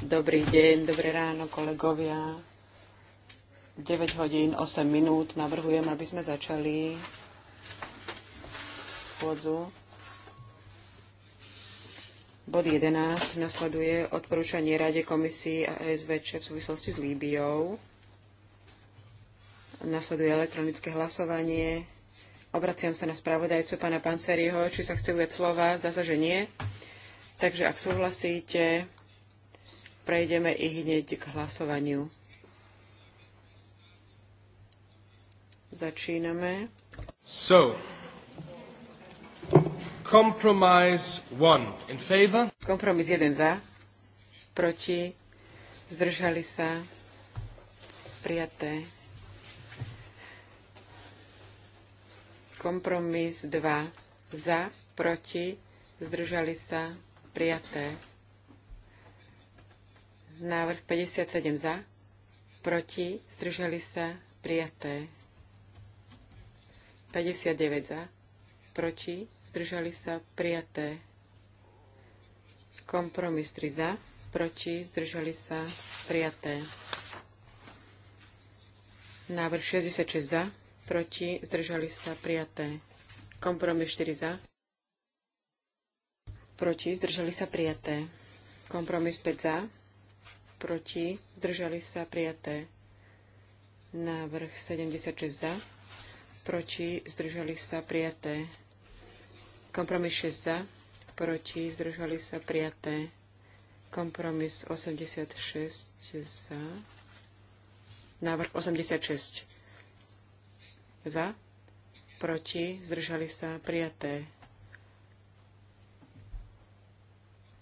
Dobrý deň, dobré ráno, kolegovia. 9 hodín, 8 minút. Navrhujem, aby sme začali schôdzu. Bod 11 nasleduje odporúčanie Rade komisii a ESVČ v súvislosti s Líbiou. Nasleduje elektronické hlasovanie Obraciam sa na spravodajcu pána Panceriho, či sa chce ujať slova. Zdá sa, že nie. Takže ak súhlasíte, prejdeme i hneď k hlasovaniu. Začíname. So, compromise one in favor. Kompromis 1 za, proti, zdržali sa, prijaté. Kompromis 2 za, proti, zdržali sa, prijaté. Návrh 57 za, proti, zdržali sa, prijaté. 59 za, proti, zdržali sa, prijaté. Kompromis 3 za, proti, zdržali sa, prijaté. Návrh 66 za, proti, zdržali sa, prijaté. Kompromis 4 za, proti, zdržali sa prijaté. Kompromis 5 za, proti, zdržali sa prijaté. Návrh 76 za, proti, zdržali sa prijaté. Kompromis 6 za, proti, zdržali sa prijaté. Kompromis 86 za, návrh 86 za, proti, zdržali sa prijaté.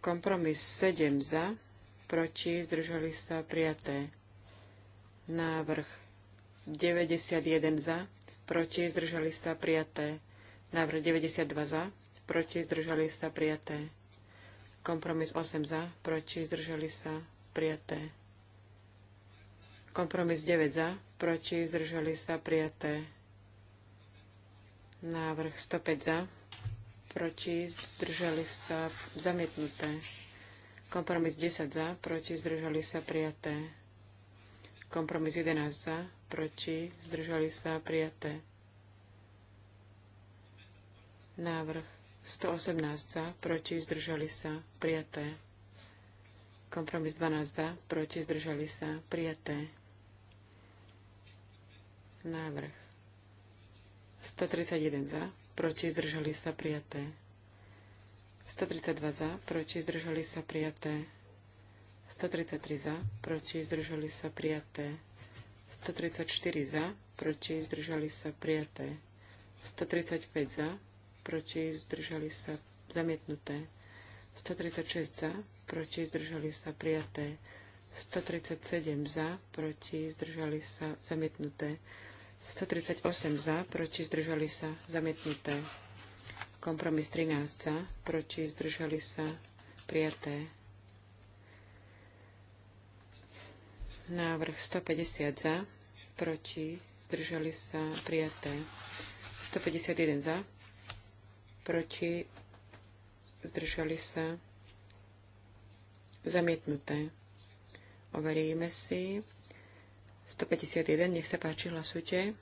Kompromis 7 za, proti, zdržali sa prijaté. Návrh 91 za, proti, zdržali sa prijaté. Návrh 92 za, proti, zdržali sa prijaté. Kompromis 8 za, proti, zdržali sa prijaté. Kompromis 9 za, proti, zdržali sa prijaté. Návrh 105 za, proti, zdržali sa zamietnuté. Kompromis 10 za, proti, zdržali sa prijaté. Kompromis 11 za, proti, zdržali sa prijaté. Návrh 118 za, proti, zdržali sa prijaté. Kompromis 12 za, proti, zdržali sa prijaté. Návrh 131 za, proti zdržali sa prijaté. 132 za, proti zdržali sa prijaté. 133 za, proti zdržali sa prijaté. 134 za, proti zdržali sa prijaté. 135 za, proti zdržali sa zamietnuté. 136 za, proti zdržali sa prijaté. 137 za, proti zdržali sa zamietnuté. 138 za, proti zdržali sa, zamietnuté. Kompromis 13 za, proti zdržali sa, prijaté. Návrh 150 za, proti zdržali sa, prijaté. 151 za, proti zdržali sa, zamietnuté. Overíme si. 151, nech sa páči, hlasujte.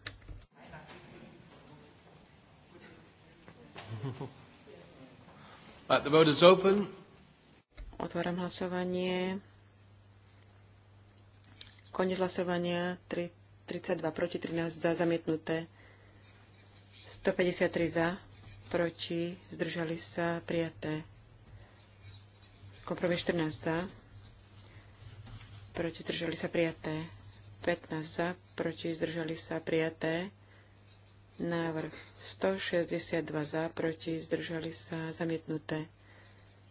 The vote is open. Otváram hlasovanie. Koniec hlasovania 3, 32 proti 13 za zamietnuté. 153 za proti zdržali sa prijaté. Kompromis 14 za proti zdržali sa prijaté. 15 za, proti zdržali sa prijaté. Návrh 162 za, proti zdržali sa zamietnuté.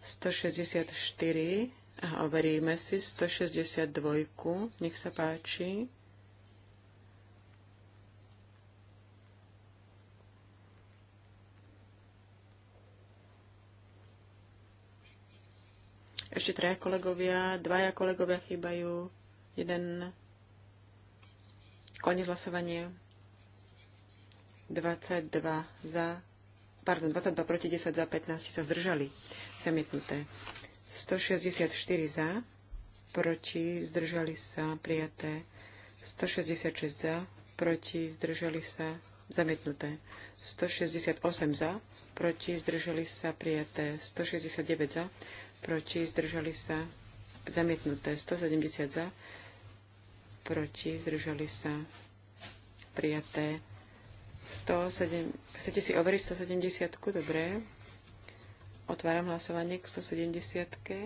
164 a overíme si 162. Nech sa páči. Ešte traja kolegovia, dvaja kolegovia chýbajú, jeden Konec hlasovania. 22 za, pardon, 22 proti 10 za, 15 sa zdržali. Zamietnuté. 164 za, proti, zdržali sa, prijaté. 166 za, proti, zdržali sa, zamietnuté. 168 za, proti, zdržali sa, prijaté. 169 za, proti, zdržali sa, zamietnuté. 170 za, proti, zdržali sa prijaté. 107, chcete si overiť 170? Dobre. Otváram hlasovanie k 170. -ke.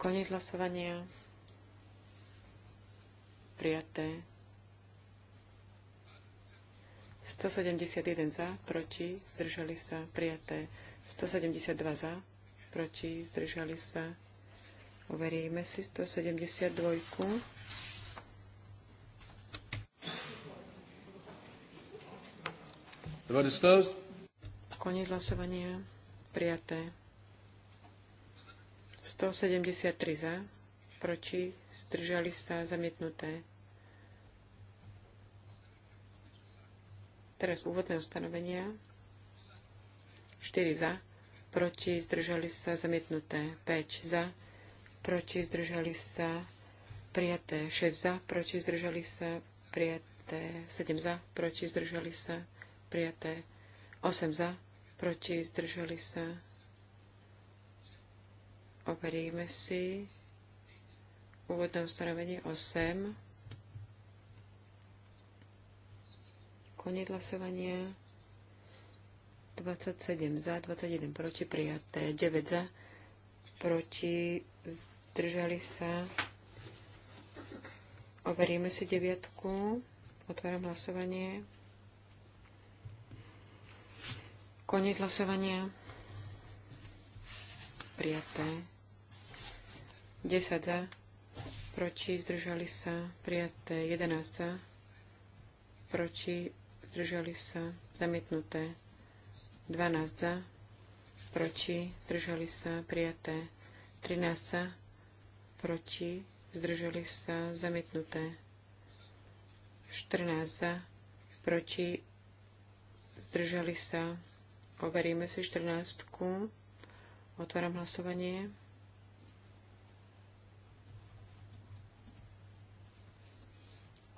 Koniec hlasovania. Prijaté. 171 za, proti, zdržali sa, prijaté. 172 za, proti, zdržali sa. Overíme si 172. The vote is closed. Koniec hlasovania. Prijaté. 173 za, proti, zdržali sa, zamietnuté. Teraz úvodné ustanovenia. 4 za, proti zdržali sa zamietnuté 5 za, proti zdržali sa prijaté 6 za, proti zdržali sa prijaté 7 za, proti zdržali sa prijaté 8 za, proti zdržali sa. Overíme si úvodné ustanovenie 8. Koniec hlasovania. 27 za, 21 proti, prijaté 9 za, proti, zdržali sa. Overíme si deviatku. Otváram hlasovanie. Koniec hlasovania. Prijaté. 10 za, proti, zdržali sa. Prijaté 11 za, proti, zdržali sa. Zamietnuté 12 za, proti, zdržali sa, prijaté. 13 za, proti, zdržali sa, zamietnuté. 14 za, proti, zdržali sa. Overíme si 14. Otváram hlasovanie.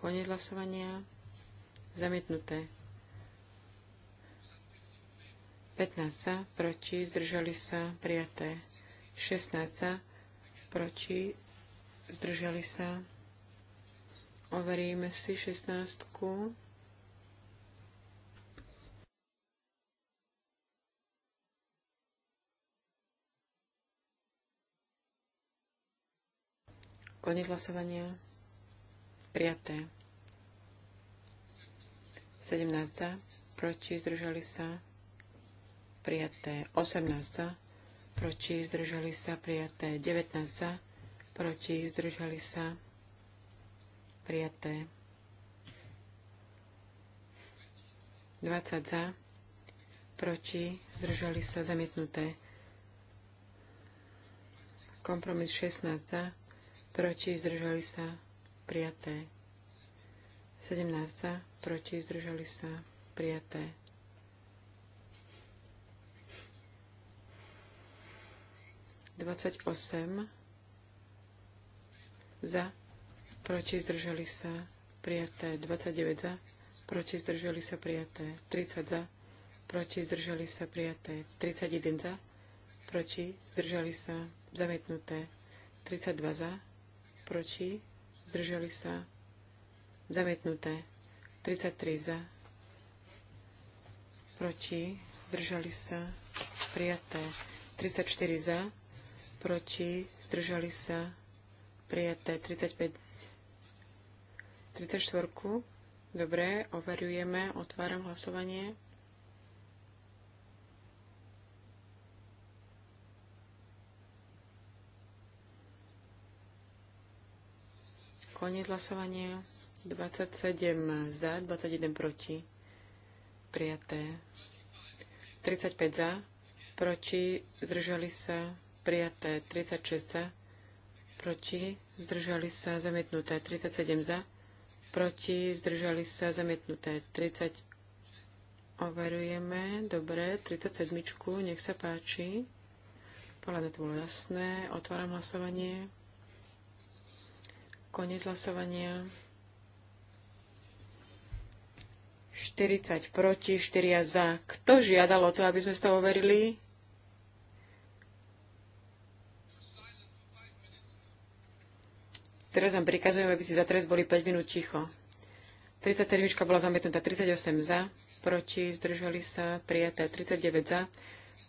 Koniec hlasovania. Zamietnuté. 15 za, proti, zdržali sa, prijaté. 16 za, proti, zdržali sa. Overíme si 16. Konec hlasovania. Prijaté. 17 za, proti, zdržali sa prijaté 18 za, proti zdržali sa prijaté 19 za, proti zdržali sa prijaté 20 za, proti zdržali sa zamietnuté kompromis 16 za, proti zdržali sa prijaté 17 za, proti zdržali sa prijaté 28 za, proti zdržali sa prijaté 29 za, proti zdržali sa prijaté 30 za, proti zdržali sa prijaté 31 za, proti zdržali sa zamietnuté 32 za, proti zdržali sa zamietnuté 33 za, proti zdržali sa prijaté 34 za, proti, zdržali sa, prijaté 35, 34. Dobre, overujeme, otváram hlasovanie. Koniec hlasovania. 27 za, 21 proti. Prijaté. 35 za, proti, zdržali sa prijaté 36 za, proti, zdržali sa zamietnuté 37 za, proti, zdržali sa zamietnuté 30. Overujeme, dobre, 37, nech sa páči. Podľa mňa to bolo jasné, otváram hlasovanie. Koniec hlasovania. 40 proti, 4 za. Kto žiadal o to, aby sme to overili? Teraz vám prikazujem, aby si za trest boli 5 minút ticho. 33 bola zamietnutá, 38 za, proti, zdržali sa, prijaté 39 za,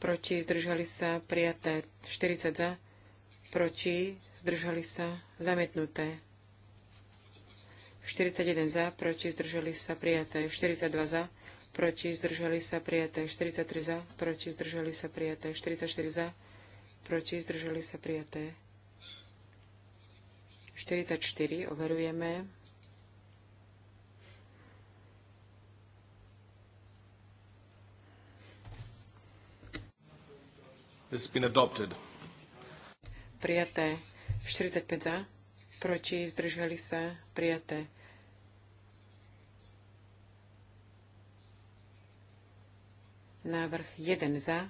proti, zdržali sa, prijaté 40 za, proti, zdržali sa, zamietnuté. 41 za, proti, zdržali sa, prijaté 42 za, proti, zdržali sa, prijaté 43 za, proti, zdržali sa, prijaté 44 za, proti, zdržali sa, prijaté 44 overujeme. This has been adopted. Prijaté 45 za, proti zdržali sa prijaté. Návrh 1 za,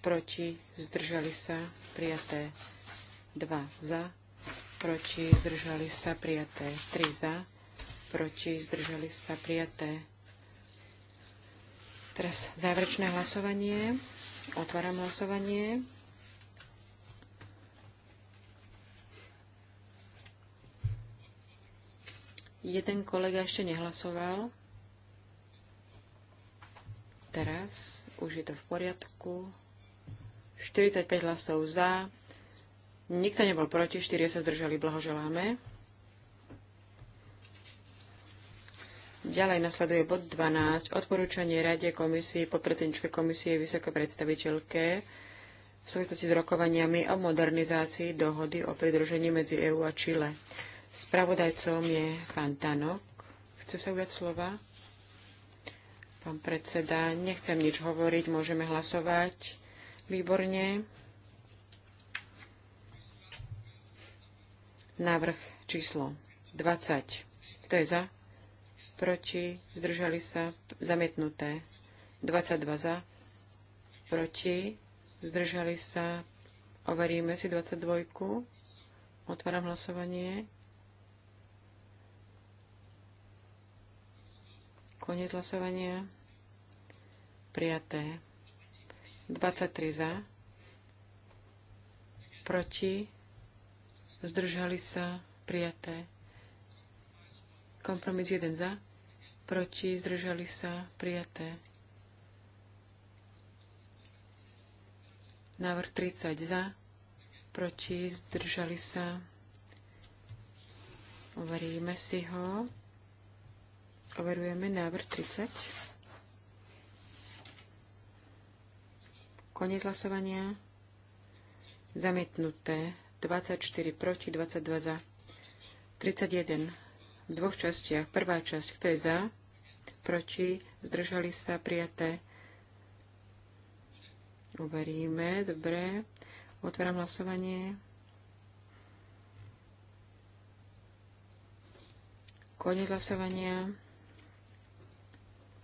proti zdržali sa prijaté 2 za, proti zdržali sa prijaté. 3 za, proti zdržali sa prijaté. Teraz záverečné hlasovanie. Otváram hlasovanie. Jeden kolega ešte nehlasoval. Teraz už je to v poriadku. 45 hlasov za, Nikto nebol proti, štyria sa zdržali, blahoželáme. Ďalej nasleduje bod 12, odporúčanie Rade komisie, podpredsedničke komisie, vysoké predstaviteľke v súvislosti s rokovaniami o modernizácii dohody o pridružení medzi EÚ a Čile. Spravodajcom je pán Tanok. Chce sa ujať slova? Pán predseda, nechcem nič hovoriť, môžeme hlasovať. Výborne. Návrh číslo 20. Kto je za? Proti? Zdržali sa? Zamietnuté. 22 za. Proti? Zdržali sa? Overíme si 22. Otváram hlasovanie. Koniec hlasovania. Prijaté. 23 za. Proti? zdržali sa, prijaté. Kompromis 1 za, proti, zdržali sa, prijaté. Návrh 30 za, proti, zdržali sa. Overíme si ho. Overujeme návrh 30. Koniec hlasovania. Zamietnuté. 24 proti, 22 za. 31 v dvoch častiach. Prvá časť, kto je za, proti, zdržali sa, prijaté. Uveríme, dobre. Otváram hlasovanie. Koniec hlasovania.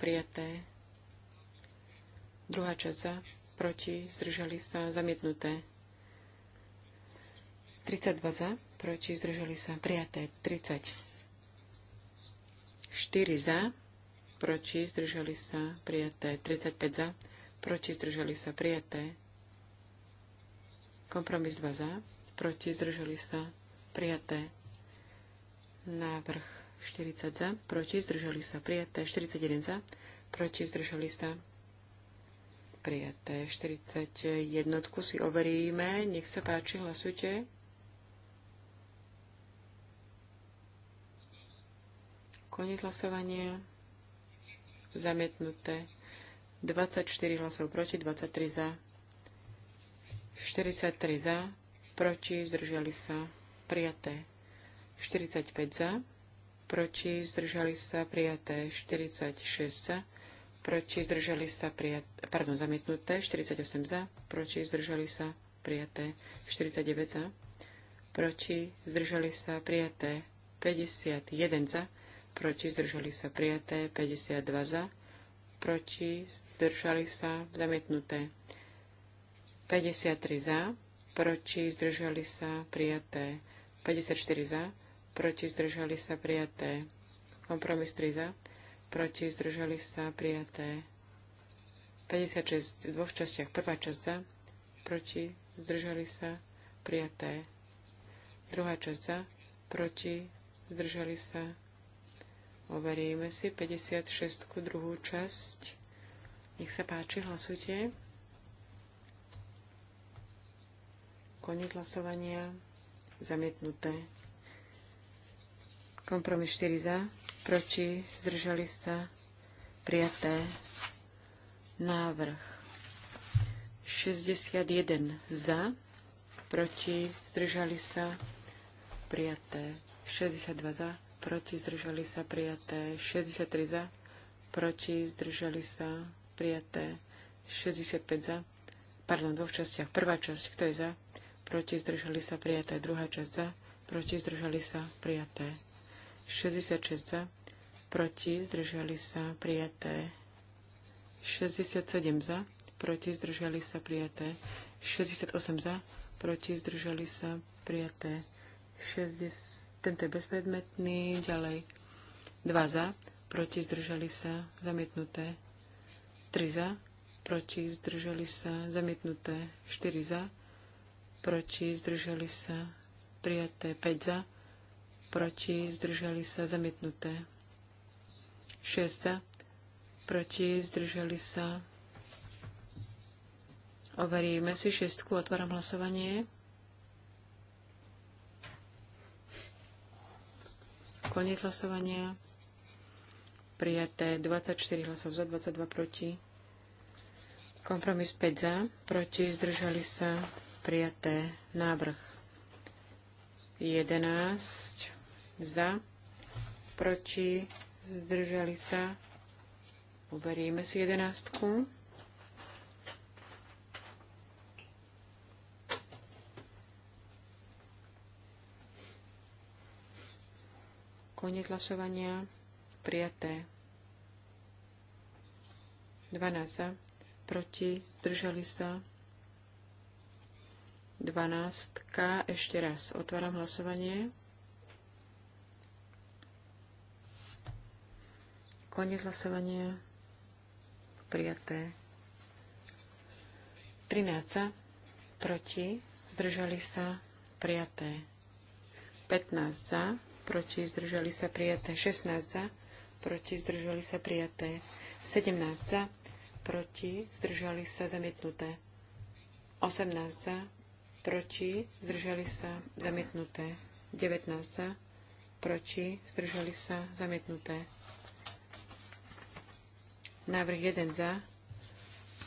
Prijaté. Druhá časť za, proti, zdržali sa, zamietnuté. 32 za, proti zdržali sa prijaté 30. 4 za, proti zdržali sa prijaté 35 za, proti zdržali sa prijaté kompromis 2 za, proti zdržali sa prijaté návrh 40 za, proti zdržali sa prijaté 41 za, proti zdržali sa prijaté 41 si overíme, nech sa páči, hlasujte. Koniec hlasovania. Zamietnuté. 24 hlasov proti, 23 za. 43 za, proti, zdržali sa, prijaté. 45 za, proti, zdržali sa, prijaté. 46 za, proti, zdržali sa, prijaté. Pardon, zamietnuté. 48 za, proti, zdržali sa, prijaté. 49 za, proti, zdržali sa, prijaté. 51 za, proti, zdržali sa prijaté, 52 za, proti, zdržali sa zamietnuté, 53 za, proti, zdržali sa prijaté, 54 za, proti, zdržali sa prijaté, kompromis 3 za, proti, zdržali sa prijaté, 56 v dvoch častiach, prvá časť za, proti, zdržali sa prijaté, druhá časť za, proti, zdržali sa Overíme si 56. druhú časť. Nech sa páči, hlasujte. Koniec hlasovania. Zamietnuté. Kompromis 4 za. Proti. Zdržali sa. Prijaté. Návrh. 61 za. Proti. Zdržali sa. Prijaté. 62 za proti zdržali sa prijaté 63 za, proti zdržali sa prijaté 65 za, pardon, dvoch častiach. Prvá časť, kto je za, proti zdržali sa prijaté, druhá časť za, proti zdržali sa prijaté 66 za, proti zdržali sa prijaté 67 za, proti zdržali sa prijaté 68 za, proti zdržali sa prijaté 60 tento je bezpredmetný. Ďalej 2 za, proti zdržali sa, zamietnuté. 3 za, proti zdržali sa, zamietnuté. 4 za, proti zdržali sa, prijaté. 5 za, proti zdržali sa, zamietnuté. 6 za, proti zdržali sa. Overíme si šestku, otváram hlasovanie. Koniec hlasovania. Prijaté 24 hlasov za, 22 proti. Kompromis 5 za, proti, zdržali sa. Prijaté návrh 11 za, proti, zdržali sa. Uberieme si jedenástku. Koniec hlasovania. Prijaté. 12 za. Proti. Zdržali sa. 12. K, Ešte raz. Otváram hlasovanie. Koniec hlasovania. Prijaté. 13 za. Proti. Zdržali sa. Prijaté. 15 za proti zdržali sa prijaté 16 za, proti zdržali sa prijaté 17 za, proti zdržali sa zamietnuté 18 za, proti zdržali sa zamietnuté 19 za, proti zdržali sa zamietnuté. Návrh 1 za,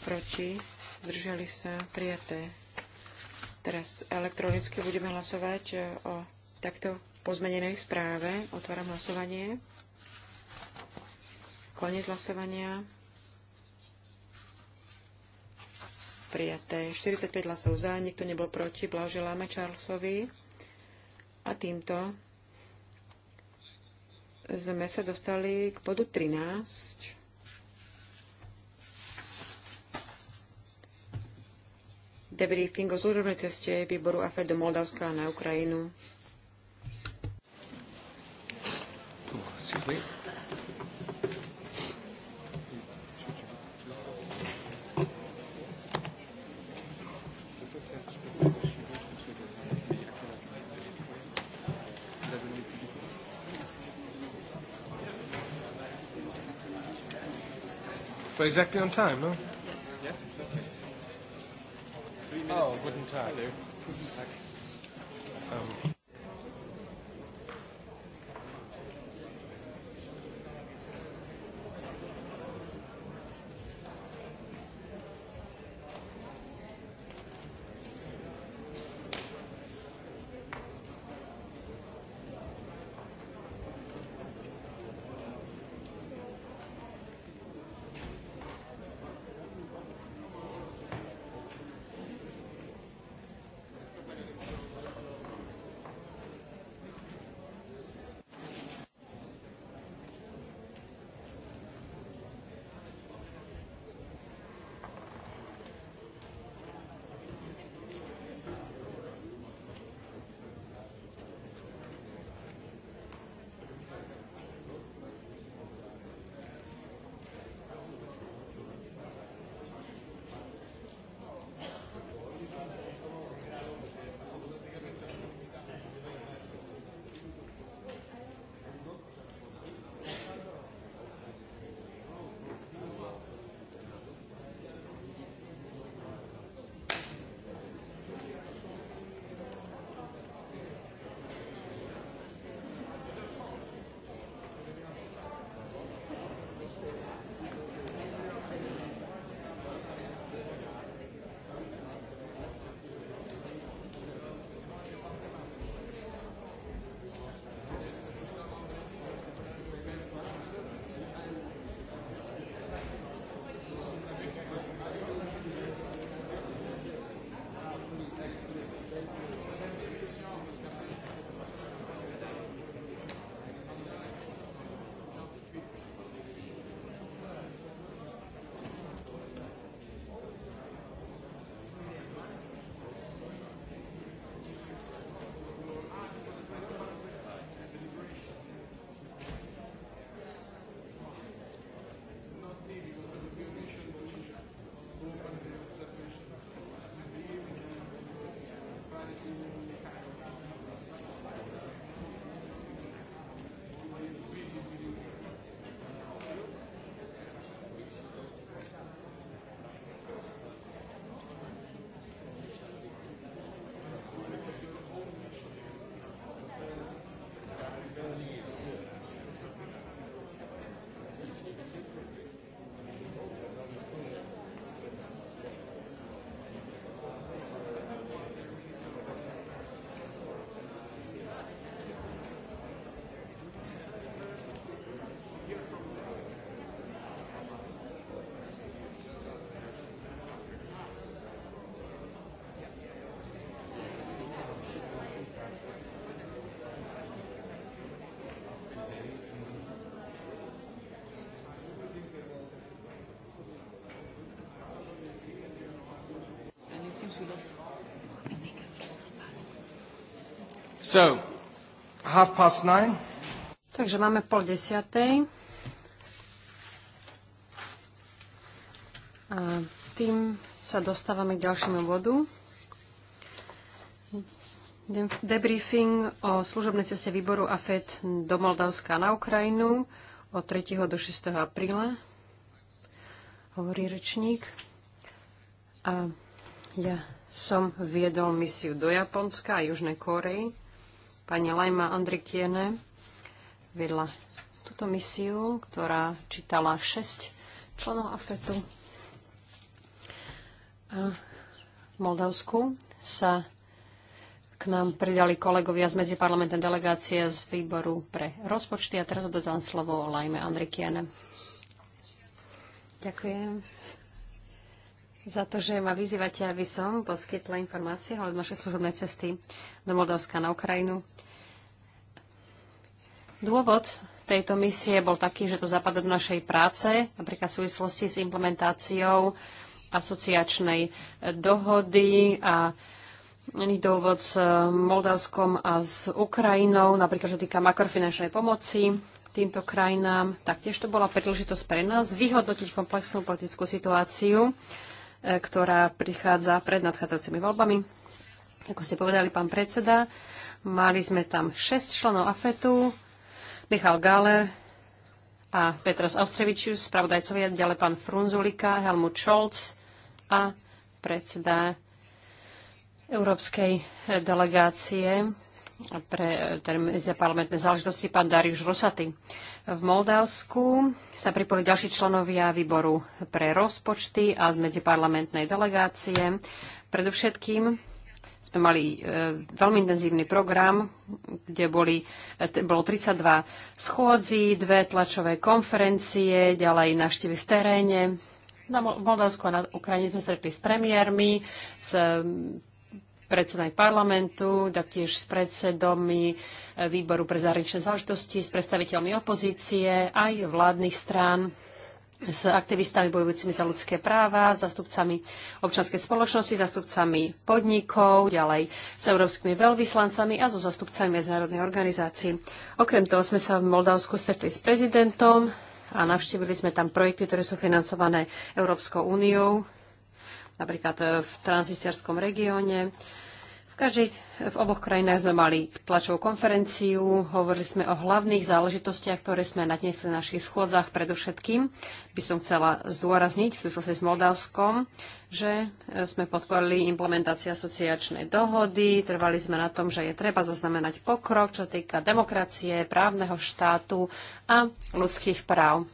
proti zdržali sa prijaté. Teraz elektronicky budeme hlasovať e, o takto po zmenenej správe. Otváram hlasovanie. Koniec hlasovania. Prijaté. 45 hlasov za, nikto nebol proti. Blahoželáme Charlesovi. A týmto sme sa dostali k bodu 13. debriefing o zúrovnej ceste výboru AFED do Moldavska a na Ukrajinu. Excuse me. We're exactly on time, no? Yes. Yes, perfect. Three minutes. Oh, wouldn't I? Hello. Guten Tag. Um, So, half past nine. Takže máme pol desiatej. A tým sa dostávame k ďalšiemu bodu. Debriefing o služobnej ceste výboru AFED do Moldavska na Ukrajinu od 3. do 6. apríla, hovorí rečník. A ja som viedol misiu do Japonska a Južnej Korei. Pani Lajma Andrikiene vedla túto misiu, ktorá čítala 6 členov AFETu. A v Moldavsku sa k nám pridali kolegovia z medziparlamentnej delegácie z výboru pre rozpočty. A teraz dodám slovo Lajme Andrikiene. Ďakujem za to, že ma vyzývate, aby som poskytla informácie o našej služobnej cesty do Moldavska na Ukrajinu. Dôvod tejto misie bol taký, že to zapadlo do našej práce, napríklad v súvislosti s implementáciou asociačnej dohody a iný dôvod s Moldavskom a s Ukrajinou, napríklad, že týka makrofinančnej pomoci týmto krajinám. Taktiež to bola príležitosť pre nás vyhodnotiť komplexnú politickú situáciu E, ktorá prichádza pred nadchádzajúcimi voľbami. Ako ste povedali, pán predseda, mali sme tam 6 členov AFETu, Michal Galer a Petros Austrevičius, spravodajcovia, ďalej pán Frunzulika, Helmut Scholz a predseda Európskej delegácie pre e, za parlamentné záležitosti, pán Darius Rosaty. V Moldavsku sa pripojili ďalší členovia výboru pre rozpočty a medziparlamentnej delegácie. Predovšetkým sme mali e, veľmi intenzívny program, kde boli, e, bolo 32 schôdzi, dve tlačové konferencie, ďalej návštevy v teréne, na Moldavsku a na Ukrajine sme stretli s premiérmi, s predsedami parlamentu, taktiež s predsedomi e, výboru pre zahraničné záležitosti, s predstaviteľmi opozície, aj vládnych strán, s aktivistami bojujúcimi za ľudské práva, zastupcami občanskej spoločnosti, zastupcami podnikov, ďalej s európskymi veľvyslancami a so zastupcami medzinárodných organizácií. Okrem toho sme sa v Moldavsku stretli s prezidentom a navštívili sme tam projekty, ktoré sú financované Európskou úniou, napríklad v transistiarskom regióne. V, každej, v oboch krajinách sme mali tlačovú konferenciu, hovorili sme o hlavných záležitostiach, ktoré sme nadniesli na našich schôdzach. Predovšetkým by som chcela zdôrazniť v súvislosti s Moldavskom, že e, sme podporili implementáciu asociačnej dohody, trvali sme na tom, že je treba zaznamenať pokrok, čo týka demokracie, právneho štátu a ľudských práv.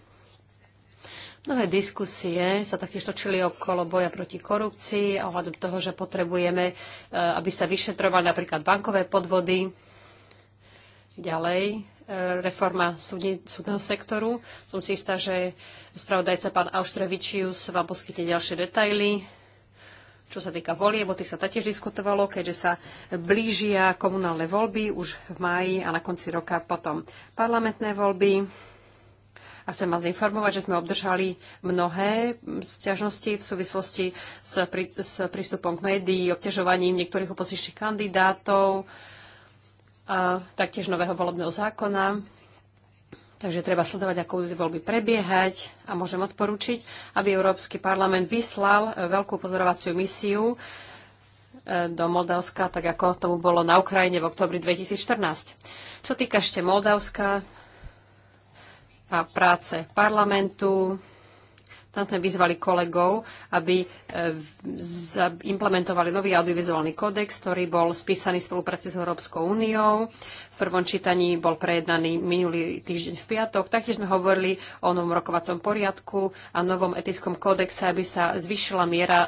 Mnohé diskusie sa taktiež točili okolo boja proti korupcii a ohľadom toho, že potrebujeme, e, aby sa vyšetrovali napríklad bankové podvody. Ďalej, e, reforma súdne, súdneho sektoru. Som si istá, že spravodajca pán Austrevičius vám poskytne ďalšie detaily. Čo sa týka volieb, o tých sa taktiež diskutovalo, keďže sa blížia komunálne voľby už v máji a na konci roka potom parlamentné voľby. A chcem vás informovať, že sme obdržali mnohé sťažnosti v súvislosti s, prí, s prístupom k médií, obťažovaním niektorých opozičných kandidátov a taktiež nového volebného zákona. Takže treba sledovať, ako budú voľby prebiehať a môžem odporučiť, aby Európsky parlament vyslal eh, veľkú pozorovaciu misiu eh, do Moldavska, tak ako tomu bolo na Ukrajine v oktobri 2014. Čo týka ešte Moldavska, a práce parlamentu. Tam sme vyzvali kolegov, aby e, implementovali nový audiovizuálny kódex, ktorý bol spísaný v spolupráci s Európskou úniou. V prvom čítaní bol prejednaný minulý týždeň v piatok. Taktiež sme hovorili o novom rokovacom poriadku a novom etickom kódexe, aby sa zvyšila miera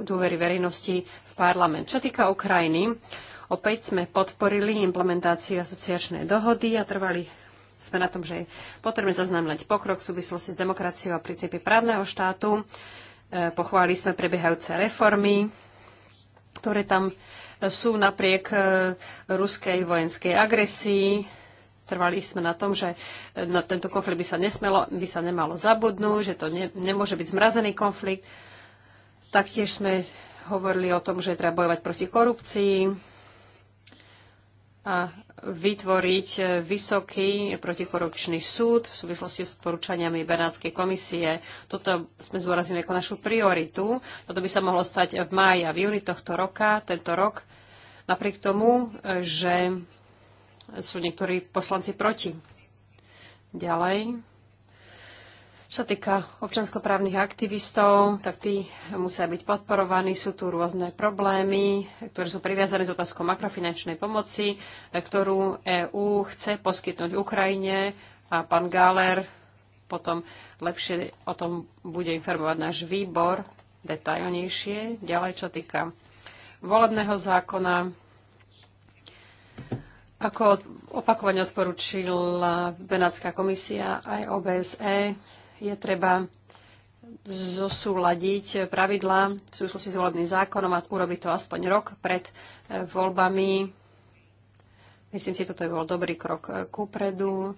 dôvery verejnosti v parlament. Čo týka Ukrajiny, opäť sme podporili implementáciu asociačnej dohody a trvali sme na tom, že je potrebné zaznamenať pokrok v súvislosti s demokraciou a princípy právneho štátu. E, pochválili sme prebiehajúce reformy, ktoré tam e, sú napriek e, ruskej vojenskej agresii. Trvali sme na tom, že na tento konflikt by sa, nesmelo, by sa nemalo zabudnúť, že to ne, nemôže byť zmrazený konflikt. Taktiež sme hovorili o tom, že treba bojovať proti korupcii, a vytvoriť e, vysoký protikorupčný súd v súvislosti s odporúčaniami Bernátskej komisie. Toto sme zdôraznili ako našu prioritu. Toto by sa mohlo stať v máji a v júni tohto roka, tento rok, napriek tomu, e, že sú niektorí poslanci proti. Ďalej. Čo sa týka občanskoprávnych aktivistov, tak tí musia byť podporovaní. Sú tu rôzne problémy, ktoré sú priviazané s otázkou makrofinančnej pomoci, ktorú EÚ chce poskytnúť Ukrajine a pán Gáler potom lepšie o tom bude informovať náš výbor detailnejšie. Ďalej, čo týka volebného zákona, ako opakovane odporúčila Benátska komisia aj OBSE, je treba zosúľadiť pravidlá v súvislosti s volebným zákonom a urobiť to aspoň rok pred eh, voľbami. Myslím si, toto je bol dobrý krok eh, kupredu.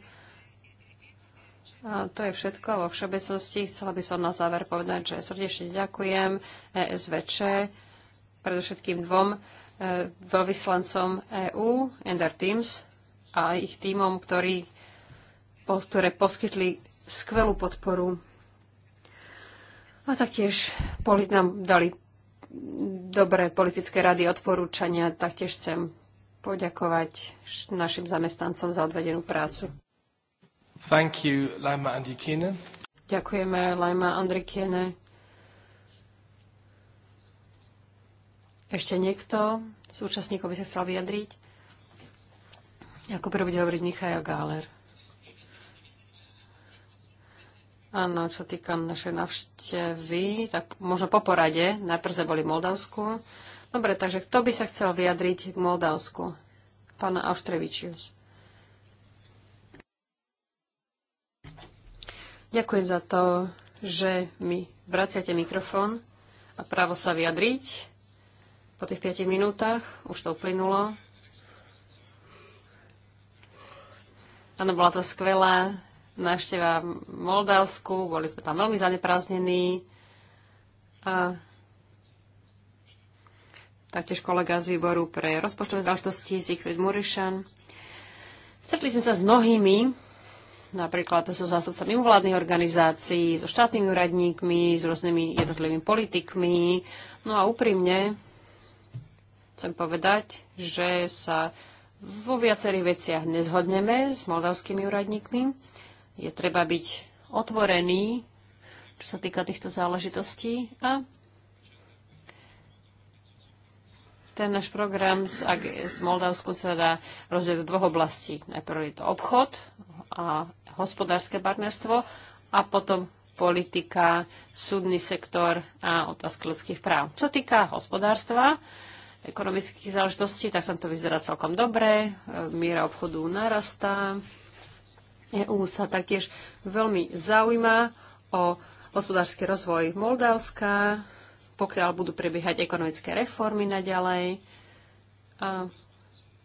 A to je všetko vo všeobecnosti. Chcela by som na záver povedať, že srdečne ďakujem ESVČ, predovšetkým dvom eh, veľvyslancom EÚ, Ender Teams a ich týmom, ktorí, ktoré poskytli skvelú podporu. A taktiež nám dali dobré politické rady, odporúčania. Taktiež chcem poďakovať našim zamestnancom za odvedenú prácu. Thank you, Lama Ďakujeme, Lajma Andrikine. Ešte niekto z účastníkov by sa chcel vyjadriť? Ako prvý bude hovoriť Michael Gáler. Áno, čo týka našej navštevy, tak možno po porade. Najprv sme boli v Moldavsku. Dobre, takže kto by sa chcel vyjadriť k Moldavsku? Pána Auštrevičius. Ďakujem za to, že mi vraciate mikrofón a právo sa vyjadriť. Po tých 5 minútach už to uplynulo. Áno, bola to skvelá návšteva v Moldavsku, boli sme tam veľmi zanepráznení. A taktiež kolega z výboru pre rozpočtové záležitosti Siegfried Murišan. Stretli sme sa s mnohými, napríklad so zástupcami mimovládnych organizácií, so štátnymi úradníkmi, s rôznymi jednotlivými politikmi. No a úprimne chcem povedať, že sa vo viacerých veciach nezhodneme s moldavskými úradníkmi je treba byť otvorený, čo sa týka týchto záležitostí. A ten náš program s, s Moldavskom sa dá rozdieť do dvoch oblastí. Najprv je to obchod a hospodárske partnerstvo a potom politika, súdny sektor a otázka ľudských práv. Čo týka hospodárstva, ekonomických záležitostí, tak tam to vyzerá celkom dobre. Míra obchodu narastá, EÚ sa taktiež veľmi zaujíma o hospodársky rozvoj Moldavska, pokiaľ budú prebiehať ekonomické reformy naďalej. A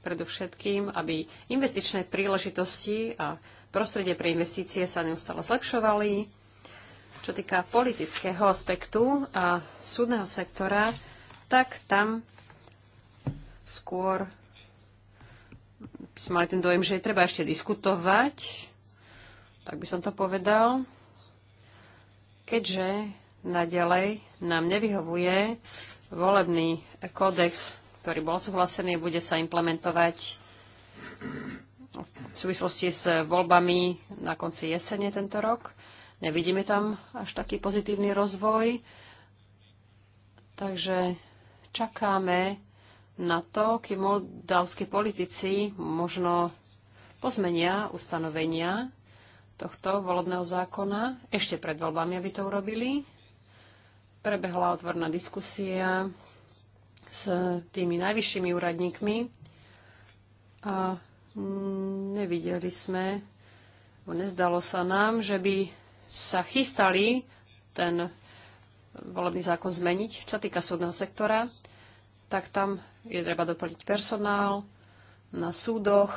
predovšetkým, aby investičné príležitosti a prostredie pre investície sa neustále zlepšovali. Čo týka politického aspektu a súdneho sektora, tak tam skôr sme mali ten dojem, že je treba ešte diskutovať tak by som to povedal, keďže naďalej nám nevyhovuje volebný kódex, ktorý bol súhlasený, bude sa implementovať v súvislosti s voľbami na konci jesene tento rok. Nevidíme tam až taký pozitívny rozvoj, takže čakáme na to, kým moldavskí politici možno pozmenia ustanovenia tohto volebného zákona, ešte pred voľbami, aby to urobili. Prebehla otvorná diskusia s tými najvyššími úradníkmi a nevideli sme, nezdalo sa nám, že by sa chystali ten volebný zákon zmeniť, čo týka súdneho sektora, tak tam je treba doplniť personál na súdoch,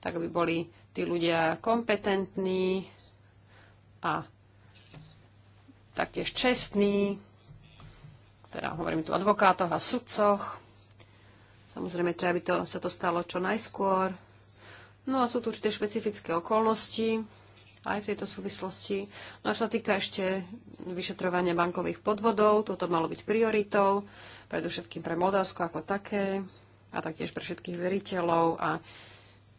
tak aby boli tí ľudia kompetentní a taktiež čestní, teda hovorím tu o advokátoch a sudcoch. Samozrejme, treba by to, sa to stalo čo najskôr. No a sú tu určité špecifické okolnosti aj v tejto súvislosti. No a čo sa týka ešte vyšetrovania bankových podvodov, toto malo byť prioritou, predovšetkým pre Moldavsko ako také a taktiež pre všetkých veriteľov a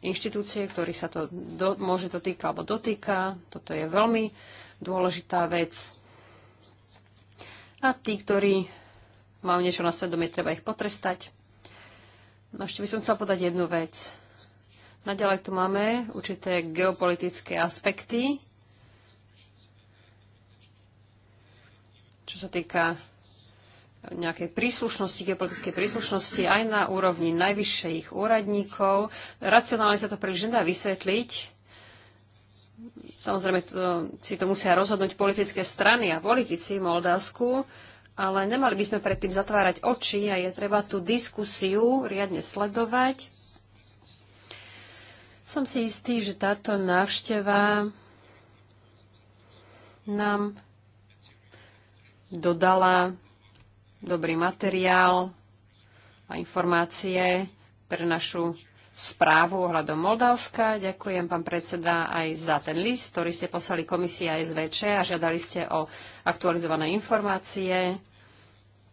inštitúcie, ktorých sa to do, môže dotýka alebo dotýka. Toto je veľmi dôležitá vec. A tí, ktorí majú niečo na svedomie, treba ich potrestať. No ešte by som chcela podať jednu vec. Naďalej tu máme určité geopolitické aspekty, čo sa týka nejakej príslušnosti, geopolitickej príslušnosti aj na úrovni najvyšších úradníkov. Racionálne sa to príliš nedá vysvetliť. Samozrejme, to, si to musia rozhodnúť politické strany a politici v Moldavsku, ale nemali by sme predtým zatvárať oči a je treba tú diskusiu riadne sledovať. Som si istý, že táto návšteva nám dodala dobrý materiál a informácie pre našu správu ohľadom Moldavska. Ďakujem, pán predseda, aj za ten list, ktorý ste poslali komisii a SVČ a žiadali ste o aktualizované informácie.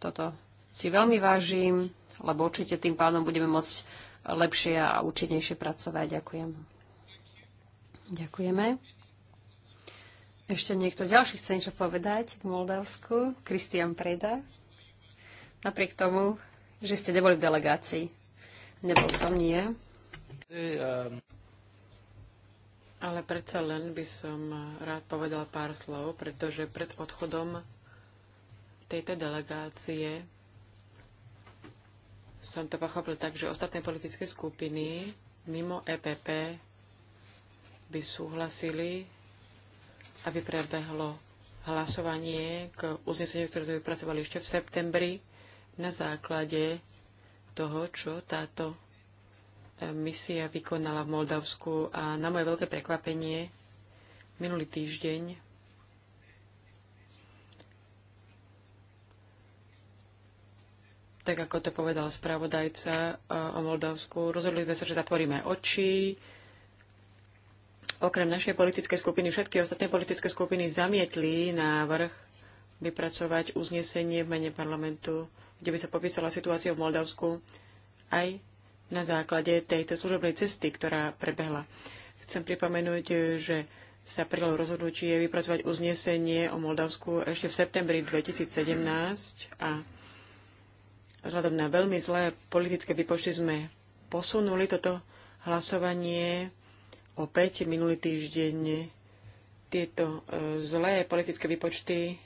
Toto si veľmi vážim, lebo určite tým pádom budeme môcť lepšie a účinnejšie pracovať. Ďakujem. Ďakujeme. Ešte niekto ďalší chce niečo povedať k Moldavsku? Kristian Preda napriek tomu, že ste neboli v delegácii. Nebol som, nie. Ale predsa len by som rád povedala pár slov, pretože pred odchodom tejto delegácie som to pochopil tak, že ostatné politické skupiny mimo EPP by súhlasili, aby prebehlo hlasovanie k uzneseniu, ktoré sme vypracovali ešte v septembri na základe toho, čo táto e, misia vykonala v Moldavsku a na moje veľké prekvapenie minulý týždeň tak ako to povedal spravodajca e, o Moldavsku, rozhodli sme sa, že zatvoríme oči. Okrem našej politickej skupiny všetky ostatné politické skupiny zamietli návrh vypracovať uznesenie v mene parlamentu kde by sa popísala situácia v Moldavsku aj na základe tejto služobnej cesty, ktorá prebehla. Chcem pripomenúť, že sa prijalo rozhodnutie vypracovať uznesenie o Moldavsku ešte v septembri 2017 a vzhľadom na veľmi zlé politické vypočty sme posunuli toto hlasovanie opäť minulý týždeň. Tieto e, zlé politické vypočty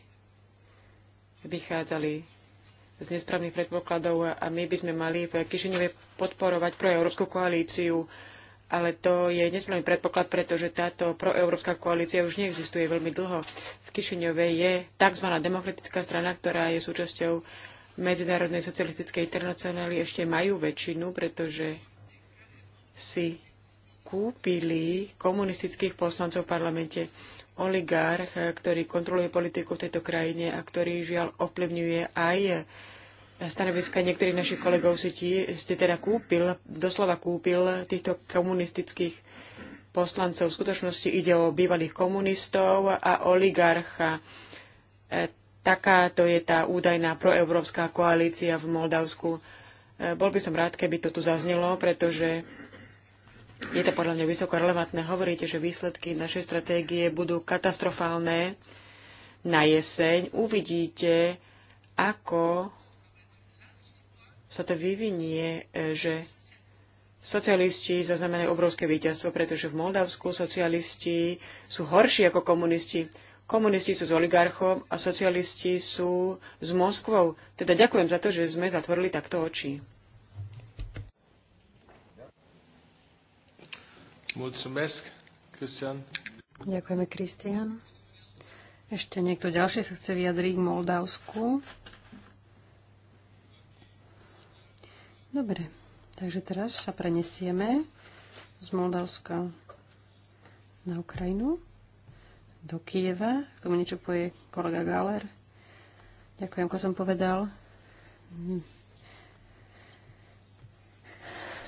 vychádzali z nesprávnych predpokladov a my by sme mali v Kišinove podporovať proeurópsku koalíciu, ale to je nesprávny predpoklad, pretože táto proeurópska koalícia už neexistuje veľmi dlho. V Kišiňove je tzv. demokratická strana, ktorá je súčasťou Medzinárodnej socialistickej internacionály, ešte majú väčšinu, pretože si kúpili komunistických poslancov v parlamente oligarch, eh, ktorý kontroluje politiku v tejto krajine a ktorý žiaľ ovplyvňuje aj stanoviska niektorých našich kolegov si ti, ste teda kúpil, doslova kúpil týchto komunistických poslancov. V skutočnosti ide o bývalých komunistov a oligarcha. E, takáto je tá údajná proeurópska koalícia v Moldavsku. E, bol by som rád, keby to tu zaznelo, pretože je to podľa mňa vysoko relevantné. Hovoríte, že výsledky našej stratégie budú katastrofálne na jeseň. Uvidíte, ako sa to vyvinie, e, že socialisti zaznamenajú obrovské víťazstvo, pretože v Moldavsku socialisti sú horší ako komunisti. Komunisti sú s oligarchom a socialisti sú s Moskvou. Teda ďakujem za to, že sme zatvorili takto oči. Mulțumesc, Kristian. Ďakujeme, Kristian. Ešte niekto ďalší sa chce vyjadriť k Moldavsku. Dobre, takže teraz sa prenesieme z Moldavska na Ukrajinu, do Kieva. K tomu niečo povie kolega Galer. Ďakujem, ako som povedal. Hm.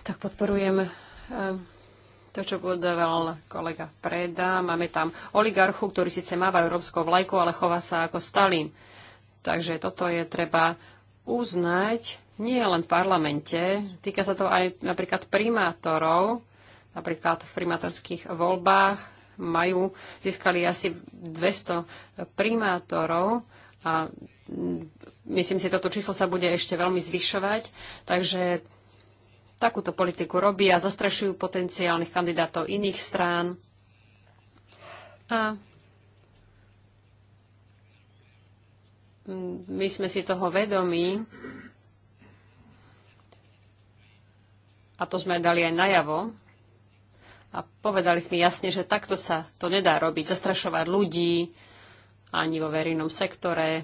Tak podporujem eh, to, čo povedal kolega Preda. Máme tam oligarchu, ktorý síce máva európskou vlajku, ale chová sa ako Stalin. Takže toto je treba uznať nie len v parlamente, týka sa to aj napríklad primátorov, napríklad v primátorských voľbách majú, získali asi 200 primátorov a myslím si, toto číslo sa bude ešte veľmi zvyšovať, takže takúto politiku robia, zastrešujú potenciálnych kandidátov iných strán. A my sme si toho vedomí a to sme dali aj najavo a povedali sme jasne, že takto sa to nedá robiť, zastrašovať ľudí ani vo verejnom sektore,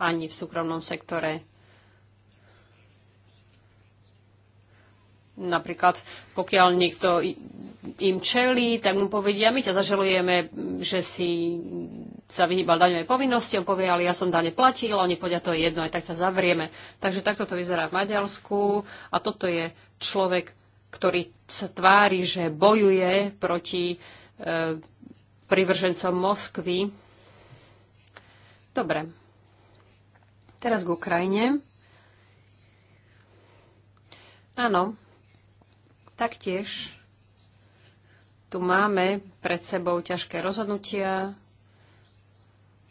ani v súkromnom sektore. Napríklad, pokiaľ niekto im čelí, tak mu povedia, my ťa zažalujeme, že si sa vyhýbal daňovej povinnosti, on povie, ale ja som dane platil, oni povedia, to je jedno, aj tak ťa zavrieme. Takže takto to vyzerá v Maďarsku a toto je človek, ktorý sa tvári, že bojuje proti e, privržencom Moskvy. Dobre. Teraz k Ukrajine. Áno, Taktiež tu máme pred sebou ťažké rozhodnutia,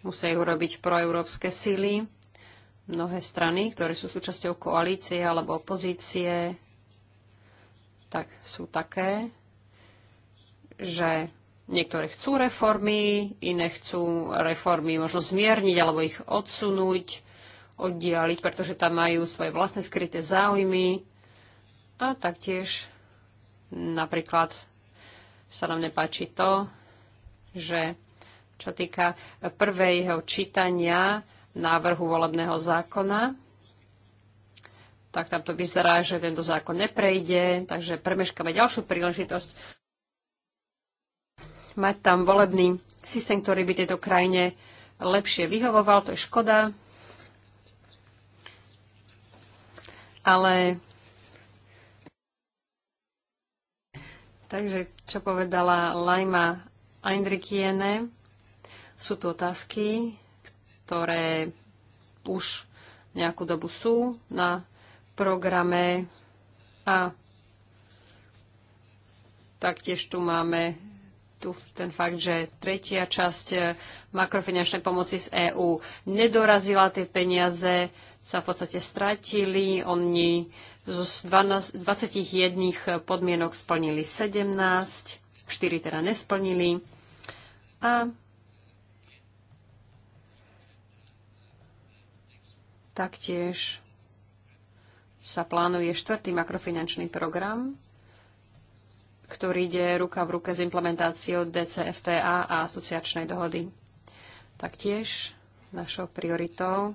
musia ich urobiť proeurópske síly, mnohé strany, ktoré sú súčasťou koalície alebo opozície, tak sú také, že niektoré chcú reformy, iné chcú reformy možno zmierniť alebo ich odsunúť, oddialiť, pretože tam majú svoje vlastné skryté záujmy a taktiež Napríklad sa nám nepáči to, že čo týka prvého čítania návrhu volebného zákona, tak tam to vyzerá, že tento zákon neprejde, takže premeškáme ďalšiu príležitosť mať tam volebný systém, ktorý by tejto krajine lepšie vyhovoval, to je škoda. Ale Takže, čo povedala Lajma Eindrikiene, sú tu otázky, ktoré už nejakú dobu sú na programe a taktiež tu máme tu ten fakt, že tretia časť makrofinančnej pomoci z EÚ nedorazila tie peniaze, sa v podstate stratili. Oni zo 12, 21 podmienok splnili 17, 4 teda nesplnili. A taktiež sa plánuje štvrtý makrofinančný program, ktorý ide ruka v ruke s implementáciou DCFTA a asociačnej dohody. Taktiež našou prioritou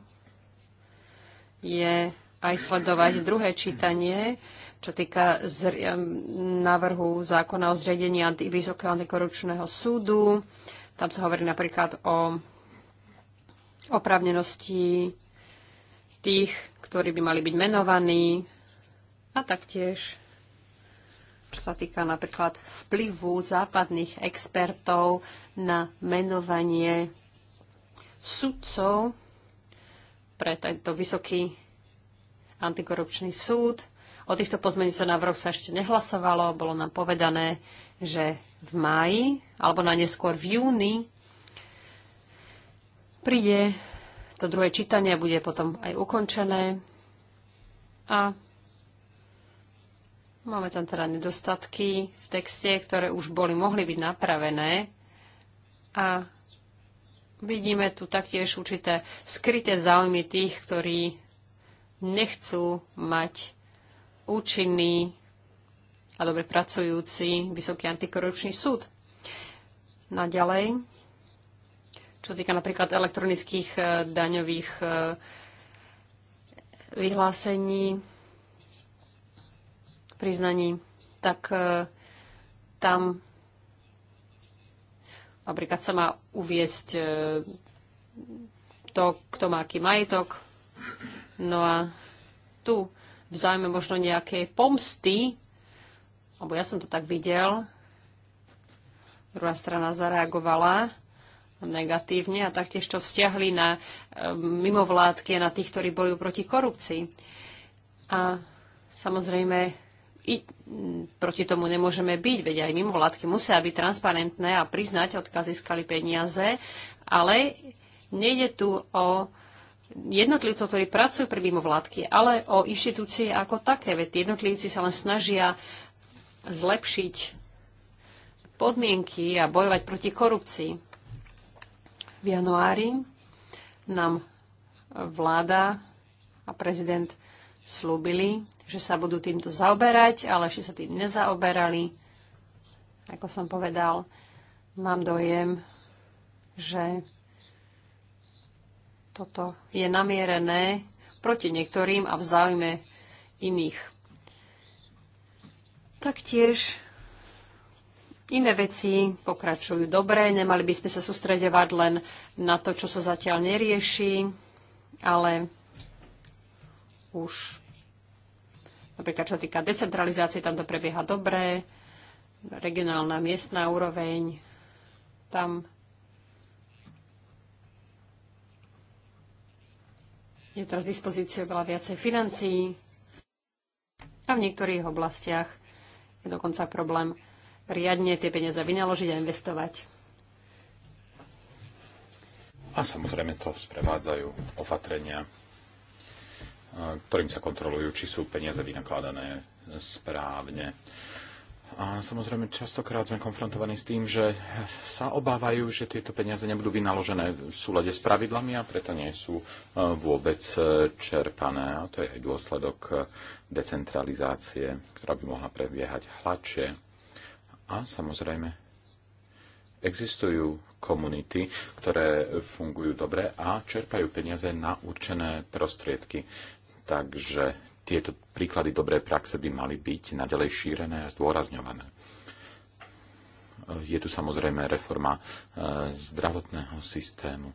je aj sledovať druhé čítanie, čo týka návrhu zákona o zriadení Vysokého antikorupčného súdu. Tam sa hovorí napríklad o oprávnenosti tých, ktorí by mali byť menovaní a taktiež čo sa týka napríklad vplyvu západných expertov na menovanie sudcov pre tento vysoký antikorupčný súd. O týchto pozmeňujúcich návrhoch sa ešte nehlasovalo. Bolo nám povedané, že v máji alebo na neskôr v júni príde to druhé čítanie, bude potom aj ukončené. A máme tam teda nedostatky v texte, ktoré už boli, mohli byť napravené. A Vidíme tu taktiež určité skryté záujmy tých, ktorí nechcú mať účinný a dobre pracujúci Vysoký antikorupčný súd. Naďalej, čo týka napríklad elektronických e, daňových e, vyhlásení, priznaní, tak e, tam Napríklad sa má uviesť e, to, kto má aký majetok. No a tu v záujme možno nejaké pomsty, alebo ja som to tak videl, druhá strana zareagovala negatívne a taktiež to vzťahli na e, mimovládky a na tých, ktorí bojujú proti korupcii. A samozrejme i proti tomu nemôžeme byť, veď aj mimovládky musia byť transparentné a priznať, odkiaľ získali peniaze, ale nejde tu o jednotlivcov, ktorí pracujú pre mimovládky, ale o inštitúcie ako také, veď jednotlivci sa len snažia zlepšiť podmienky a bojovať proti korupcii. V januári nám vláda a prezident slúbili, že sa budú týmto zaoberať, ale ešte sa tým nezaoberali. Ako som povedal, mám dojem, že toto je namierené proti niektorým a v záujme iných. Taktiež iné veci pokračujú dobre, nemali by sme sa sústredovať len na to, čo sa zatiaľ nerieši, ale už napríklad čo týka decentralizácie, tam to prebieha dobre, regionálna, miestná úroveň, tam je teraz dispozície veľa viacej financií a v niektorých oblastiach je dokonca problém riadne tie peniaze vynaložiť a investovať. A samozrejme to sprevádzajú opatrenia ktorým sa kontrolujú, či sú peniaze vynakladané správne. A samozrejme, častokrát sme konfrontovaní s tým, že sa obávajú, že tieto peniaze nebudú vynaložené v súlade s pravidlami a preto nie sú e, vôbec e, čerpané. A to je aj dôsledok e, decentralizácie, ktorá by mohla prebiehať hladšie. A samozrejme, existujú komunity, ktoré fungujú dobre a čerpajú peniaze na určené prostriedky. Takže tieto príklady dobrej praxe by mali byť nadalej šírené a zdôrazňované. Je tu samozrejme reforma e, zdravotného systému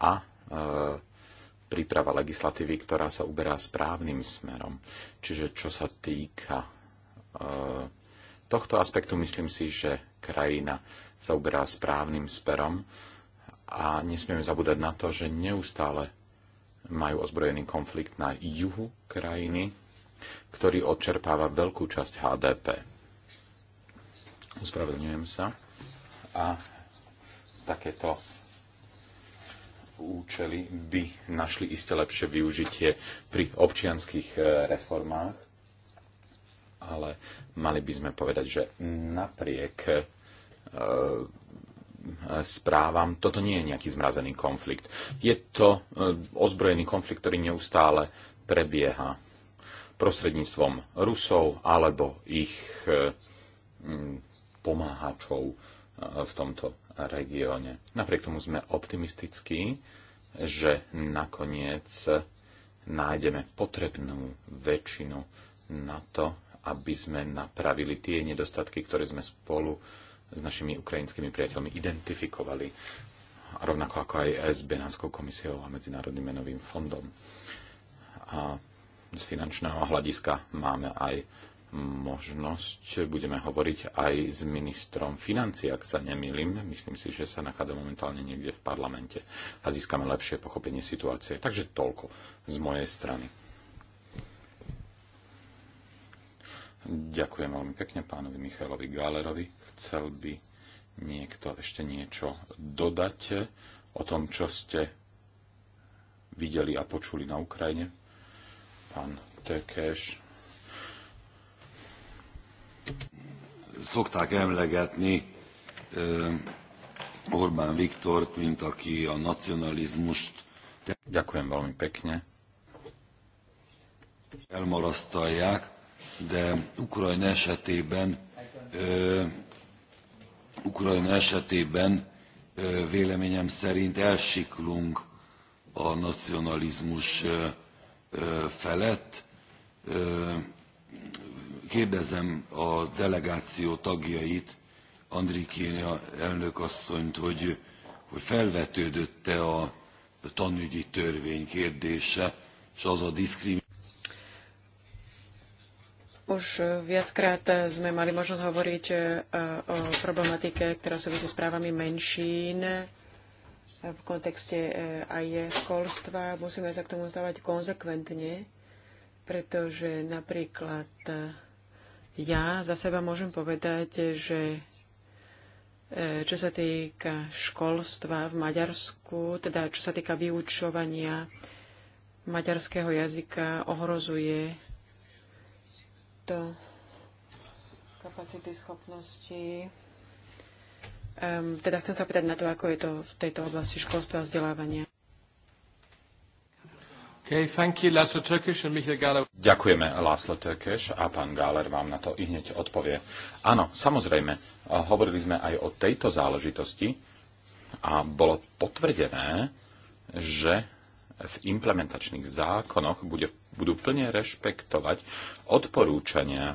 a e, príprava legislatívy, ktorá sa uberá správnym smerom. Čiže čo sa týka e, tohto aspektu, myslím si, že krajina sa uberá správnym smerom a nesmieme zabúdať na to, že neustále majú ozbrojený konflikt na juhu krajiny, ktorý odčerpáva veľkú časť HDP. Uspravedlňujem sa. A takéto účely by našli isté lepšie využitie pri občianských e, reformách, ale mali by sme povedať, že napriek e, správam, toto nie je nejaký zmrazený konflikt. Je to e, ozbrojený konflikt, ktorý neustále prebieha prostredníctvom Rusov alebo ich e, pomáhačov e, v tomto regióne. Napriek tomu sme optimistickí, že nakoniec nájdeme potrebnú väčšinu na to, aby sme napravili tie nedostatky, ktoré sme spolu uh, s našimi ukrajinskými priateľmi identifikovali, rovnako ako aj s Benátskou komisiou a Medzinárodným menovým fondom. A z finančného hľadiska máme aj možnosť, budeme hovoriť aj s ministrom financí, ak sa nemýlim. Myslím si, že sa nachádza momentálne niekde v parlamente a získame lepšie pochopenie situácie. Takže toľko z mojej strany. Ďakujem veľmi pekne pánovi Michalovi Gálerovi chcel by niekto ešte niečo dodať o tom, čo ste videli a počuli na Ukrajine. Pán Tekeš. Szokták emlegetni Orbán Viktor, mint aki a nacionalizmust Ďakujem veľmi pekne. Elmarasztalják, de Ukrajna esetében Ukrajna esetében véleményem szerint elsiklunk a nacionalizmus felett. Kérdezem a delegáció tagjait, Andrikénia elnök asszonyt, hogy, hogy felvetődötte a tanügyi törvény kérdése, és az a diszkrimináció, už viackrát sme mali možnosť hovoriť e, o problematike, ktorá súvisí s právami menšín v kontexte e, aj školstva. Musíme sa k tomu stávať konzekventne, pretože napríklad e, ja za seba môžem povedať, že čo sa týka školstva v Maďarsku, teda čo sa týka vyučovania maďarského jazyka, ohrozuje kapacity, schopnosti. Um, teda chcem sa pýtať na to, ako je to v tejto oblasti školstva a vzdelávania. Okay, thank you, Laszlo Turkish and Michael Galler. Ďakujeme, Laszlo Turkish a pán Galer vám na to i hneď odpovie. Áno, samozrejme, hovorili sme aj o tejto záležitosti a bolo potvrdené, že v implementačných zákonoch bude, budú plne rešpektovať odporúčania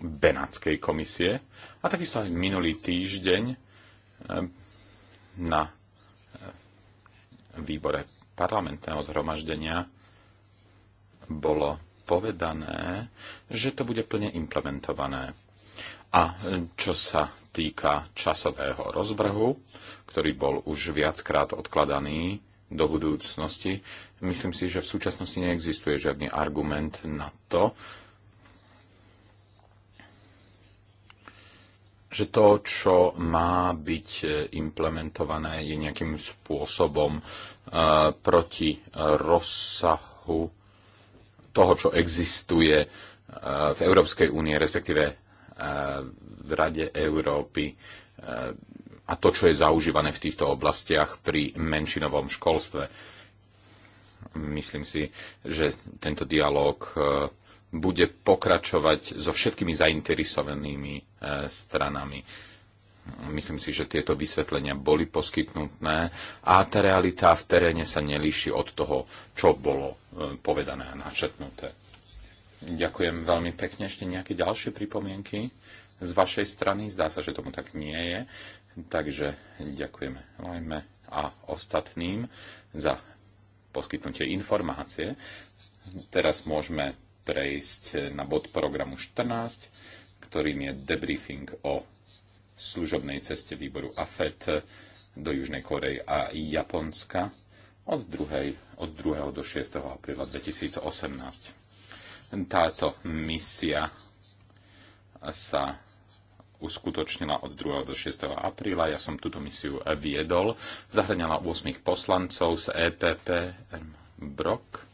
Benátskej komisie a takisto aj minulý týždeň eh, na eh, výbore parlamentného zhromaždenia bolo povedané, že to bude plne implementované. A eh, čo sa týka časového rozvrhu, ktorý bol už viackrát odkladaný do budúcnosti. Myslím si, že v súčasnosti neexistuje žiadny argument na to, že to, čo má byť implementované, je nejakým spôsobom e, proti rozsahu toho, čo existuje e, v Európskej únie, respektíve v Rade Európy e, a to, čo je zaužívané v týchto oblastiach pri menšinovom školstve. Myslím si, že tento dialog e, bude pokračovať so všetkými zainteresovanými e, stranami. Myslím si, že tieto vysvetlenia boli poskytnuté a tá realita v teréne sa nelíši od toho, čo bolo povedané a načetnuté. Ďakujem veľmi pekne. Ešte nejaké ďalšie pripomienky z vašej strany? Zdá sa, že tomu tak nie je. Takže ďakujeme Lajme a ostatným za poskytnutie informácie. Teraz môžeme prejsť na bod programu 14, ktorým je debriefing o služobnej ceste výboru AFET do Južnej Korei a Japonska od, 2, od 2. do 6. apríla 2018. Táto misia sa uskutočnila od 2. do 6. apríla. Ja som túto misiu viedol. Zahrňala 8 poslancov z EPP, Brok,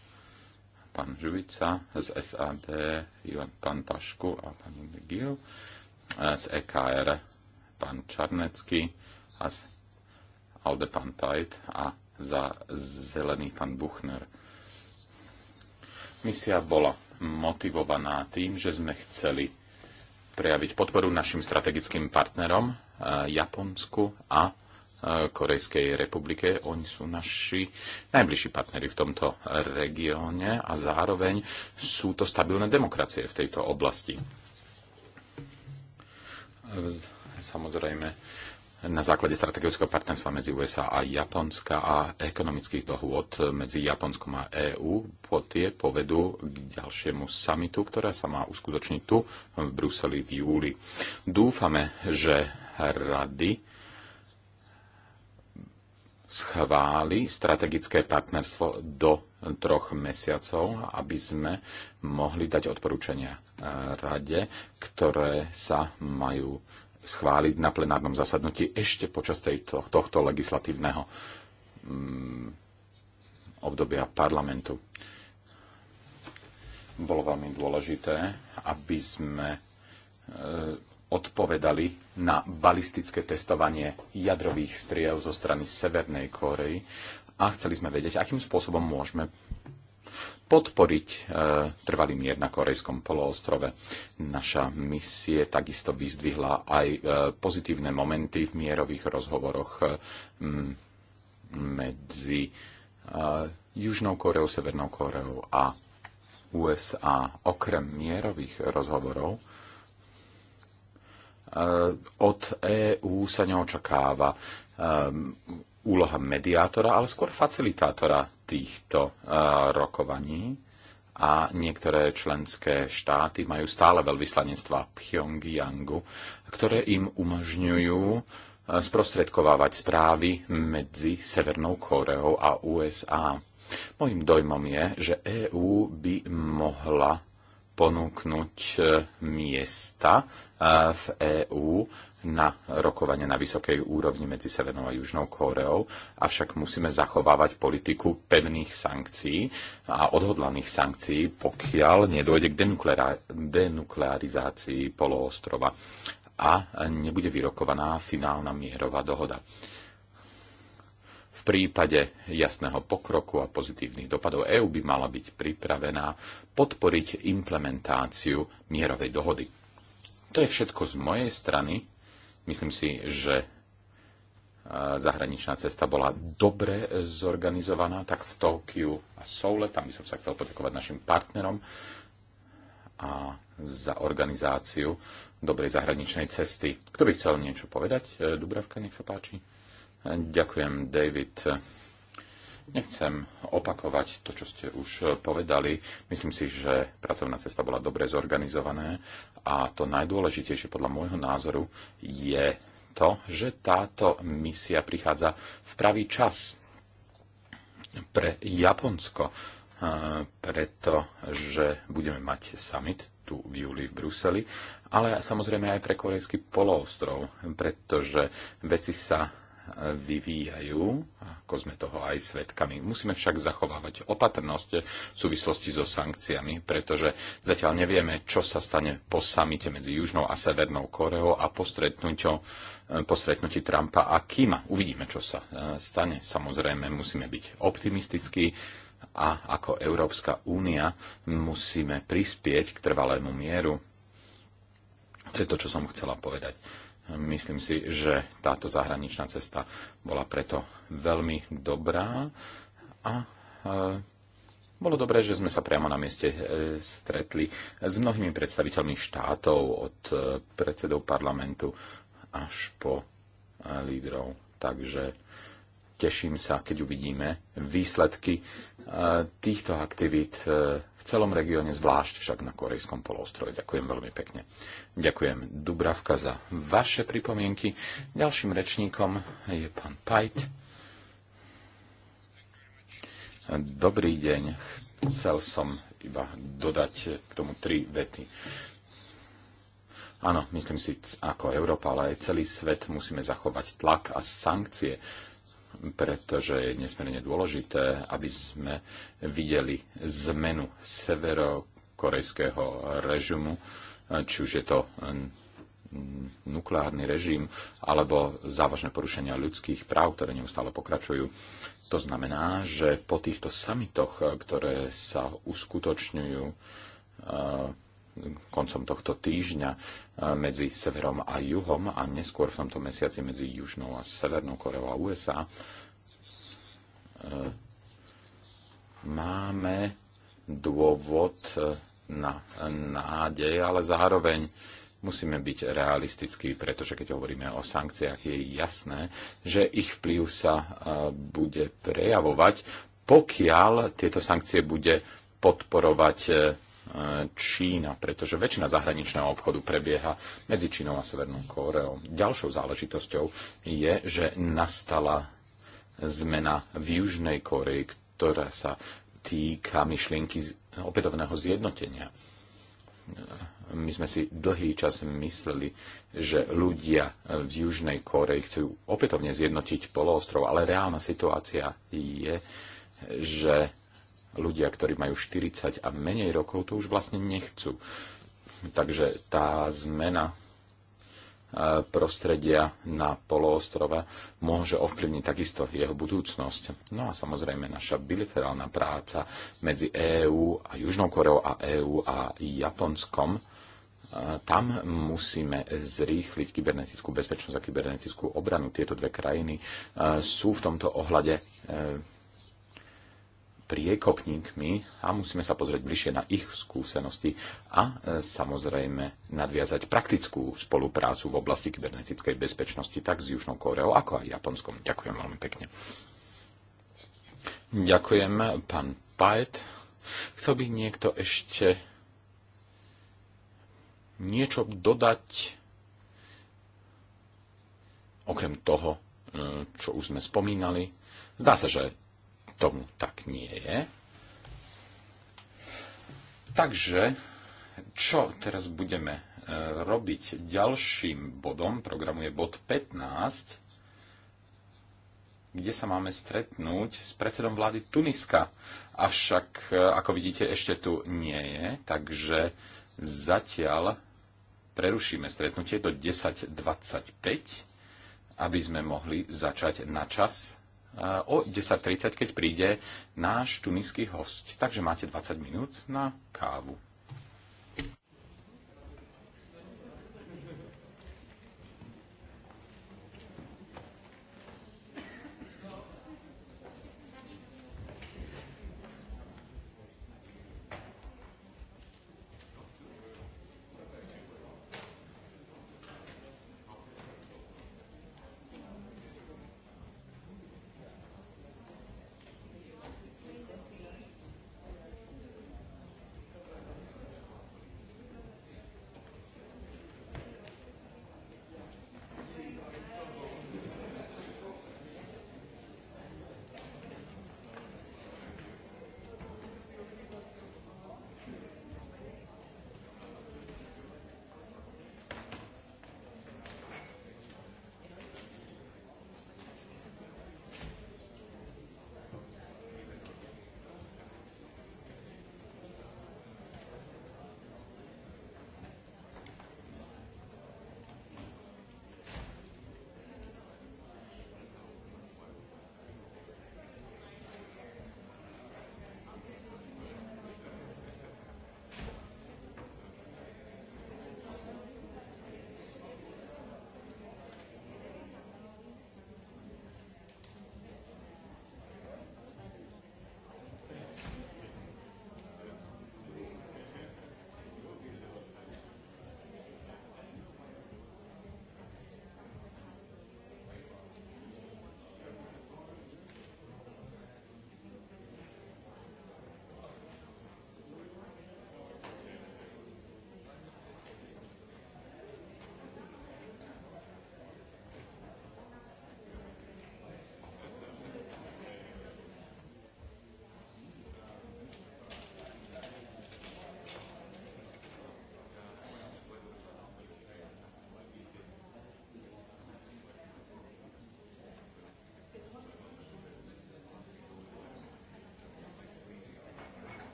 pán Žuvica z SAD, Ivan pán Pašku a pán Gil, z EKR pán Čarnecký a z Alde pán Tajt a za zelený pán Buchner. Misia bola motivovaná tým, že sme chceli prejaviť podporu našim strategickým partnerom e, Japonsku a e, Korejskej republike. Oni sú naši najbližší partneri v tomto regióne a zároveň sú to stabilné demokracie v tejto oblasti. E, samozrejme, na základe strategického partnerstva medzi USA a Japonska a ekonomických dohôd medzi Japonskom a EÚ po tie povedú k ďalšiemu samitu, ktorá sa má uskutočniť tu v Bruseli v júli. Dúfame, že rady schváli strategické partnerstvo do troch mesiacov, aby sme mohli dať odporúčania eh, rade, ktoré sa majú schváliť na plenárnom zasadnutí ešte počas tejto, tohto legislatívneho mm, obdobia parlamentu. Bolo veľmi dôležité, aby sme e, odpovedali na balistické testovanie jadrových striev zo strany Severnej Korei a chceli sme vedieť, akým spôsobom môžeme podporiť e, trvalý mier na Korejskom poloostrove. Naša misie takisto vyzdvihla aj e, pozitívne momenty v mierových rozhovoroch e, medzi Južnou Koreou, Severnou Koreou a USA. Okrem mierových rozhovorov od EÚ sa neočakáva úloha mediátora, ale skôr facilitátora týchto eh, rokovaní a niektoré členské štáty majú stále veľvyslanectvá Pyongyangu, ktoré im umožňujú eh, sprostredkovávať správy medzi Severnou Kóreou a USA. Mojím dojmom je, že EÚ by mohla ponúknuť e, miesta e, v EÚ na rokovanie na vysokej úrovni medzi Severnou a Južnou Kóreou, avšak musíme zachovávať politiku pevných sankcií a odhodlaných sankcií, pokiaľ nedôjde k denuklearizácii poloostrova a nebude vyrokovaná finálna mierová dohoda prípade jasného pokroku a pozitívnych dopadov EÚ by mala byť pripravená podporiť implementáciu mierovej dohody. To je všetko z mojej strany. Myslím si, že e, zahraničná cesta bola dobre zorganizovaná, tak v Tokiu a Soule, tam by som sa chcel poďakovať našim partnerom a za organizáciu dobrej zahraničnej cesty. Kto by chcel niečo povedať? E, Dubravka, nech sa páči. Ďakujem, David. Nechcem opakovať to, čo ste už povedali. Myslím si, že pracovná cesta bola dobre zorganizovaná a to najdôležitejšie podľa môjho názoru je to, že táto misia prichádza v pravý čas pre Japonsko, pretože budeme mať summit tu v júli v Bruseli, ale samozrejme aj pre korejský poloostrov, pretože veci sa vyvíjajú, ako sme toho aj svetkami. Musíme však zachovávať opatrnosť v súvislosti so sankciami, pretože zatiaľ nevieme, čo sa stane po samite medzi Južnou a Severnou Koreou a po eh, stretnutí Trumpa a Kima. Uvidíme, čo sa eh, stane. Samozrejme, musíme byť optimistickí a ako Európska únia musíme prispieť k trvalému mieru. To je to, čo som chcela povedať Myslím si, že táto zahraničná cesta bola preto veľmi dobrá a e, bolo dobré, že sme sa priamo na mieste e, stretli s mnohými predstaviteľmi štátov, od e, predsedov parlamentu až po lídrov. Takže teším sa, keď uvidíme výsledky e, týchto aktivít e, v celom regióne, zvlášť však na Korejskom polostrove. Ďakujem veľmi pekne. Ďakujem Dubravka za vaše pripomienky. Ďalším rečníkom je pán Pajt. Dobrý deň. Chcel som iba dodať k tomu tri vety. Áno, myslím si, ako Európa, ale aj celý svet musíme zachovať tlak a sankcie pretože je nesmierne dôležité, aby sme videli zmenu severokorejského režimu, či už je to nukleárny režim alebo závažné porušenia ľudských práv, ktoré neustále pokračujú. To znamená, že po týchto samitoch, ktoré sa uskutočňujú koncom tohto týždňa e, medzi severom a juhom a neskôr v tomto mesiaci medzi južnou a severnou Koreou a USA e, máme dôvod e, na nádej, ale zároveň musíme byť realistickí, pretože keď hovoríme o sankciách, je jasné, že ich vplyv sa bude prejavovať, pokiaľ tieto sankcie bude podporovať Čína, pretože väčšina zahraničného obchodu prebieha medzi Čínou a Severnou Kóreou. Ďalšou záležitosťou je, že nastala zmena v Južnej Kórei, ktorá sa týka myšlienky opätovného zjednotenia. My sme si dlhý čas mysleli, že ľudia v Južnej Kórei chcú opätovne zjednotiť poloostrov, ale reálna situácia je, že ľudia, ktorí majú 40 a menej rokov, to už vlastne nechcú. Takže tá zmena e, prostredia na poloostrove môže ovplyvniť takisto jeho budúcnosť. No a samozrejme naša bilaterálna práca medzi EÚ a Južnou Koreou a EÚ a Japonskom, e, tam musíme zrýchliť kybernetickú bezpečnosť a kybernetickú obranu. Tieto dve krajiny e, sú v tomto ohľade priekopníkmi a musíme sa pozrieť bližšie na ich skúsenosti a e, samozrejme nadviazať praktickú spoluprácu v oblasti kybernetickej bezpečnosti tak s Južnou Koreou ako aj Japonskom. Ďakujem veľmi pekne. Ďakujem, pán Pajt. Chcel by niekto ešte niečo dodať okrem toho, e, čo už sme spomínali? Zdá sa, že tomu tak nie je. Takže, čo teraz budeme e, robiť ďalším bodom, programu je bod 15, kde sa máme stretnúť s predsedom vlády Tuniska. Avšak, e, ako vidíte, ešte tu nie je, takže zatiaľ prerušíme stretnutie do 10.25, aby sme mohli začať na čas o 10.30, keď príde náš tuniský host. Takže máte 20 minút na kávu.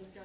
donc à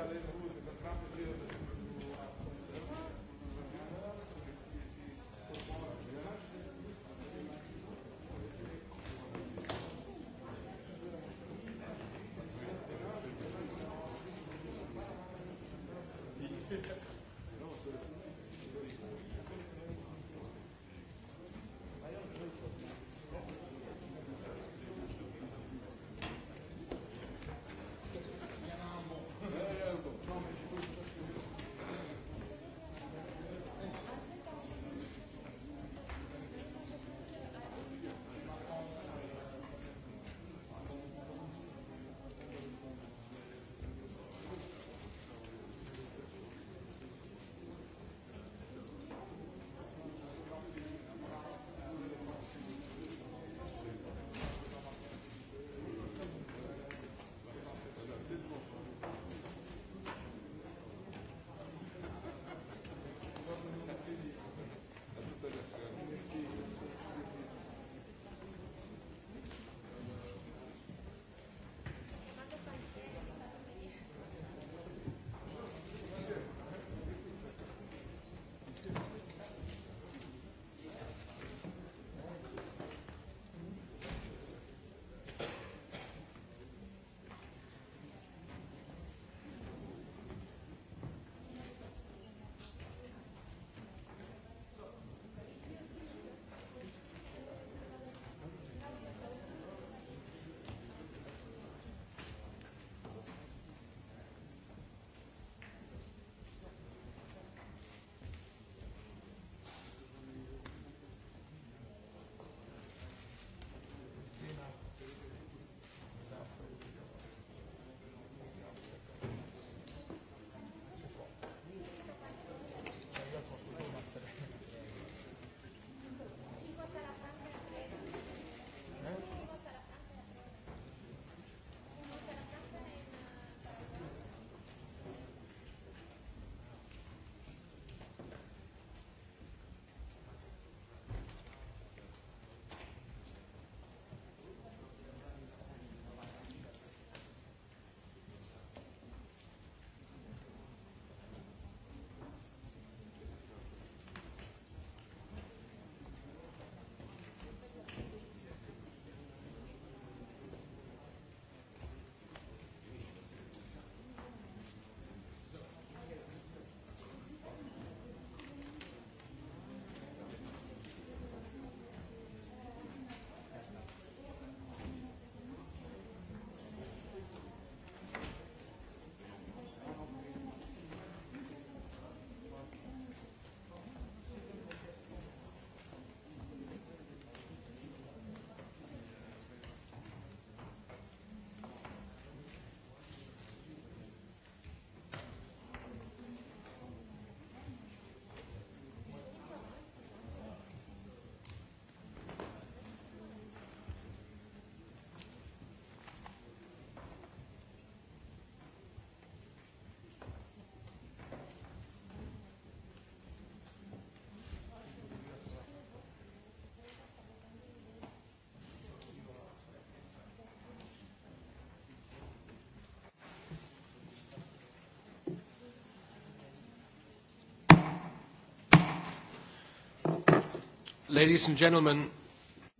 tal vez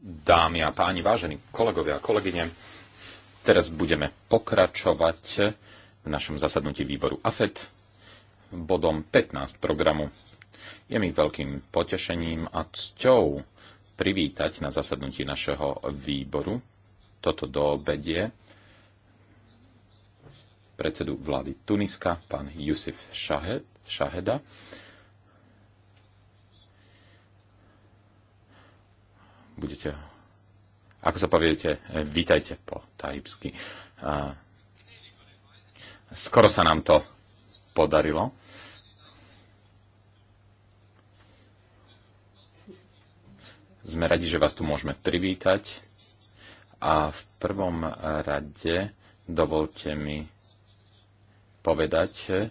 Dámy a páni, vážení kolegovia a kolegyne, teraz budeme pokračovať v našom zasadnutí výboru AFET bodom 15 programu. Je mi veľkým potešením a cťou privítať na zasadnutí našeho výboru toto obedie predsedu vlády Tuniska, pán Jusif Šahed, Šaheda, budete, ako sa poviete, vítajte po tajipsky. Skoro sa nám to podarilo. Sme radi, že vás tu môžeme privítať a v prvom rade dovolte mi povedať,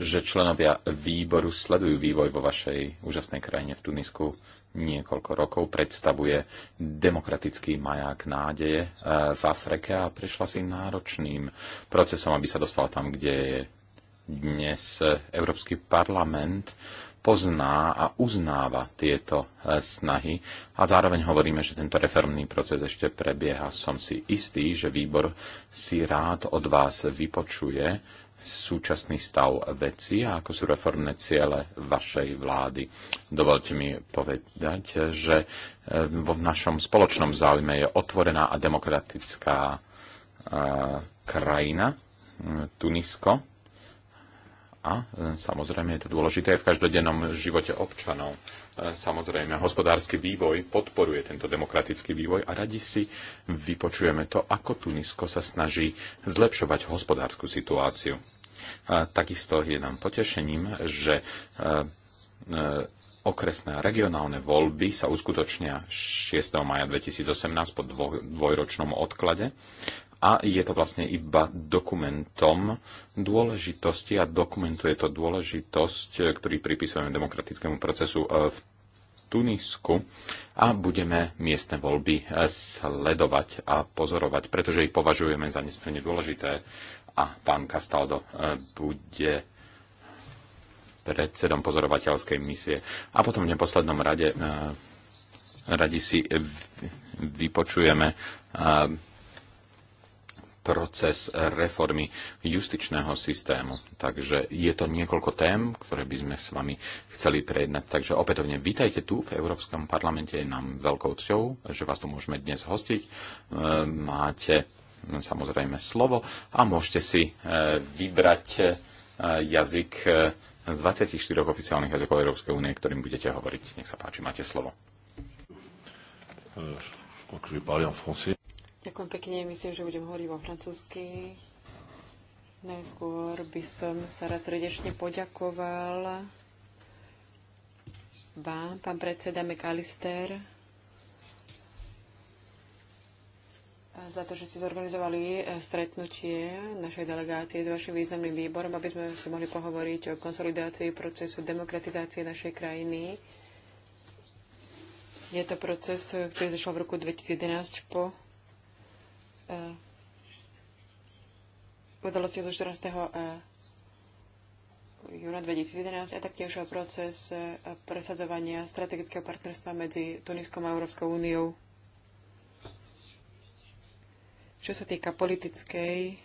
že členovia výboru sledujú vývoj vo vašej úžasnej krajine v Tunisku niekoľko rokov predstavuje demokratický maják nádeje eh, v Afrike a prešla si náročným procesom, aby sa dostala tam, kde je dnes Európsky parlament pozná a uznáva tieto eh, snahy a zároveň hovoríme, že tento reformný proces ešte prebieha. Som si istý, že výbor si rád od vás vypočuje súčasný stav veci a ako sú reformné ciele vašej vlády. Dovolte mi povedať, že eh, vo našom spoločnom záujme je otvorená a demokratická eh, krajina, eh, Tunisko. A samozrejme je to dôležité aj v každodennom živote občanov. Samozrejme, hospodársky vývoj podporuje tento demokratický vývoj a radi si vypočujeme to, ako Tunisko sa snaží zlepšovať hospodárskú situáciu. A takisto je nám potešením, že e, e, okresné a regionálne voľby sa uskutočnia 6. maja 2018 po dvojročnom odklade a je to vlastne iba dokumentom dôležitosti a dokumentuje to dôležitosť, ktorý pripisujeme demokratickému procesu e, v Tunisku a budeme miestne voľby sledovať a pozorovať, pretože ich považujeme za nesmierne dôležité a pán Castaldo e, bude predsedom pozorovateľskej misie. A potom v neposlednom rade e, radi si vypočujeme e, proces reformy justičného systému. Takže je to niekoľko tém, ktoré by sme s vami chceli prejednať. Takže opätovne vítajte tu v Európskom parlamente. Je nám veľkou cťou, že vás tu môžeme dnes hostiť. Máte samozrejme slovo a môžete si e, vybrať e, jazyk e, z 24 oficiálnych jazykov Európskej únie, ktorým budete hovoriť. Nech sa páči, máte slovo. Ďakujem pekne, myslím, že budem hovoriť vo francúzsky. Najskôr by som sa raz srdečne poďakoval vám, pán predseda McAllister, za to, že ste zorganizovali e, stretnutie našej delegácie s vašim významným výborom, aby sme si mohli pohovoriť o konsolidácii procesu demokratizácie našej krajiny. Je to proces, ktorý začal v roku 2011 po e, udalosti zo 14. E, júna 2011 a taktiež proces presadzovania strategického partnerstva medzi Tuniskom a Európskou úniou. Čo sa týka politickej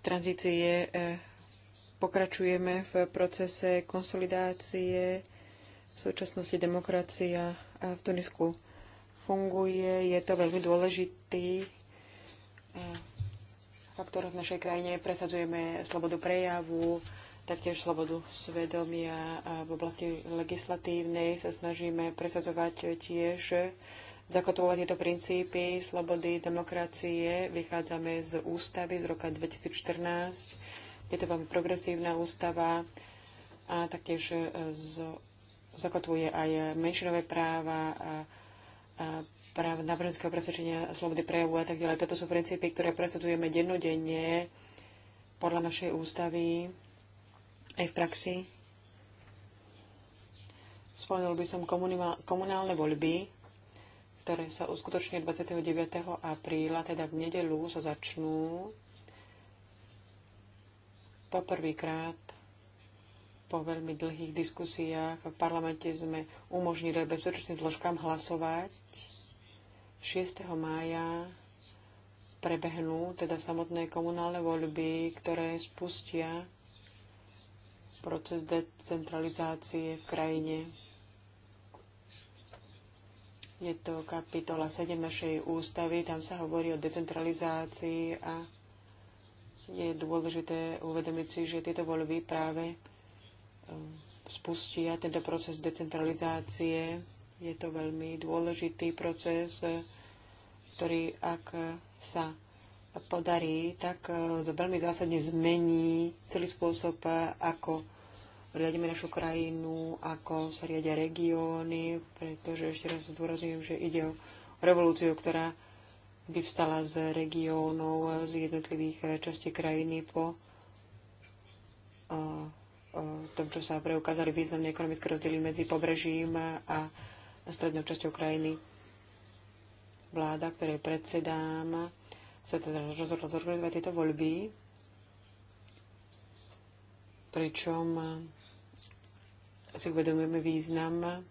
tranzície, e, pokračujeme v procese konsolidácie. V súčasnosti demokracia v Tunisku funguje. Je to veľmi dôležitý e, faktor v našej krajine. Presadzujeme slobodu prejavu, taktiež slobodu svedomia a v oblasti legislatívnej sa snažíme presadzovať tiež zakotvovať tieto princípy slobody, demokracie. Vychádzame z ústavy z roka 2014. Je to veľmi progresívna ústava a taktiež e, z, zakotvuje aj menšinové práva a, a práv náboženského presvedčenia, slobody prejavu a tak ďalej. Toto sú princípy, ktoré presadzujeme dennodenne podľa našej ústavy aj v praxi. Spomenul by som komunálne voľby, ktoré sa uskutočnia 29. apríla, teda v nedelu, sa začnú poprvýkrát po veľmi dlhých diskusiách v parlamente sme umožnili bezpečnostným zložkám hlasovať. 6. mája prebehnú teda samotné komunálne voľby, ktoré spustia proces decentralizácie v krajine. Je to kapitola 7 našej ústavy, tam sa hovorí o decentralizácii a je dôležité uvedomiť si, že tieto voľby práve um, spustia tento proces decentralizácie. Je to veľmi dôležitý proces, ktorý ak sa podarí, tak uh, veľmi zásadne zmení celý spôsob, uh, ako riadíme našu krajinu, ako sa riadia regióny, pretože ešte raz zdôrazňujem, že ide o revolúciu, ktorá by vstala z regiónov, z jednotlivých eh, častí krajiny po o, eh, o eh, tom, čo sa preukázali významné ekonomické rozdiely medzi pobrežím a strednou časťou krajiny. Vláda, ktorej predsedám, sa teda rozhodla zorganizovať tieto voľby, pričom si uvedomujeme význam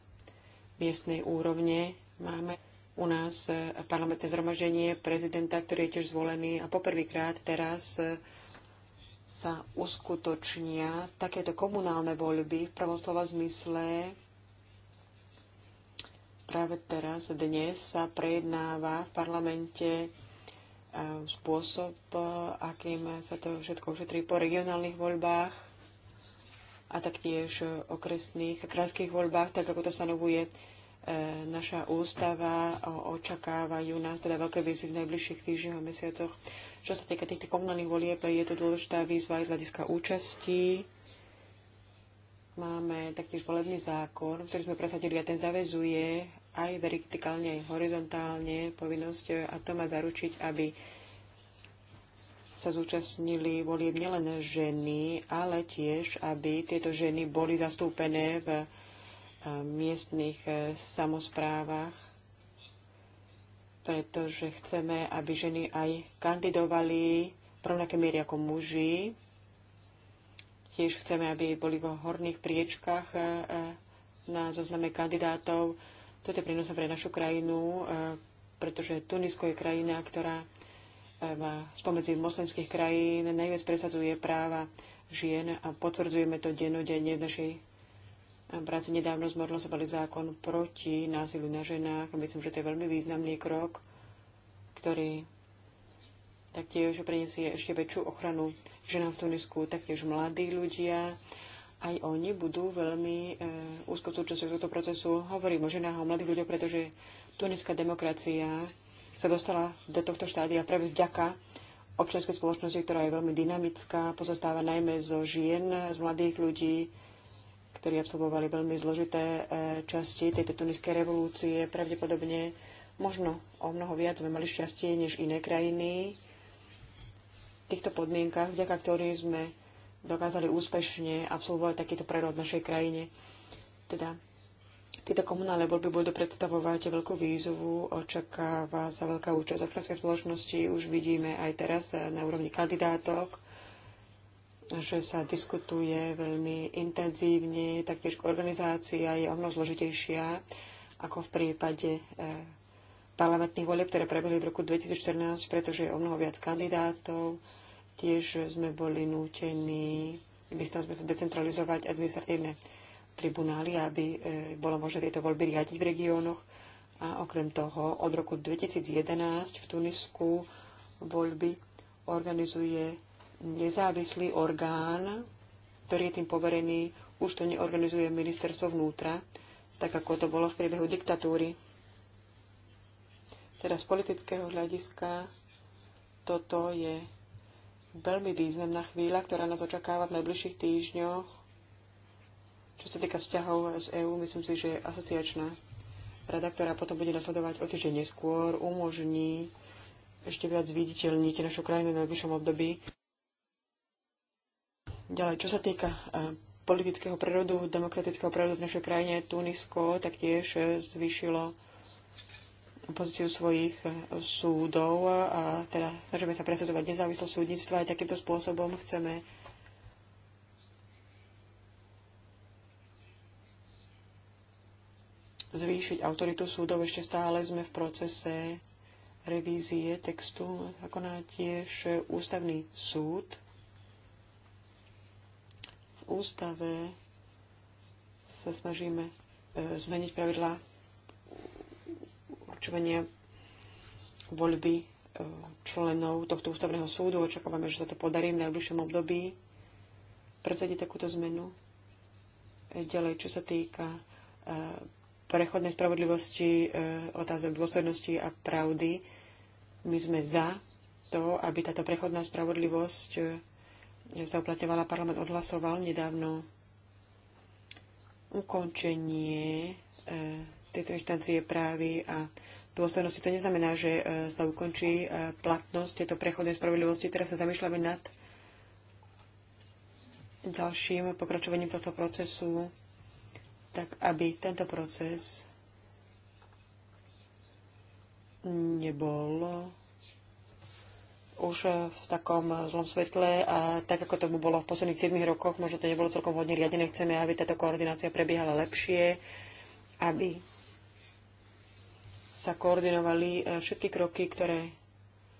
miestnej úrovne. Máme u nás e, parlamentné zhromaždenie prezidenta, ktorý je tiež zvolený a poprvýkrát teraz e, sa uskutočnia takéto komunálne voľby v pravom slova zmysle. Práve teraz, dnes sa prejednáva v parlamente e, spôsob, akým sa to všetko ušetrí po regionálnych voľbách a taktiež okresných a krajských voľbách, tak ako to stanovuje e, naša ústava očakávajú nás teda veľké výzvy v najbližších týždňoch a mesiacoch. Čo sa týka týchto komunálnych volieb, je to dôležitá výzva aj z hľadiska účasti. Máme taktiež volebný zákon, ktorý sme presadili a ten zavezuje aj vertikálne, aj horizontálne povinnosť e, a to má zaručiť, aby sa zúčastnili volieb nielen ženy, ale tiež, aby tieto ženy boli zastúpené v eh, miestnych eh, samozprávach, pretože chceme, aby ženy aj kandidovali v rovnaké miery ako muži. Tiež chceme, aby boli vo horných priečkách eh, na zozname kandidátov. Toto je prínosom pre našu krajinu, pretože Tunisko je krajina, ktorá spomedzi moslimských krajín najviac presadzuje práva žien a potvrdzujeme to dennodenne v našej eh, práci. Nedávno sme odhlasovali zákon proti násiliu na ženách. Myslím, že to je veľmi významný krok, ktorý taktiež prinesie ešte väčšiu ochranu ženám v Tunisku, taktiež mladí ľudia. Aj oni budú veľmi e, úzko súčasťou tohto procesu. Hovorím o ženách a o mladých ľuďoch, pretože tuniská demokracia sa dostala do tohto štádia práve vďaka občianskej spoločnosti, ktorá je veľmi dynamická, pozostáva najmä zo žien, z mladých ľudí, ktorí absolvovali veľmi zložité eh, časti tejto tuniskej revolúcie. Pravdepodobne možno o mnoho viac sme mali šťastie než iné krajiny v týchto podmienkach, vďaka ktorým sme dokázali úspešne absolvovať takýto prerod v našej krajine. Teda tieto komunálne voľby budú predstavovať veľkú výzvu, očakáva sa veľká účasť občianskej spoločnosti. Už vidíme aj teraz na úrovni kandidátok, že sa diskutuje veľmi intenzívne, taktiež organizácia je o mnoho zložitejšia ako v prípade e, parlamentných volieb, ktoré prebehli v roku 2014, pretože je o mnoho viac kandidátov. Tiež sme boli nútení, by sme sa decentralizovať administratívne tribunály, aby e, bolo možné tieto voľby riadiť v regiónoch. A okrem toho od roku 2011 v Tunisku voľby organizuje nezávislý orgán, ktorý je tým poverený, už to neorganizuje ministerstvo vnútra, tak ako to bolo v priebehu diktatúry. Teda z politického hľadiska toto je veľmi významná chvíľa, ktorá nás očakáva v najbližších týždňoch čo sa týka vzťahov z EÚ, myslím si, že asociačná rada, ktorá potom bude nasledovať o týždeň neskôr, umožní ešte viac viditeľniť našu krajinu na najbližšom období. Ďalej, čo sa týka e, politického prerodu, demokratického prerodu v našej krajine, Tunisko taktiež e, zvýšilo pozíciu svojich e, súdov a teda snažíme sa presadzovať nezávislosť súdnictva aj takýmto spôsobom chceme zvýšiť autoritu súdov. Ešte stále sme v procese revízie textu zákona tiež ústavný súd. V ústave sa snažíme e, zmeniť pravidla určovania voľby e, členov tohto ústavného súdu. Očakávame, že sa to podarí v najbližšom období presadiť takúto zmenu. E, ďalej, čo sa týka prechodnej spravodlivosti, e, otázok dôslednosti a pravdy. My sme za to, aby táto prechodná spravodlivosť e, sa uplatňovala. Parlament odhlasoval nedávno ukončenie e, tejto inštancie právy a dôslednosti To neznamená, že sa ukončí platnosť tejto prechodnej spravodlivosti. Teraz sa zamýšľame nad ďalším pokračovaním tohto procesu tak aby tento proces nebol už v takom zlom svetle a tak, ako tomu bolo v posledných 7 rokoch, možno to nebolo celkom hodne riadené. Chceme, aby táto koordinácia prebiehala lepšie, aby sa koordinovali eh, všetky kroky, ktoré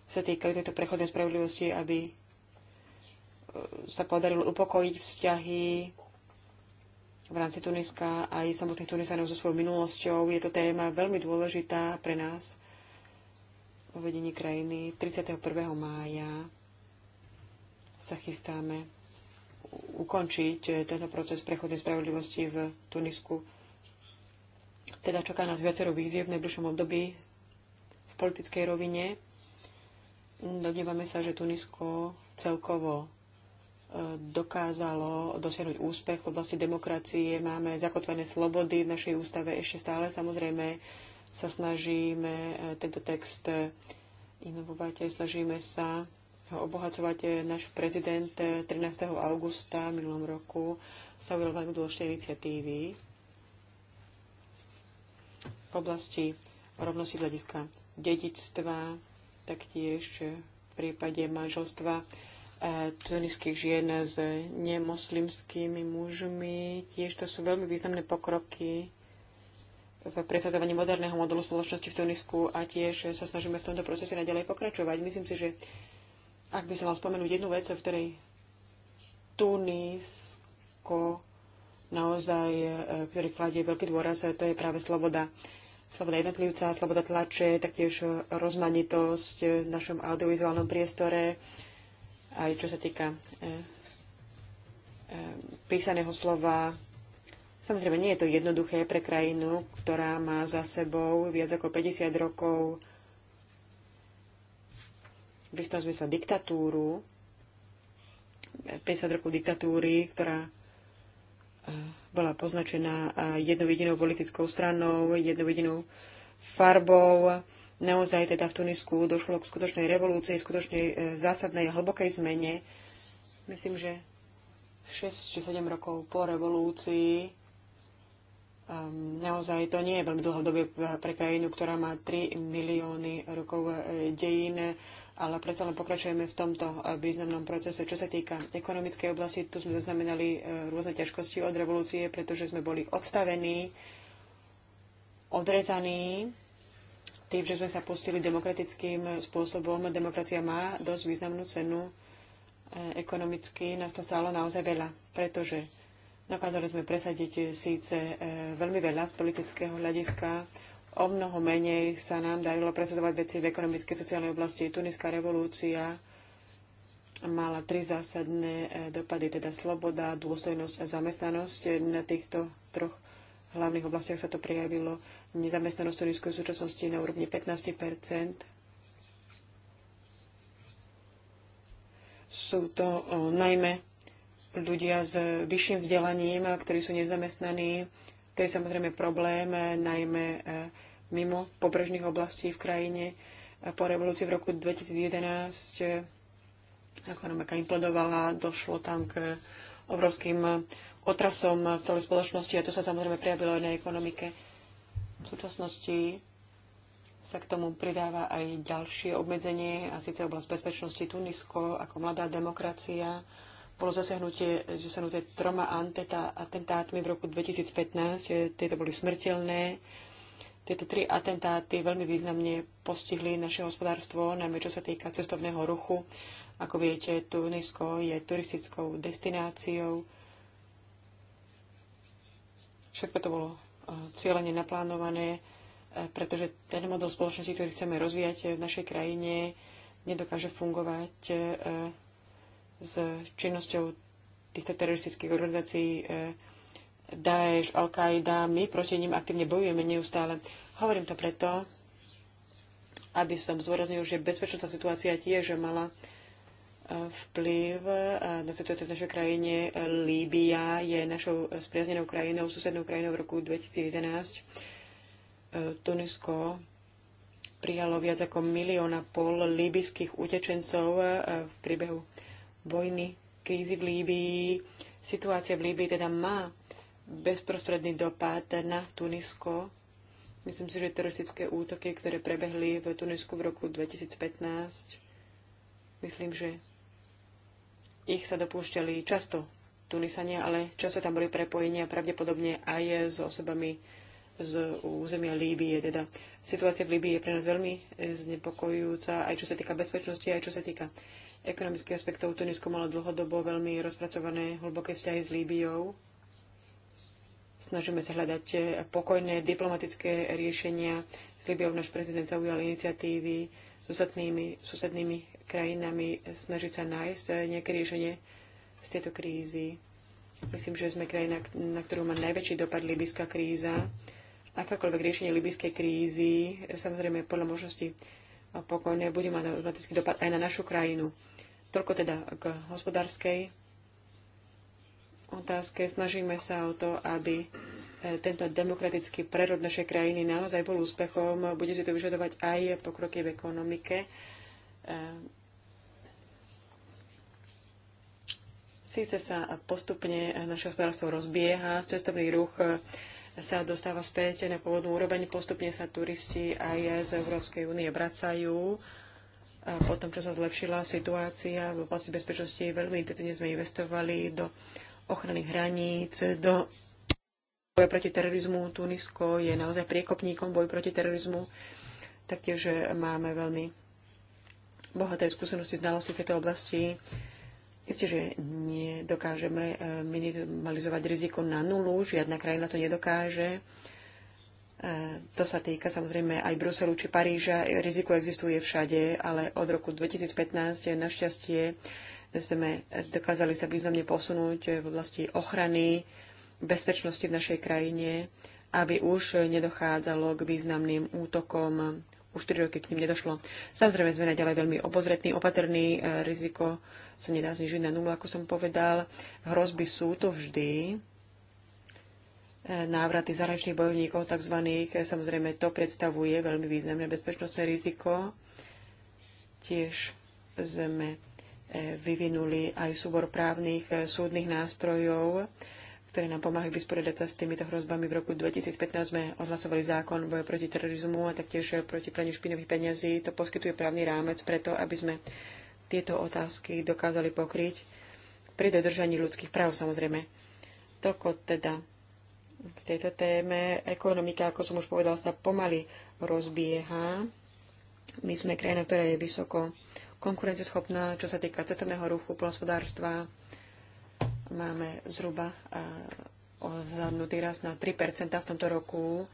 sa týkajú tejto prechodnej spravodlivosti, aby eh, sa podarilo upokojiť vzťahy v rámci Tuniska aj samotných Tunisanov so svojou minulosťou. Je to téma veľmi dôležitá pre nás vo vedení krajiny. 31. mája sa chystáme ukončiť tento proces prechodnej spravodlivosti v Tunisku. Teda čaká nás viacero výziev v najbližšom období v politickej rovine. Domnievame sa, že Tunisko celkovo dokázalo dosiahnuť úspech v oblasti demokracie. Máme zakotvené slobody v našej ústave ešte stále. Samozrejme sa snažíme eh, tento text eh, inovovať, eh, snažíme sa ho obohacovať. Náš prezident 13. augusta minulom roku sa ujel veľmi dôležité iniciatívy v oblasti rovnosti hľadiska dedictva, taktiež v prípade manželstva E, tuniských žien s nemoslimskými mužmi. Tiež to sú veľmi významné pokroky v presadzovaní moderného modelu spoločnosti v Tunisku a tiež sa snažíme v tomto procese naďalej pokračovať. Myslím si, že ak by som mal spomenúť jednu vec, v ktorej Tunisko naozaj, e, ktorý kladie veľký dôraz, to je práve sloboda sloboda jednotlivca, sloboda tlače, taktiež rozmanitosť v našom audiovizuálnom priestore, aj čo sa týka e, e, písaného slova. Samozrejme, nie je to jednoduché pre krajinu, ktorá má za sebou viac ako 50 rokov v istom zmysle diktatúru, 50 rokov diktatúry, ktorá e, bola poznačená jednou jedinou politickou stranou, jednou jedinou farbou, Naozaj teda v Tunisku došlo k skutočnej revolúcii, skutočnej e, zásadnej a hlbokej zmene. Myslím, že 6 či 7 rokov po revolúcii Um, naozaj to nie je veľmi dobie pre krajinu, ktorá má 3 milióny rokov e, dejín, ale predsa len pokračujeme v tomto e, významnom procese. Čo sa týka ekonomickej oblasti, tu sme zaznamenali rôzne ťažkosti od revolúcie, pretože sme boli odstavení, odrezaní tým, že sme sa pustili demokratickým spôsobom, demokracia má dosť významnú cenu e, ekonomicky, nás to stálo naozaj veľa, pretože dokázali sme presadiť e, síce e, veľmi veľa z politického hľadiska, o mnoho menej sa nám darilo presadovať veci v ekonomickej sociálnej oblasti. Tuniská revolúcia mala tri zásadné dopady, teda sloboda, dôstojnosť a zamestnanosť. Na týchto troch hlavných oblastiach sa to prejavilo Nezamestnanosť Tunisku v súčasnosti je na úrovni 15 Sú to najmä ľudia s vyšším vzdelaním, ktorí sú nezamestnaní. To je samozrejme problém, e, najmä e, mimo pobrežných oblastí v krajine. Po revolúcii v roku 2011 e, ekonomika implodovala, došlo tam k obrovským otrasom v celej spoločnosti a to sa samozrejme prejavilo aj na ekonomike. V súčasnosti sa k tomu pridáva aj ďalšie obmedzenie, a síce oblasť bezpečnosti Tunisko ako mladá demokracia. Bolo zasiahnutie, zasiahnuté troma anteta, atentátmi v roku 2015. Tieto boli smrteľné. Tieto tri atentáty veľmi významne postihli naše hospodárstvo, najmä čo sa týka cestovného ruchu. Ako viete, Tunisko je turistickou destináciou. Všetko to bolo cieľene naplánované, e, pretože ten model spoločnosti, ktorý chceme rozvíjať v našej krajine, nedokáže fungovať e, s činnosťou týchto teroristických organizácií e, Daesh, Al-Qaida. My proti ním aktívne bojujeme neustále. Hovorím to preto, aby som zdôraznil, že bezpečnostná situácia tiež mala uh, vplyv na situáciu v našej krajine. Líbia je našou spriaznenou krajinou, susednou krajinou v roku 2011. E, Tunisko prijalo viac ako milión a pol líbyských utečencov e, v priebehu vojny, krízy v Líbii. Situácia v Líbii teda má bezprostredný dopad na Tunisko. Myslím si, že teroristické útoky, ktoré prebehli v Tunisku v roku 2015, myslím, že ich sa dopúšťali často Tunisania, ale často tam boli prepojenia pravdepodobne aj s osobami z územia Líbie. Teda situácia v Líbii je pre nás veľmi znepokojujúca, aj čo sa týka bezpečnosti, aj čo sa týka ekonomických aspektov. Tunisko malo dlhodobo veľmi rozpracované hlboké vzťahy s Líbiou. Snažíme sa hľadať pokojné diplomatické riešenia. S Líbiou náš prezident zaujal iniciatívy s ostatnými, susednými krajinami snažiť sa nájsť eh, nejaké riešenie z tejto krízy. Myslím, že sme krajina, na ktorú má najväčší dopad libyská kríza. Akákoľvek riešenie libyskej krízy, eh, samozrejme podľa možnosti eh, pokojné, bude mať automatický dopad aj na našu krajinu. Toľko teda k hospodárskej otázke. Snažíme sa o to, aby tento demokratický prerod našej krajiny naozaj bol úspechom. Bude si to vyžadovať aj pokroky v ekonomike. Síce sa postupne naše hospodárstvo rozbieha, cestovný ruch sa dostáva späť na pôvodnú úroveň, postupne sa turisti aj z Európskej únie vracajú. A potom, tom, čo sa zlepšila situácia v oblasti bezpečnosti, veľmi intenzívne sme investovali do ochrany hraníc, do boja proti terorizmu. Tunisko je naozaj priekopníkom boju proti terorizmu. Taktiež máme veľmi bohaté skúsenosti, znalosti v tejto oblasti Isté, že nedokážeme eh, minimalizovať riziko na nulu, žiadna krajina to nedokáže. Eh, to sa týka samozrejme aj Bruselu či Paríža. Riziko existuje všade, ale od roku 2015 eh, našťastie sme dokázali sa významne posunúť v oblasti ochrany, bezpečnosti v našej krajine, aby už nedochádzalo k významným útokom už 4 roky k ním nedošlo. Samozrejme sme naďalej veľmi obozretní, opatrní, e, riziko sa nedá znižiť na nulu, ako som povedal. Hrozby sú to vždy, e, návraty zahraničných bojovníkov, tzv. E, samozrejme, to predstavuje veľmi významné bezpečnostné riziko. Tiež sme vyvinuli aj súbor právnych súdnych nástrojov, ktoré nám pomáhajú vysporiadať sa s týmito hrozbami. V roku 2015 sme odhlasovali zákon boja proti terorizmu a taktiež eh, proti praniu špinových peňazí. To poskytuje právny rámec preto, aby sme tieto otázky dokázali pokryť pri dodržaní ľudských práv samozrejme. Toľko teda k tejto téme. Ekonomika, ako som už povedal, sa pomaly rozbieha. My sme krajina, ktorá je vysoko konkurenceschopná, čo sa týka cestovného ruchu, polospodárstva, máme zhruba e, odhľadnutý rast na 3 v tomto roku.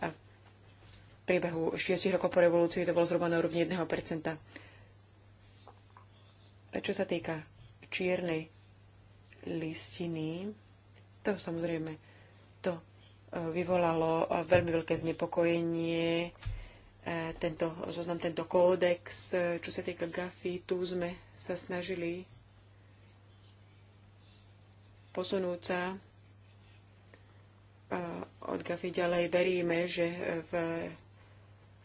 A v priebehu 6 rokov po revolúcii to bolo zhruba na úrovni 1 A čo sa týka čiernej listiny, to samozrejme to e, vyvolalo e, veľmi veľké znepokojenie. Tento zoznam, tento kódex, čo sa týka GAFI, tu sme sa snažili posunúť sa od GAFI ďalej. Veríme, že v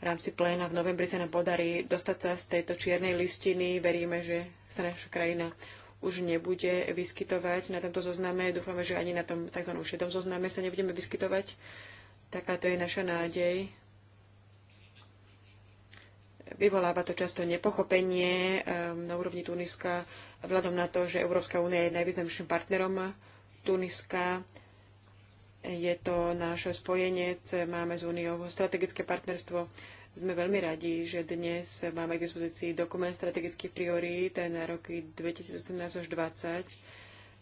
rámci pléna v novembri sa nám podarí dostať sa z tejto čiernej listiny. Veríme, že sa naša krajina už nebude vyskytovať na tomto zozname. Dúfame, že ani na tom tzv. šedom zozname sa nebudeme vyskytovať. Taká to je naša nádej. Vyvoláva to často nepochopenie ehm, na úrovni Tuniska vzhľadom na to, že Európska únia je najvýznamnejším partnerom Tuniska. Je to náš spojenec, máme s úniou strategické partnerstvo. Sme veľmi radi, že dnes máme k dispozícii dokument strategických priorít na roky 2018 až 2020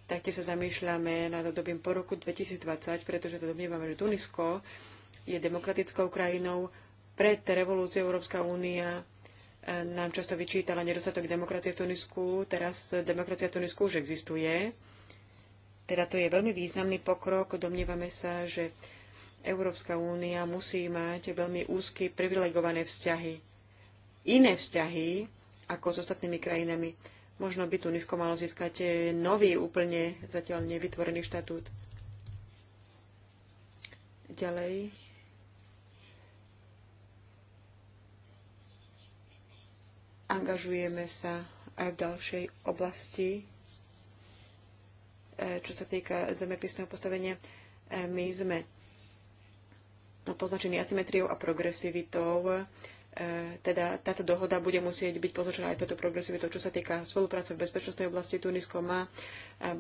Taktiež sa zamýšľame nad obdobím po roku 2020, pretože to domnievame, že Tunisko je demokratickou krajinou, pred revolúciou Európska únia e, nám často vyčítala nedostatok demokracie v Tunisku. Teraz demokracia v Tunisku už existuje. Teda to je veľmi významný pokrok. Domnievame sa, že Európska únia musí mať veľmi úzky, privilegované vzťahy. Iné vzťahy ako s ostatnými krajinami. Možno by Tunisko malo získať e, nový, úplne zatiaľ nevytvorený štatút. Ďalej Angažujeme sa aj v ďalšej oblasti, e, čo sa týka zemepisného postavenia. E, my sme poznačení asymetriou a progresivitou e, teda táto dohoda bude musieť byť poznačená aj toto progresivitou, čo sa týka spolupráce v bezpečnostnej oblasti. Tunisko má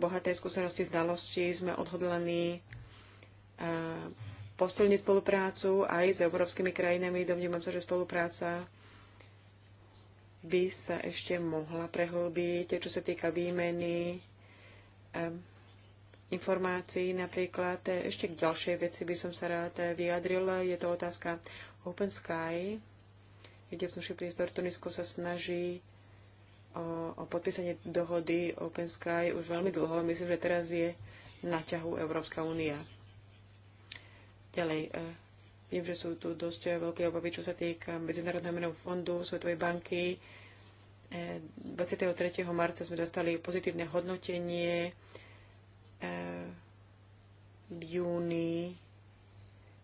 bohaté skúsenosti, znalosti, sme odhodlení posilniť spoluprácu aj s európskymi krajinami. Domnívam sa, že spolupráca by sa ešte mohla prehlbiť, čo sa týka výmeny informácií napríklad. Ešte k ďalšej veci by som sa rád vyjadrila. Je to otázka Open Sky. kde som tuši priestor. Tunisko sa snaží o, o podpísanie dohody Open Sky už veľmi dlho. Myslím, že teraz je na ťahu Európska únia. Ďalej, eh, Viem, že sú tu dosť veľké obavy, čo sa týka Medzinárodného menového fondu, Svetovej banky. 23. E, marca sme dostali pozitívne hodnotenie. E, v júni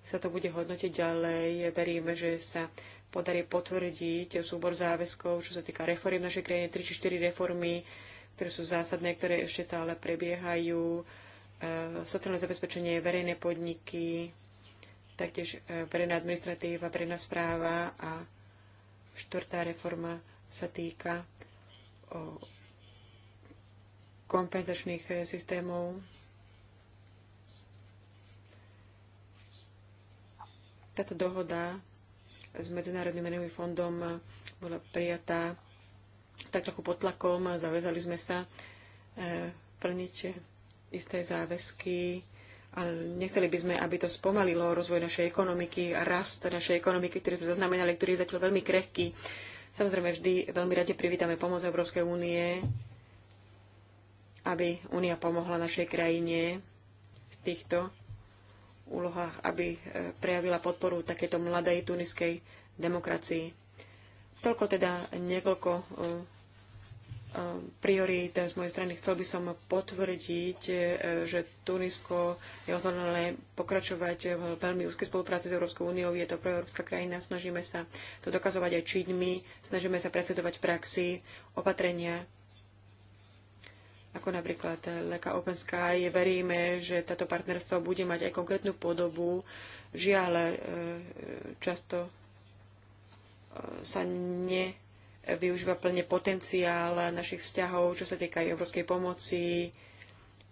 sa to bude hodnotiť ďalej. Veríme, že sa podarí potvrdiť súbor záväzkov, čo sa týka reformy v našej krajine, 3 či 4 reformy, ktoré sú zásadné, ktoré ešte stále prebiehajú. E, sociálne zabezpečenie, verejné podniky, taktiež verejná administratíva, verejná správa a štvrtá reforma sa týka kompenzačných e, systémov. Táto dohoda s Medzinárodným menovým fondom bola prijatá tak trochu pod tlakom a zavezali sme sa e, plniť isté záväzky a nechceli by sme, aby to spomalilo rozvoj našej ekonomiky a rast našej ekonomiky, ktorý sme zaznamenali, ktorý je zatiaľ veľmi krehký. Samozrejme, vždy veľmi rade privítame pomoc Európskej únie, aby únia pomohla našej krajine v týchto úlohách, aby e, prejavila podporu takéto mladej tuniskej demokracii. Toľko teda niekoľko e, priorita z mojej strany. Chcel by som potvrdiť, e, že Tunisko je odhodlané pokračovať v veľmi úzkej spolupráci s Európskou úniou. Je to proeurópska krajina, snažíme sa to dokazovať aj činmi, snažíme sa predsedovať praxi, opatrenia, ako napríklad Leka Open Sky. Veríme, že táto partnerstvo bude mať aj konkrétnu podobu. Žiaľ, e, často e, sa ne využíva plne potenciál našich vzťahov, čo sa týka aj európskej pomoci.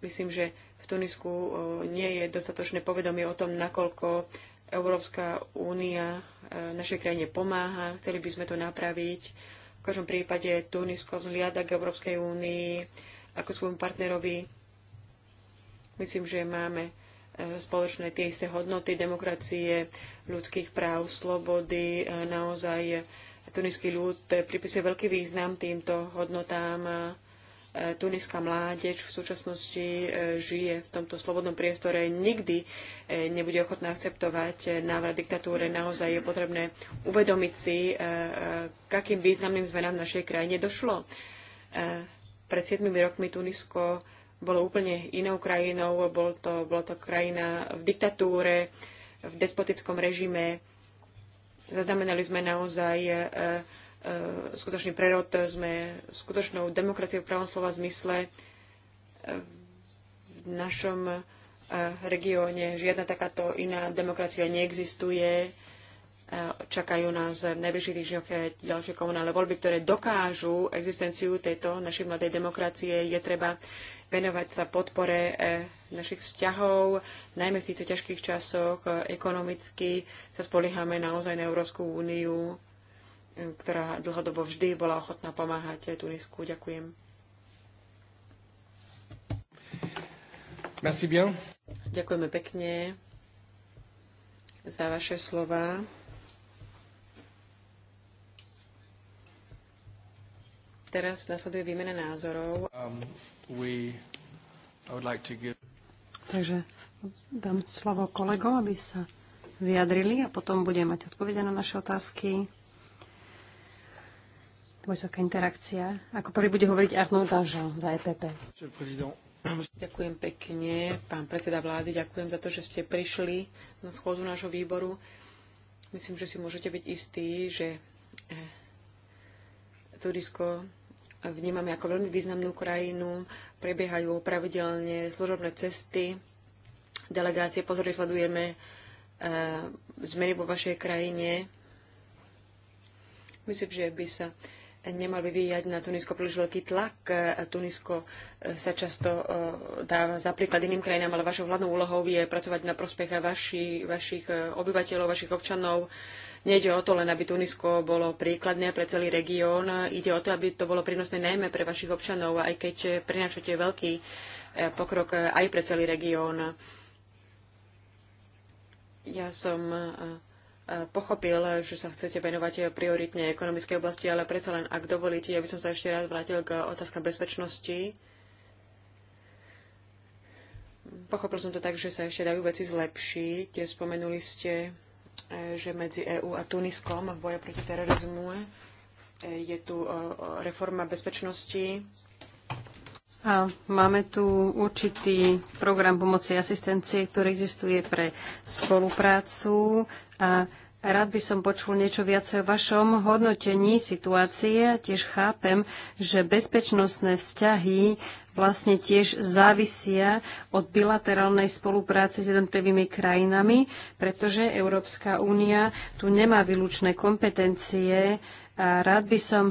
Myslím, že v Tunisku e, nie je dostatočné povedomie o tom, nakoľko Európska únia e, našej krajine pomáha. Chceli by sme to napraviť. V každom prípade Tunisko vzhliada k Európskej únii ako svojmu partnerovi. Myslím, že máme e, spoločné tie isté hodnoty demokracie, ľudských práv, slobody, naozaj Tuniský ľud pripisuje veľký význam týmto hodnotám. E, tuniská mládež v súčasnosti e, žije v tomto slobodnom priestore, nikdy e, nebude ochotná akceptovať návrat diktatúre. Naozaj je potrebné uvedomiť si, k akým významným zmenám v našej krajine došlo. Pred 7 rokmi Tunisko bolo úplne inou krajinou, Bolo to, bola to krajina v diktatúre, v despotickom režime Zaznamenali sme naozaj e, e, skutočný prerod, sme skutočnou demokraciou v pravom slova zmysle e, v našom regióne. Žiadna takáto iná demokracia neexistuje Čakajú nás v najbližších týždňoch ďalšie komunálne voľby, ktoré dokážu existenciu tejto našej mladej demokracie. Je treba venovať sa podpore e, našich vzťahov, najmä v týchto ťažkých časoch. E, ekonomicky sa spoliehame naozaj na Európsku úniu, e, ktorá dlhodobo vždy bola ochotná pomáhať Tunisku. Ďakujem. Merci bien. Ďakujeme pekne za vaše slova. Teraz nasleduje výmena názorov. Um, we, like give... Takže dám slovo kolegom, aby sa vyjadrili a potom budeme mať odpovede na naše otázky. To bude taká interakcia. Ako prvý bude hovoriť Arnaud Danžan za EPP. Ďakujem pekne, pán predseda vlády, ďakujem za to, že ste prišli na schodu nášho výboru. Myslím, že si môžete byť istí, že eh, Turisko vnímame ako veľmi významnú krajinu. Prebiehajú pravidelne služobné cesty, delegácie, pozorne sledujeme e, zmeny vo vašej krajine. Myslím, že by sa nemal vyvíjať na Tunisko príliš veľký tlak. E, Tunisko e, sa často dáva za príklad iným krajinám, ale vašou hlavnou úlohou je pracovať na prospech vaši, vašich obyvateľov, vašich občanov. Nejde o to len, aby Tunisko bolo príkladné pre celý región, ide o to, aby to bolo prínosné najmä pre vašich občanov, aj keď prinášate veľký eh, pokrok eh, aj pre celý región. Ja som eh, pochopil, že sa chcete venovať prioritne ekonomickej oblasti, ale predsa len, ak dovolíte, ja by som sa ešte raz vrátil k otázka bezpečnosti pochopil som to tak, že sa ešte dajú veci zlepšiť. Spomenuli ste E, že medzi EÚ a Tuniskom v boji proti terorizmu e, je tu e, reforma bezpečnosti. A máme tu určitý program pomoci a asistencie, ktorý existuje pre spoluprácu a Rád by som počul niečo viacej o vašom hodnotení situácie. Tiež chápem, že bezpečnostné vzťahy vlastne tiež závisia od bilaterálnej spolupráce s jednotlivými krajinami, pretože Európska únia tu nemá výlučné kompetencie. A rád by som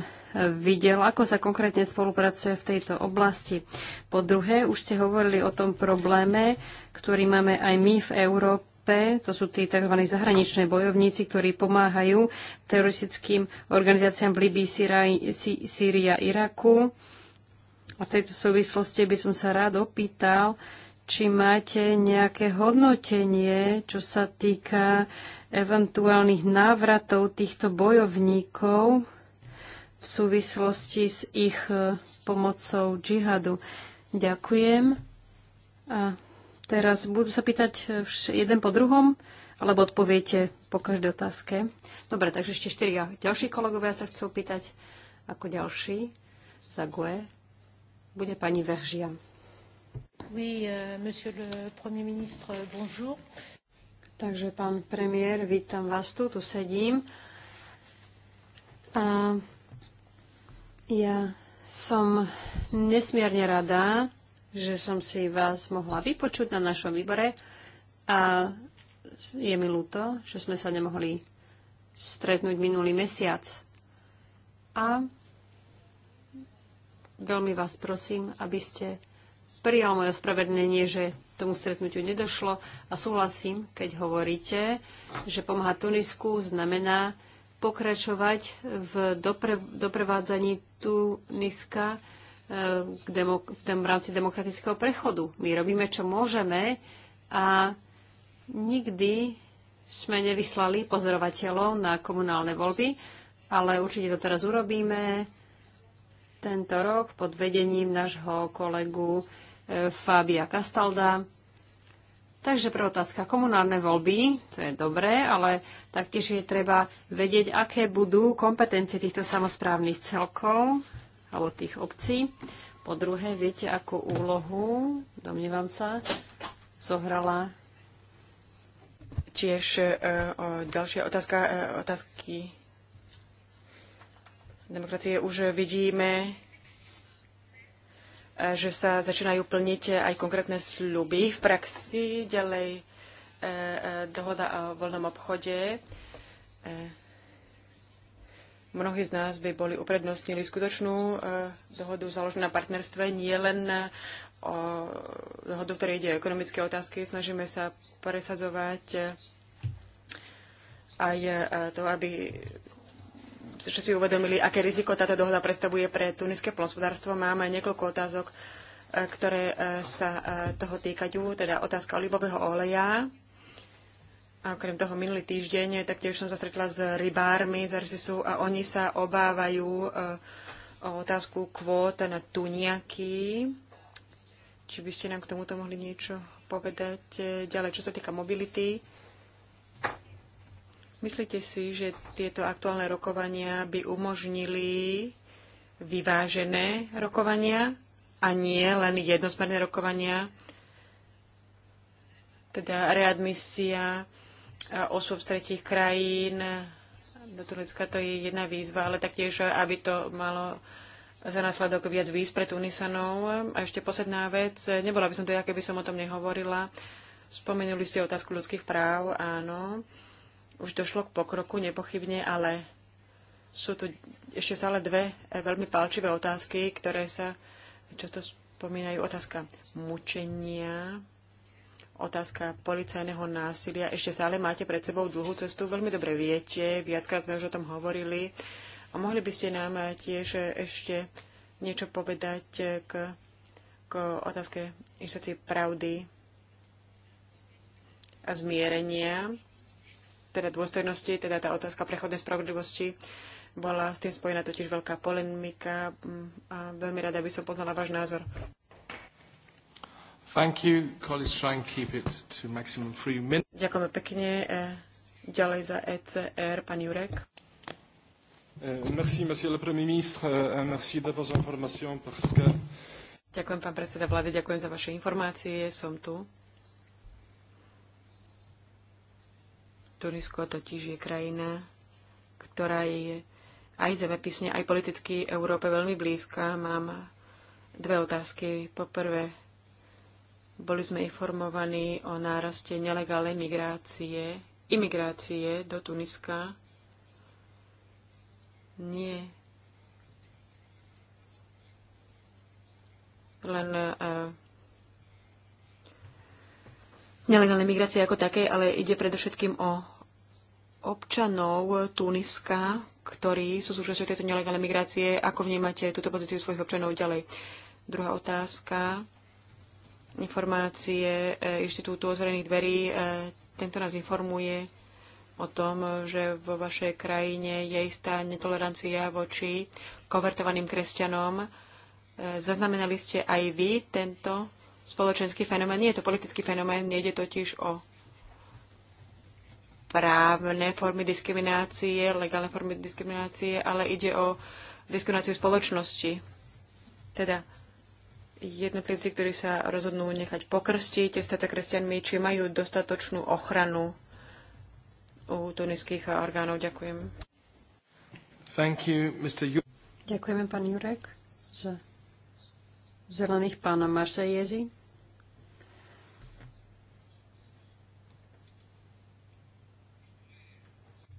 videl, ako sa konkrétne spolupracuje v tejto oblasti. Po druhé, už ste hovorili o tom probléme, ktorý máme aj my v Európe. To sú tí tzv. zahraniční bojovníci, ktorí pomáhajú teroristickým organizáciám v Libii, a Iraku. A v tejto súvislosti by som sa rád opýtal, či máte nejaké hodnotenie, čo sa týka eventuálnych návratov týchto bojovníkov v súvislosti s ich e, pomocou džihadu. Ďakujem. A teraz budú sa pýtať e, jeden po druhom, alebo odpoviete po každej otázke. Dobre, takže ešte štyria ďalší kolegovia sa chcú pýtať ako ďalší. Zague bude pani Veržia. Oui, euh, monsieur le premier ministre, bonjour. Takže pán premiér, vítam vás tu, tu sedím. A ja som nesmierne rada, že som si vás mohla vypočuť na našom výbore a je mi ľúto, že sme sa nemohli stretnúť minulý mesiac. A veľmi vás prosím, aby ste prijal moje ospravedlenie, že tomu stretnutiu nedošlo a súhlasím, keď hovoríte, že pomáha Tunisku znamená pokračovať v dopre, doprevádzaní Tuniska v, e, demo, v, dem, v rámci demokratického prechodu. My robíme, čo môžeme a nikdy sme nevyslali pozorovateľov na komunálne voľby, ale určite to teraz urobíme tento rok pod vedením nášho kolegu e, Fabia Castalda. Takže pre otázka komunálne voľby, to je dobré, ale taktiež je treba vedieť, aké budú kompetencie týchto samozprávnych celkov alebo tých obcí. Po druhé, viete, akú úlohu, domnievam sa, zohrala tiež e, o, ďalšia otázka, e, otázky demokracie už vidíme, e, že sa začínajú plniť aj konkrétne sľuby v praxi, ďalej e, e, dohoda o voľnom obchode. Mnohí z nás by boli uprednostnili skutočnú dohodu založenú na partnerstve, nie len o dohodu, ktorej ide o ekonomické otázky. Snažíme sa presadzovať aj to, aby všetci uvedomili, aké riziko táto dohoda predstavuje pre tuniské plnospodárstvo. Máme niekoľko otázok, e, ktoré e, sa e, toho týkajú, teda otázka olivového oleja. A okrem toho minulý týždeň taktiež som zastretla s rybármi z Arsisu a oni sa obávajú o otázku kvót na tuniaky. Či by ste nám k tomuto mohli niečo povedať ďalej, čo sa týka mobility? Myslíte si, že tieto aktuálne rokovania by umožnili vyvážené rokovania a nie len jednosmerné rokovania, teda readmisia e, osôb z tretich krajín do Turecka, to je jedna výzva, ale taktiež, aby to malo za následok viac výz pre Tunisanov. A ešte posledná vec, nebola by som to ja, keby som o tom nehovorila. Spomenuli ste otázku ľudských práv, áno. Už došlo k pokroku nepochybne, ale sú tu ešte stále dve eh, veľmi palčivé otázky, ktoré sa často spomínajú. Otázka mučenia, otázka policajného násilia. Ešte stále máte pred sebou dlhú cestu, veľmi dobre viete, viackrát sme už o tom hovorili. A mohli by ste nám tiež ešte niečo povedať eh, k, k otázke inštácie pravdy a zmierenia teda dôstojnosti, teda tá otázka prechodnej spravodlivosti, bola s tým spojená totiž veľká polemika mm, a veľmi rada by som poznala váš názor. Thank you. Colleagues, try and keep it to maximum three minutes. Ďakujeme pekne. E, ďalej za ECR, pán Jurek. E, merci, monsieur le Premier ministre, e, merci de vos informations, parce que... Ďakujem, pán predseda vlády, ďakujem za vaše informácie, som tu. Tunisko totiž je krajina, ktorá je aj zemepisne, aj politicky Európe veľmi blízka. Mám dve otázky. Poprvé, boli sme informovaní o náraste nelegálnej migrácie, imigrácie do Tuniska. Nie. Len uh, e, nelegálnej migrácie ako také, ale ide predovšetkým o občanov Tuniska, ktorí sú súčasťou tejto nelegálnej migrácie. Ako vnímate túto pozíciu svojich občanov ďalej? Druhá otázka. Informácie e, Inštitútu otvorených dverí. E, tento nás informuje o tom, že vo vašej krajine je istá netolerancia voči konvertovaným kresťanom. E, zaznamenali ste aj vy tento spoločenský fenomén. Nie je to politický fenomén, nejde totiž o právne formy diskriminácie, legálne formy diskriminácie, ale ide o diskrimináciu spoločnosti. Teda jednotlivci, ktorí sa rozhodnú nechať pokrstiť, stať sa kresťanmi, či majú dostatočnú ochranu u tuniských orgánov. Ďakujem. Thank you, Mr. Ju- Ďakujeme, pán Jurek, za zelených pána Marsejezi.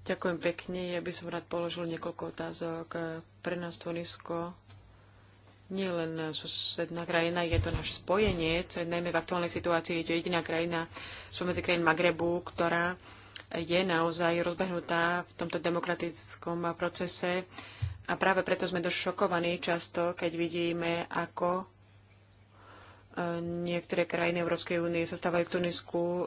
Ďakujem pekne. Ja by som rád položil niekoľko otázok. Pre nás Tunisko nie len susedná krajina, je to náš spojenie, je najmä v aktuálnej situácii je to jediná krajina spomedzi krajín Magrebu, ktorá je naozaj rozbehnutá v tomto demokratickom procese. A práve preto sme dosť šokovaní často, keď vidíme, ako Niektoré krajiny Európskej únie sa stávajú k Tunisku, e,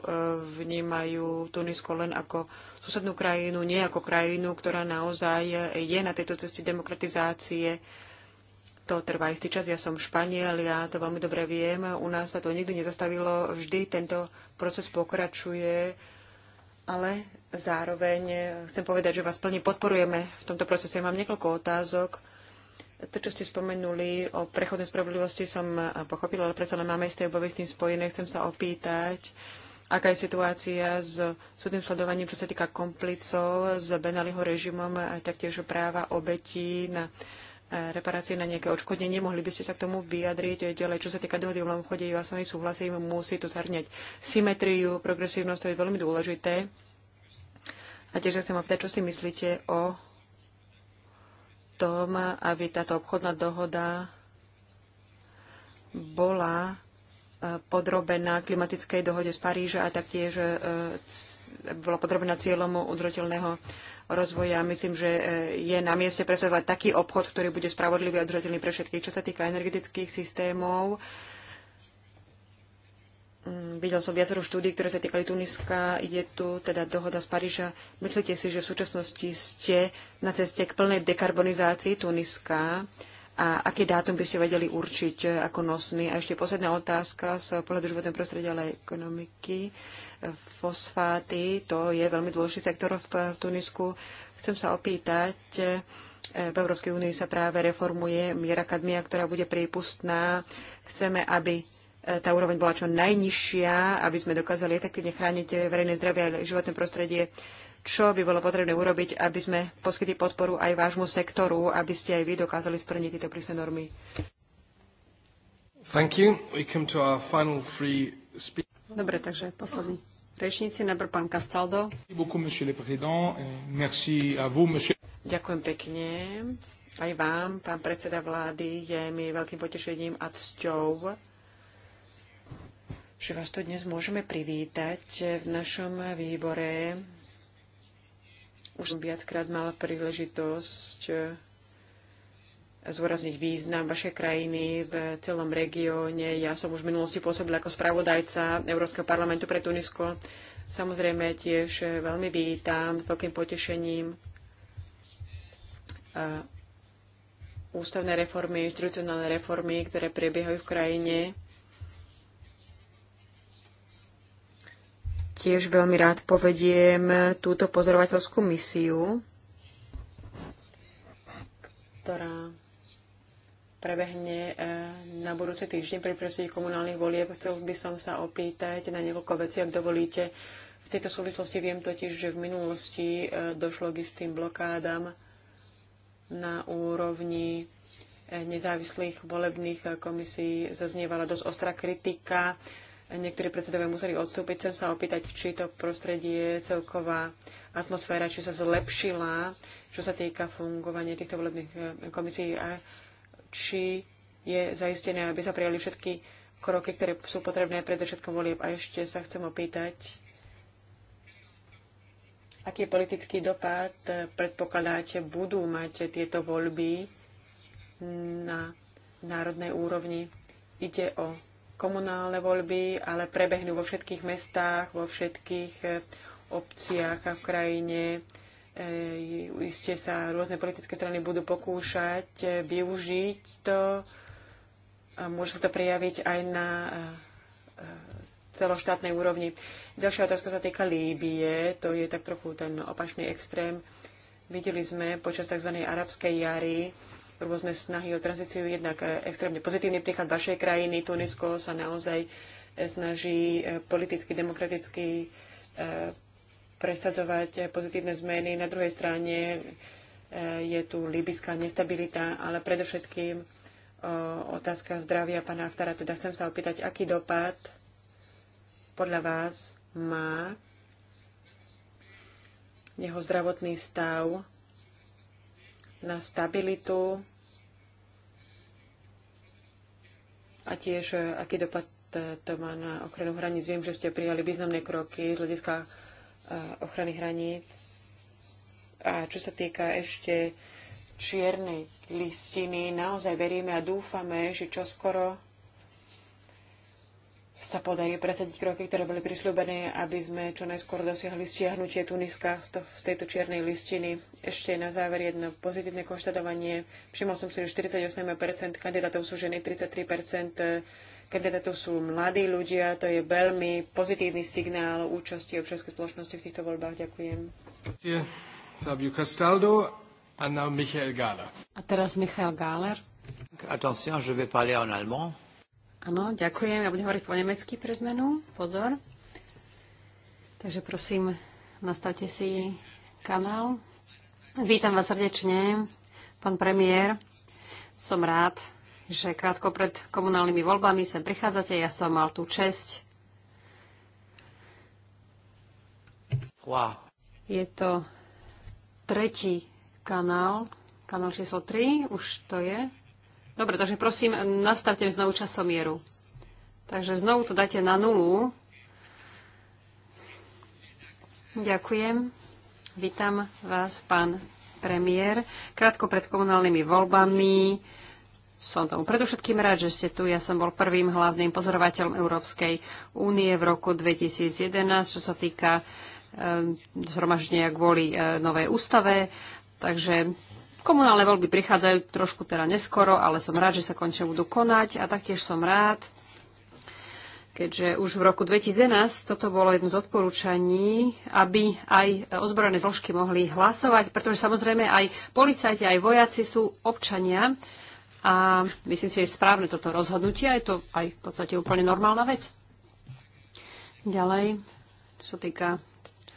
vnímajú Tunisko len ako susednú krajinu, nie ako krajinu, ktorá naozaj je na tejto ceste demokratizácie. To trvá istý čas. Ja som Španiel, ja to veľmi dobre viem. U nás sa to nikdy nezastavilo. Vždy tento proces pokračuje, ale zároveň chcem povedať, že vás plne podporujeme v tomto procese. Mám niekoľko otázok to, čo ste spomenuli o prechodnej spravodlivosti, som eh, pochopila, ale predsa len máme isté obavy s tým spojené. Chcem sa opýtať, aká je situácia s súdnym sledovaním, čo sa týka komplicov s Benaliho režimom a taktiež práva obetí na eh, reparácie na nejaké odškodnenie. Mohli by ste sa k tomu vyjadriť ďalej. Čo sa týka dohody o chode, ja s vami súhlasím, musí to zhrňať symetriu, progresívnosť, to je veľmi dôležité. A tiež sa chcem opýtať, čo si myslíte o tom, aby táto obchodná dohoda bola e, podrobená klimatickej dohode z Paríža a taktiež e, bola podrobená cieľom udržateľného rozvoja. Myslím, že e, je na mieste presadzovať taký obchod, ktorý bude spravodlivý a udržateľný pre všetkých. Čo sa týka energetických systémov, Mm, videl som viacero štúdí, ktoré sa týkali Tuniska. Je tu teda dohoda z Paríža. Myslíte si, že v súčasnosti ste na ceste k plnej dekarbonizácii Tuniska? A aký dátum by ste vedeli určiť ako nosný? A ešte posledná otázka z pohľadu životného prostredia, ale ekonomiky. Fosfáty, to je veľmi dôležitý sektor v Tunisku. Chcem sa opýtať, e, v Európskej únii sa práve reformuje miera kadmia, ktorá bude prípustná. Chceme, aby tá úroveň bola čo najnižšia, aby sme dokázali efektívne chrániť verejné zdravie a životné prostredie. Čo by bolo potrebné urobiť, aby sme poskytli podporu aj vášmu sektoru, aby ste aj vy dokázali splniť tieto prísne normy? Thank you. We come to our final Dobre, takže posledný rečníci, najprv pán Castaldo. Ďakujem pekne. Aj vám, pán predseda vlády, je mi veľkým potešením a cťou že vás tu dnes môžeme privítať v našom výbore. Už som viackrát mala príležitosť eh, zúrazniť význam vašej krajiny v celom regióne. Ja som už v minulosti pôsobila ako spravodajca Európskeho parlamentu pre Tunisko. Samozrejme tiež eh, veľmi vítam s veľkým potešením eh, ústavné reformy, institucionálne reformy, ktoré prebiehajú v krajine tiež veľmi rád povediem túto pozorovateľskú misiu, ktorá prebehne e, na budúci týždeň pri prostredí komunálnych volieb. Chcel by som sa opýtať na niekoľko vecí, ak dovolíte. V tejto súvislosti viem totiž, že v minulosti e, došlo k istým blokádam na úrovni e, nezávislých volebných komisí. Zaznievala dosť ostrá kritika niektorí predsedovia museli odstúpiť. Chcem sa opýtať, či to prostredie, celková atmosféra, či sa zlepšila, čo sa týka fungovania týchto volebných eh, komisí a či je zaistené, aby sa prijali všetky kroky, ktoré sú potrebné pred začiatkom volieb. A ešte sa chcem opýtať, aký politický dopad eh, predpokladáte, budú mať tieto voľby na národnej úrovni. Ide o komunálne voľby, ale prebehnú vo všetkých mestách, vo všetkých e, obciach a v krajine. E, iste sa rôzne politické strany budú pokúšať e, využiť to a môže sa to prejaviť aj na celoštátnej úrovni. Ďalšia otázka sa týka Líbie, to je tak trochu ten opačný extrém. Videli sme počas tzv. arabskej jary, rôzne snahy o tranzíciu. Jednak e, extrémne pozitívny príklad vašej krajiny. Tunisko sa naozaj e, snaží e, politicky, demokraticky presadzovať pozitívne zmeny. Na druhej strane je tu libyská nestabilita, ale predovšetkým otázka zdravia pána Aftara. Teda chcem sa opýtať, aký dopad podľa vás má jeho zdravotný stav na stabilitu a tiež e, aký dopad e, to má na ochranu hraníc. Viem, že ste prijali významné kroky z hľadiska e, ochrany hraníc. A čo sa týka ešte čiernej listiny, naozaj veríme a dúfame, že čoskoro sa podarí presadiť kroky, ktoré boli prislúbené, aby sme čo najskôr dosiahli stiahnutie Tuniska z, to, z tejto čiernej listiny. Ešte na záver jedno pozitívne konštatovanie. Všimol som si, že 48% kandidátov sú ženy, 33% eh, kandidátov sú mladí ľudia. To je veľmi pozitívny signál účasti občianskej spoločnosti v týchto voľbách. Ďakujem. Fabio Castaldo a now Michael Gáler. A teraz Michael Gáler. Attention, je vais parler en allemand. Áno, ďakujem. Ja budem hovoriť po nemecky pre zmenu. Pozor. Takže prosím, nastavte si kanál. Vítam vás srdečne, pán premiér. Som rád, že krátko pred komunálnymi voľbami sem prichádzate. Ja som mal tú česť. Wow. Je to tretí kanál, kanál číslo 3, už to je Dobre, takže prosím, nastavte znovu časomieru. Takže znovu to dáte na nulu. Ďakujem. Vítam vás, pán premiér. Krátko pred komunálnymi voľbami som tomu predovšetkým rád, že ste tu. Ja som bol prvým hlavným pozorovateľom Európskej únie v roku 2011, čo sa týka e, zhromaždenia kvôli e, novej ústave. Takže Komunálne voľby prichádzajú trošku teda neskoro, ale som rád, že sa končia budú konať a taktiež som rád, keďže už v roku 2011 toto bolo jedno z odporúčaní, aby aj ozbrojené zložky mohli hlasovať, pretože samozrejme aj policajti, aj vojaci sú občania a myslím si, že je správne toto rozhodnutie a je to aj v podstate úplne normálna vec. Ďalej, čo týka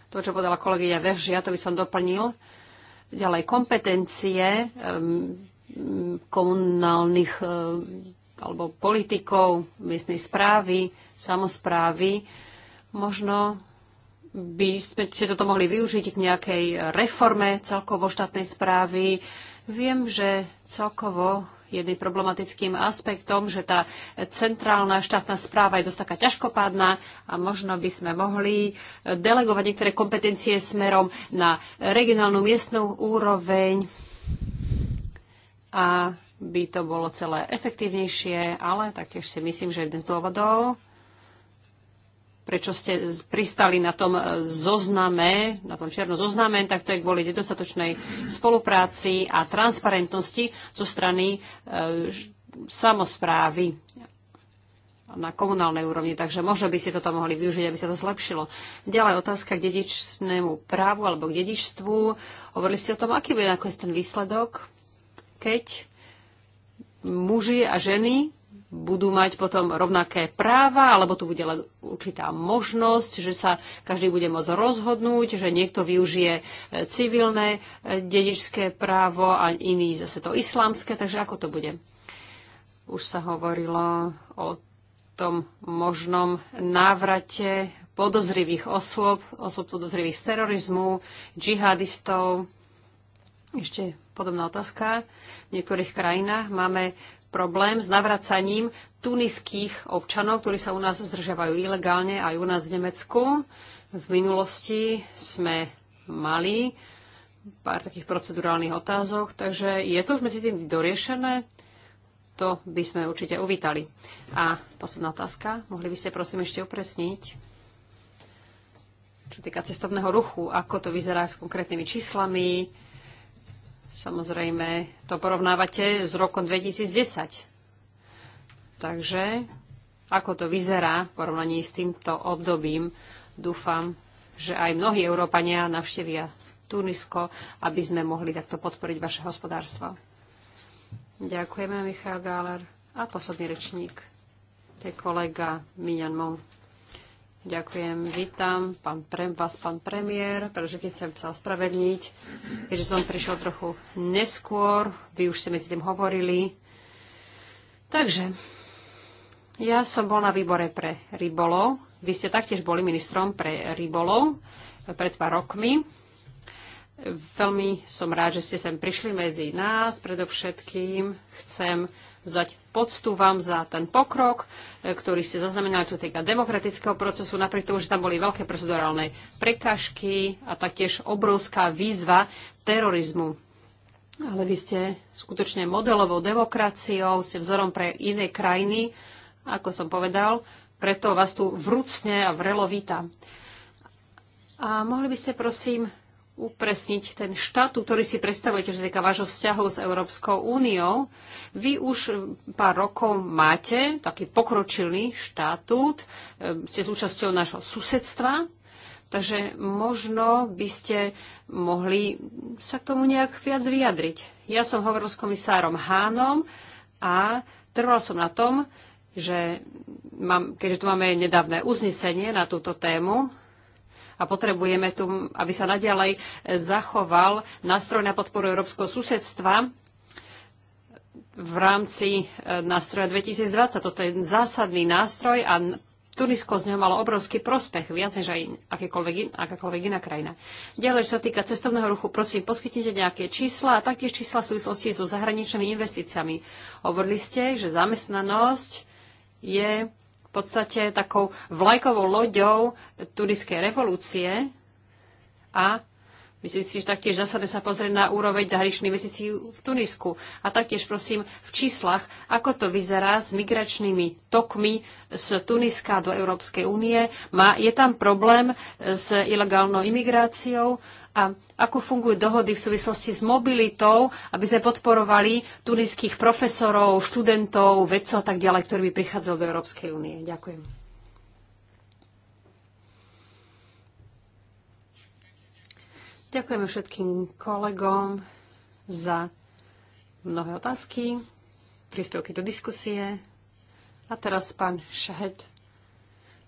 toho, čo povedala kolegyňa Veržia, to by som doplnil, Ďalej kompetencie komunálnych alebo politikov, miestnej správy, samozprávy. Možno by sme ste toto mohli využiť k nejakej reforme celkovo štátnej správy. Viem, že celkovo jedným problematickým aspektom, že tá centrálna štátna správa je dosť taká ťažkopádna a možno by sme mohli delegovať niektoré kompetencie smerom na regionálnu miestnú úroveň a by to bolo celé efektívnejšie, ale taktiež si myslím, že jeden z dôvodov, prečo ste pristali na tom e, zozname, na tom čiernom zozname, tak to je kvôli nedostatočnej spolupráci a transparentnosti zo strany e, samozprávy na komunálnej úrovni, takže možno by ste to tam mohli využiť, aby sa to zlepšilo. Ďalej otázka k dedičnému právu alebo k dedičstvu. Hovorili ste o tom, aký bude nakoniec ten výsledok, keď muži a ženy budú mať potom rovnaké práva, alebo tu bude len určitá možnosť, že sa každý bude môcť rozhodnúť, že niekto využije e, civilné e, dedičské právo a iný zase to islamské. Takže ako to bude? Už sa hovorilo o tom možnom návrate podozrivých osôb, osôb podozrivých z terorizmu, džihadistov. Ešte podobná otázka. V niektorých krajinách máme problém s navracaním tuniských občanov, ktorí sa u nás zdržiavajú ilegálne aj u nás v Nemecku. V minulosti sme mali pár takých procedurálnych otázok, takže je to už medzi tým doriešené? To by sme určite uvítali. A posledná otázka. Mohli by ste prosím ešte upresniť, čo týka cestovného ruchu, ako to vyzerá s konkrétnymi číslami, Samozrejme, to porovnávate s rokom 2010. Takže ako to vyzerá v porovnaní s týmto obdobím, dúfam, že aj mnohí Európania navštevia Tunisko, aby sme mohli takto podporiť vaše hospodárstvo. Ďakujeme, Michal Gáler. A posledný rečník, to je kolega Miňan Mon. Ďakujem, vítam pán pre, vás, pán premiér. keď chcem sa ospravedlniť, keďže som prišiel trochu neskôr. Vy už ste medzi tým hovorili. Takže, ja som bol na výbore pre rybolov. Vy ste taktiež boli ministrom pre rybolov pred pár rokmi. Veľmi som rád, že ste sem prišli medzi nás. Predovšetkým chcem vzdať poctu vám za ten pokrok, e, ktorý ste zaznamenali, čo týka demokratického procesu, napriek tomu, že tam boli veľké procedurálne prekažky a taktiež obrovská výzva terorizmu. Ale vy ste skutočne modelovou demokraciou, ste vzorom pre iné krajiny, ako som povedal, preto vás tu vrúcne a vrelo vítam. A mohli by ste prosím upresniť ten štát, ktorý si predstavujete, že týka vášho vzťahu s Európskou úniou. Vy už pár rokov máte taký pokročilý štatút, ehm, ste súčasťou nášho susedstva, takže možno by ste mohli sa k tomu nejak viac vyjadriť. Ja som hovoril s komisárom Hánom a trval som na tom, že mám, keďže tu máme nedávne uznesenie na túto tému, a potrebujeme tu, aby sa naďalej eh, zachoval nástroj na podporu európskeho susedstva v rámci eh, nástroja 2020. Toto je zásadný nástroj a Tunisko z neho malo obrovský prospech, viac než aj akákoľvek iná krajina. Ďalej, čo sa týka cestovného ruchu, prosím, poskytnite nejaké čísla a taktiež čísla v súvislosti so zahraničnými investíciami. Hovorili ste, že zamestnanosť je v podstate takou vlajkovou loďou turistickej revolúcie a Myslím si, že taktiež zásadne sa pozrieť na úroveň zahraničných investícií v Tunisku. A taktiež prosím v číslach, ako to vyzerá s migračnými tokmi z Tuniska do Európskej únie. je tam problém s ilegálnou imigráciou a ako fungujú dohody v súvislosti s mobilitou, aby sme podporovali tuniských profesorov, študentov, vedcov a tak ďalej, ktorí by prichádzali do Európskej únie. Ďakujem. Ďakujeme všetkým kolegom za mnohé otázky, príspevky do diskusie. A teraz pán Šahed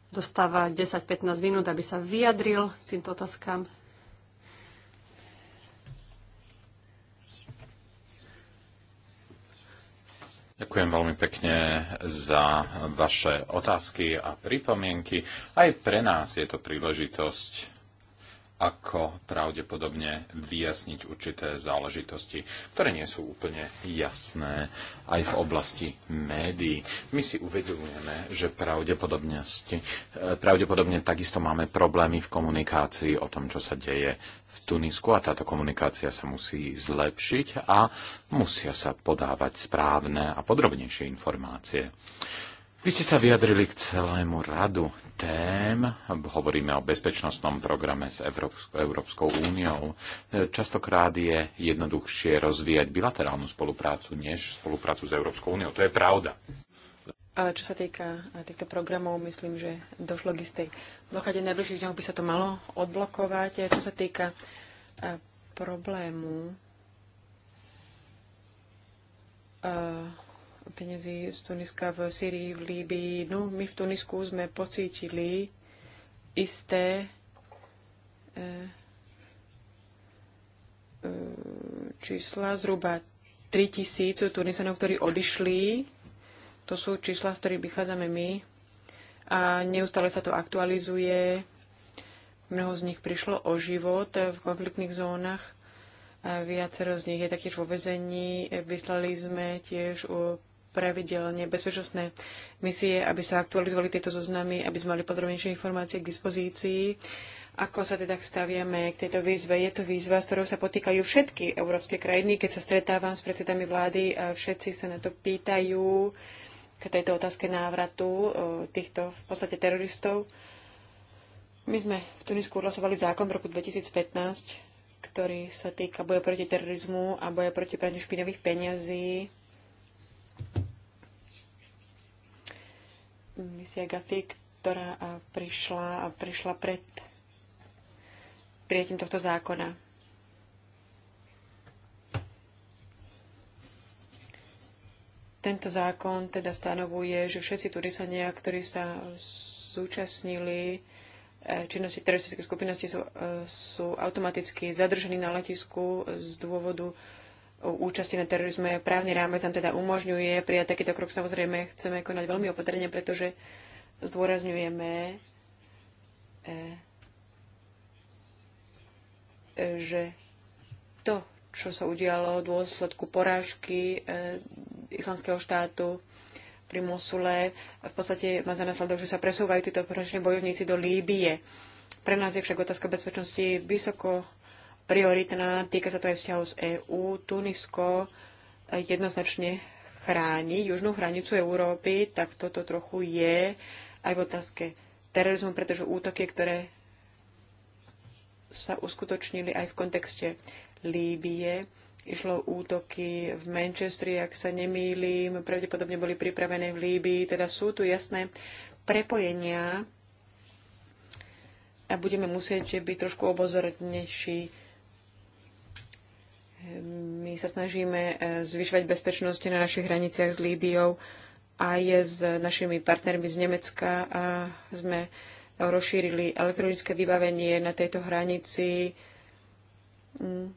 dostáva 10-15 minút, aby sa vyjadril týmto otázkam. Ďakujem veľmi pekne za vaše otázky a pripomienky. Aj pre nás je to príležitosť ako pravdepodobne vyjasniť určité záležitosti, ktoré nie sú úplne jasné aj v oblasti médií. My si uvedomujeme, že pravdepodobne, eh, pravdepodobne takisto máme problémy v komunikácii o tom, čo sa deje v Tunisku a táto komunikácia sa musí zlepšiť a musia sa podávať správne a podrobnejšie informácie. Vy ste sa vyjadrili k celému radu tém. Hovoríme o bezpečnostnom programe s Európskou úniou. E, častokrát je jednoduchšie rozvíjať bilaterálnu spoluprácu, než spoluprácu s Európskou úniou. To je pravda. Ale čo sa týka e, týchto programov, myslím, že došlo k istej blokade. Najbližších dňoch by sa to malo odblokovať. E, čo sa týka problému, peniazy z Tuniska v Syrii, v Líbii. No, my v Tunisku sme pocítili isté e, e, čísla, zhruba 3000 Tunisanov, ktorí odišli. To sú čísla, z ktorých vychádzame my. A neustále sa to aktualizuje. Mnoho z nich prišlo o život v konfliktných zónach. A viacero z nich je takéž vo vezení. Vyslali sme tiež pravidelne bezpečnostné misie, aby sa aktualizovali tieto zoznamy, aby sme mali podrobnejšie informácie k dispozícii. Ako sa teda staviame k tejto výzve? Je to výzva, s ktorou sa potýkajú všetky európske krajiny. Keď sa stretávam s predsedami vlády, všetci sa na to pýtajú k tejto otázke návratu týchto v podstate teroristov. My sme v Tunisku odhlasovali zákon v roku 2015, ktorý sa týka boja proti terorizmu a boja proti praniu špinavých peňazí Misia Gafi, ktorá prišla, a prišla pred prijatím tohto zákona. Tento zákon teda stanovuje, že všetci turistania, ktorí sa zúčastnili e, činnosti teroristickej skupinosti, sú, e, sú automaticky zadržaní na letisku z dôvodu účasti na terorizme. Právny rámec nám teda umožňuje prijať takýto krok. Samozrejme, chceme konať veľmi opatrne, pretože zdôrazňujeme, eh, eh, že to, čo sa udialo v dôsledku porážky eh, islamského štátu pri Mosule, v podstate má za následok, že sa presúvajú títo operační bojovníci do Líbie. Pre nás je však otázka bezpečnosti vysoko prioritná, týka sa to aj vzťahu e z EÚ. Tunisko eh, jednoznačne chráni južnú hranicu Európy, tak toto trochu je aj v otázke terorizmu, pretože útoky, ktoré sa uskutočnili aj v kontexte Líbie, išlo útoky v Manchestri, ak sa nemýlim, pravdepodobne boli pripravené v Líbii, teda sú tu jasné prepojenia a budeme musieť byť trošku obozornejší my sa snažíme e, zvyšovať bezpečnosť na našich hraniciach s Líbiou a je s našimi partnermi z Nemecka. A sme rozšírili elektronické vybavenie na tejto hranici. Mm.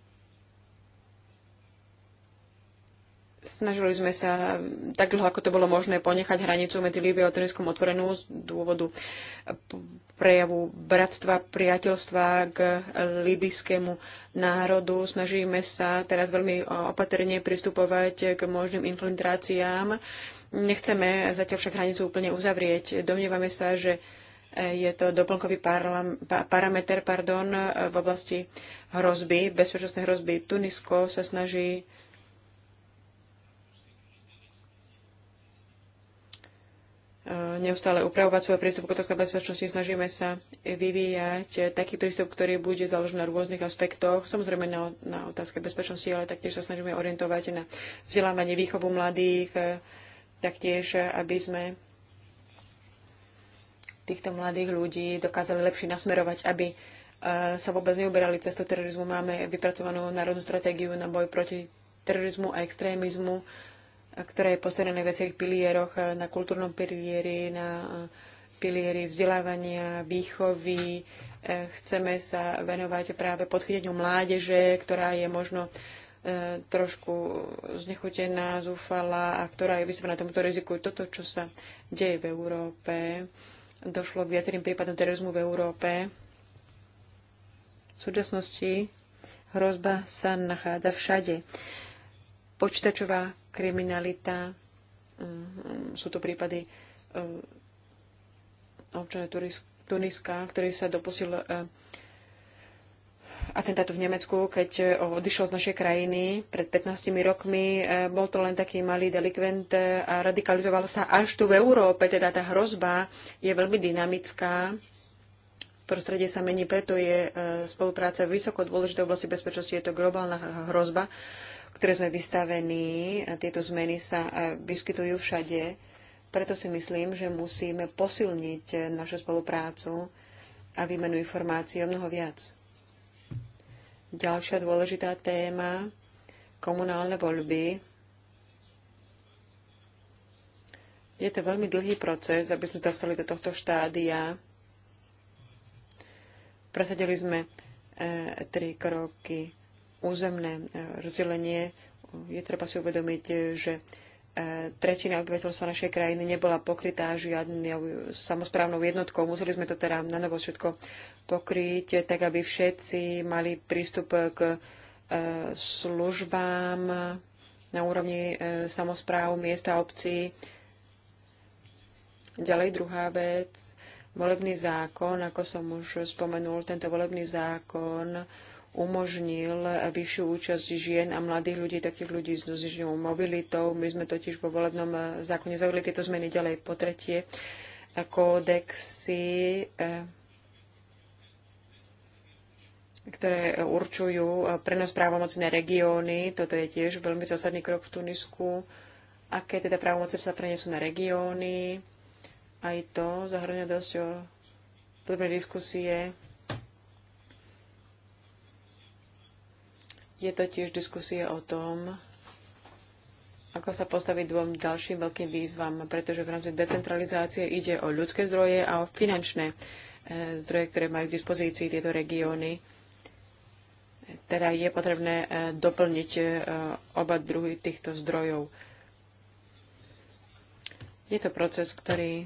Snažili sme sa tak dlho, ako to bolo možné, ponechať hranicu medzi Líbiou a Tuniskom otvorenú z dôvodu prejavu bratstva, priateľstva k líbyskému národu. Snažíme sa teraz veľmi opatrne pristupovať k možným infiltráciám. Nechceme zatiaľ však hranicu úplne uzavrieť. Domnievame sa, že je to doplnkový parameter pardon, v oblasti hrozby, bezpečnostnej hrozby. Tunisko sa snaží neustále upravovať svoj prístup k otázkam bezpečnosti. Snažíme sa vyvíjať taký prístup, ktorý bude založený na rôznych aspektoch, samozrejme na, na otázke bezpečnosti, ale taktiež sa snažíme orientovať na vzdelávanie výchovu mladých, e, taktiež, aby sme týchto mladých ľudí dokázali lepšie nasmerovať, aby e, sa vôbec neuberali cestu terorizmu. Máme vypracovanú národnú stratégiu na boj proti terorizmu a extrémizmu ktoré je postavené na viacerých pilieroch, e, na kultúrnom pilieri, na e, pilieri vzdelávania, výchovy. E, chceme sa venovať práve podchyteniu mládeže, ktorá je možno trošku znechutená, zúfala a ktorá je vystavená tomuto riziku. Toto, čo sa deje v Európe, došlo k viacerým prípadom terorizmu v Európe. V súčasnosti hrozba sa nachádza všade počítačová kriminalita, eh, sú to prípady eh, občana Tuniska, ktorý sa dopustil eh, atentátu v Nemecku, keď odišiel z našej krajiny pred 15 rokmi. Bol to len taký malý delikvent a radikalizoval sa až tu v Európe. Teda tá hrozba je veľmi dynamická. Prostredie sa mení, preto je spolupráca vysoko dôležitou oblasti bezpečnosti. Je to globálna hrozba ktoré sme vystavení, a tieto zmeny sa e, vyskytujú všade. Preto si myslím, že musíme posilniť e, našu spoluprácu a výmenu informácií o mnoho viac. Ďalšia dôležitá téma, komunálne voľby. Je to veľmi dlhý proces, aby sme dostali do tohto štádia. Presadili sme e, tri kroky územné e, rozdelenie, je treba si uvedomiť, e, že e, tretina obyvateľstva našej krajiny nebola pokrytá žiadnou samozprávnou jednotkou. Museli sme to teda na novo všetko pokryť, tak aby všetci mali prístup k službám na úrovni samozpráv miesta a obcí. Ďalej druhá vec, volebný zákon, ako som už spomenul, tento volebný zákon umožnil vyššiu účasť žien a mladých ľudí, takých ľudí s dozižnou mobilitou. My sme totiž vo volebnom zákone zaujali tieto zmeny ďalej po tretie. Kódexy, eh, ktoré určujú prenos právomoci na regióny, toto je tiež veľmi zásadný krok v Tunisku, aké teda právomoci sa prenesú na regióny. Aj to zahrňa dosť podobné diskusie Je to tiež diskusia o tom, ako sa postaviť dvom ďalším veľkým výzvam, pretože v rámci decentralizácie ide o ľudské zdroje a o finančné e, zdroje, ktoré majú k dispozícii tieto regióny. Teda je potrebné e, doplniť e, oba druhy týchto zdrojov. Je to proces, ktorý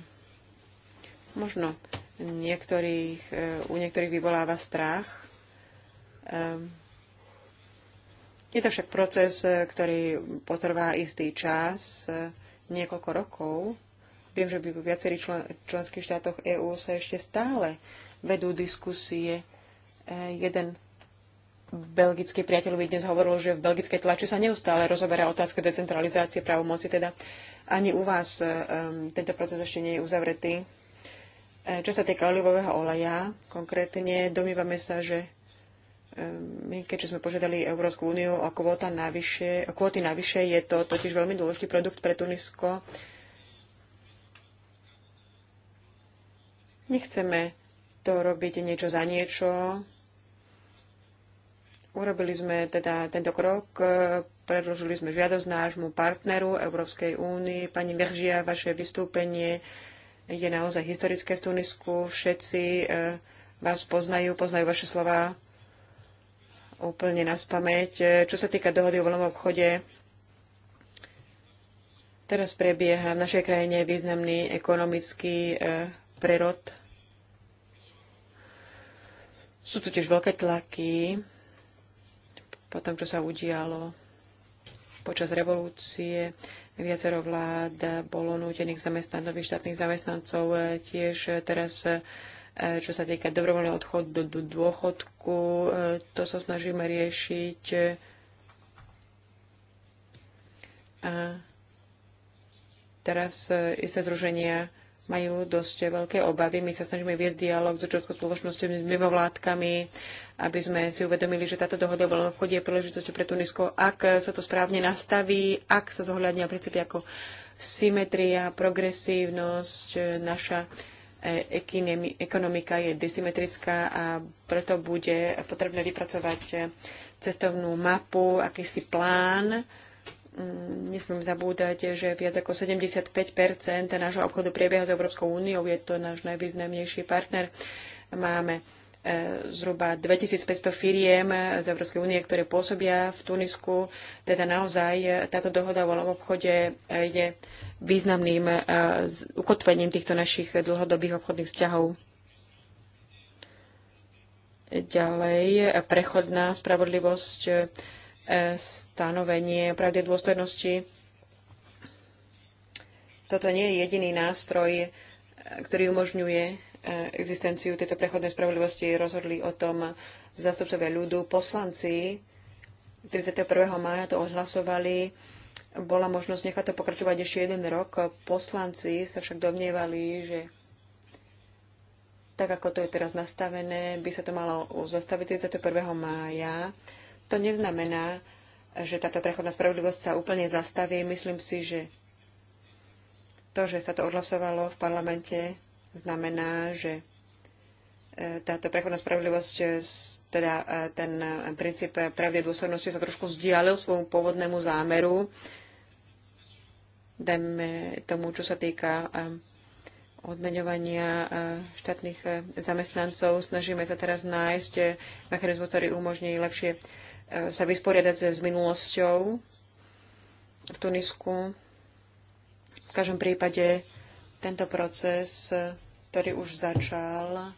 možno niektorých, u niektorých vyvoláva strach. Um, je to však proces, e, ktorý potrvá istý čas, e, niekoľko rokov. Viem, že by v viacerých člen- členských štátoch EÚ sa ešte stále vedú diskusie. E, jeden belgický priateľ by dnes hovoril, že v belgickej tlači sa neustále rozoberá otázka decentralizácie právomoci, teda ani u vás um, tento proces ešte nie je uzavretý. E, čo sa týka olivového oleja, konkrétne domývame sa, že my, keďže sme požiadali Európsku úniu o, kvóta navyše, o kvóty navyše, je to totiž veľmi dôležitý produkt pre Tunisko. Nechceme to robiť niečo za niečo. Urobili sme teda tento krok, predložili sme žiadosť nášmu partneru Európskej únii. Pani Veržia, vaše vystúpenie je naozaj historické v Tunisku. Všetci eh, vás poznajú, poznajú vaše slova úplne na spameť. Čo sa týka dohody o voľnom obchode, teraz prebieha v našej krajine významný ekonomický eh, prerod. Sú tu tiež veľké tlaky po tom, čo sa udialo počas revolúcie. Viacero vlád bolo nútených zamestnaných štátnych zamestnancov. Eh, tiež eh, teraz E, čo sa týka dobrovoľného odchodu do dôchodku. E, to sa snažíme riešiť. E, a teraz isté združenia majú dosť veľké obavy. My sa snažíme viesť dialog s Českou spoločnosťou, s mimovládkami, aby sme si uvedomili, že táto dohoda o voľnom je príležitosťou pre Tunisko, ak sa to správne nastaví, ak sa zohľadnia princípy ako symetria, progresívnosť, naša E, ekonomika je disymetrická a preto bude potrebné vypracovať e, cestovnú mapu, akýsi plán. Mm, nesmiem zabúdať, že viac ako 75 nášho obchodu priebieha s Európskou úniou. Je to náš najvýznamnejší partner. Máme e, zhruba 2500 firiem z Európskej únie, ktoré pôsobia v Tunisku. Teda naozaj táto dohoda o voľnom obchode je významným e, ukotvením týchto našich dlhodobých obchodných vzťahov. Ďalej, e, prechodná spravodlivosť, e, stanovenie pravdy dôstojnosti. Toto nie je jediný nástroj, ktorý umožňuje existenciu tejto prechodnej spravodlivosti rozhodli o tom zastupcovia ľudu. Poslanci 31. mája to odhlasovali bola možnosť nechať to pokračovať ešte jeden rok. Poslanci sa však domnievali, že tak ako to je teraz nastavené, by sa to malo zastaviť 31. mája. To neznamená, že táto prechodná spravodlivosť sa úplne zastaví. Myslím si, že to, že sa to odhlasovalo v parlamente, znamená, že e, táto prechodná spravodlivosť, e, teda e, ten princíp pravdy dôslednosti sa trošku vzdialil svojmu pôvodnému zámeru dajme tomu, čo sa týka eh, odmeňovania eh, štátnych eh, zamestnancov. Snažíme sa teraz nájsť mechanizmus, ktorý umožní lepšie sa vysporiadať s minulosťou v Tunisku. V každom prípade tento proces, ktorý už začal,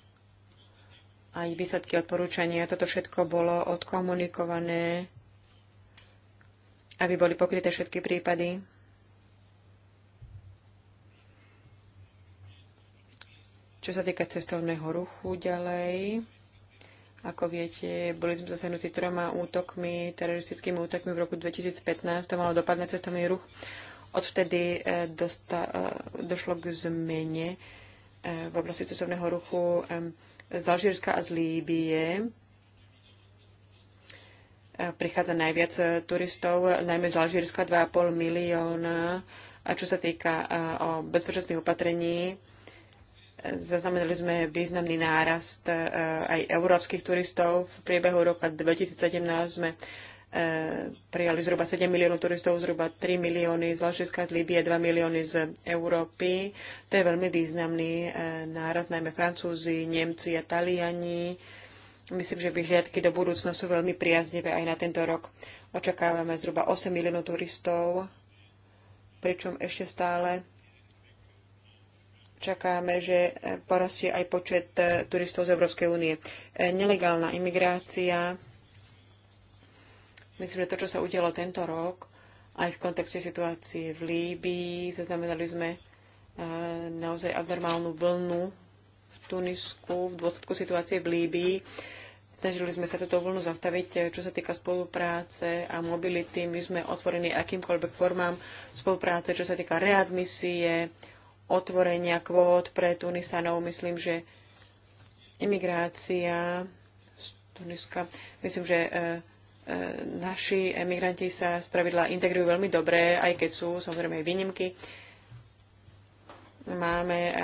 aj výsledky odporúčania, toto všetko bolo odkomunikované, aby boli pokryté všetky prípady. Čo sa týka cestovného ruchu ďalej, ako viete, boli sme zasahnutí troma útokmi, teroristickými útokmi v roku 2015. To malo dopad na cestovný ruch. Odvtedy eh, dosta, eh, došlo k zmene eh, v oblasti cestovného ruchu z Alžírska a z Líbie. Prichádza najviac turistov, najmä z Alžírska 2,5 milióna. A čo sa týka bezpečnostných opatrení, Zaznamenali sme významný nárast e, aj európskych turistov. V priebehu roka 2017 sme e, prijali zhruba 7 miliónov turistov, zhruba 3 milióny z Alžiska, z Líbie, 2 milióny z Európy. To je veľmi významný e, náraz, najmä Francúzi, Nemci a Taliani. Myslím, že vyhliadky do budúcna sú veľmi priaznivé aj na tento rok. Očakávame zhruba 8 miliónov turistov, pričom ešte stále čakáme, že eh, porastie aj počet eh, turistov z Európskej únie. Eh, nelegálna imigrácia, myslím, že to, čo sa udialo tento rok, aj v kontexte situácie v Líbii, zaznamenali sme naozaj abnormálnu vlnu v Tunisku v dôsledku situácie v Líbii. Snažili sme sa túto vlnu zastaviť, čo sa týka spolupráce a mobility. My sme otvorení akýmkoľvek formám spolupráce, čo sa týka readmisie, otvorenia kvót pre Tunisanov. Myslím, že imigrácia z Tuniska, myslím, že e, e, naši emigranti sa spravidla integrujú veľmi dobre, aj keď sú samozrejme aj výnimky. Máme e,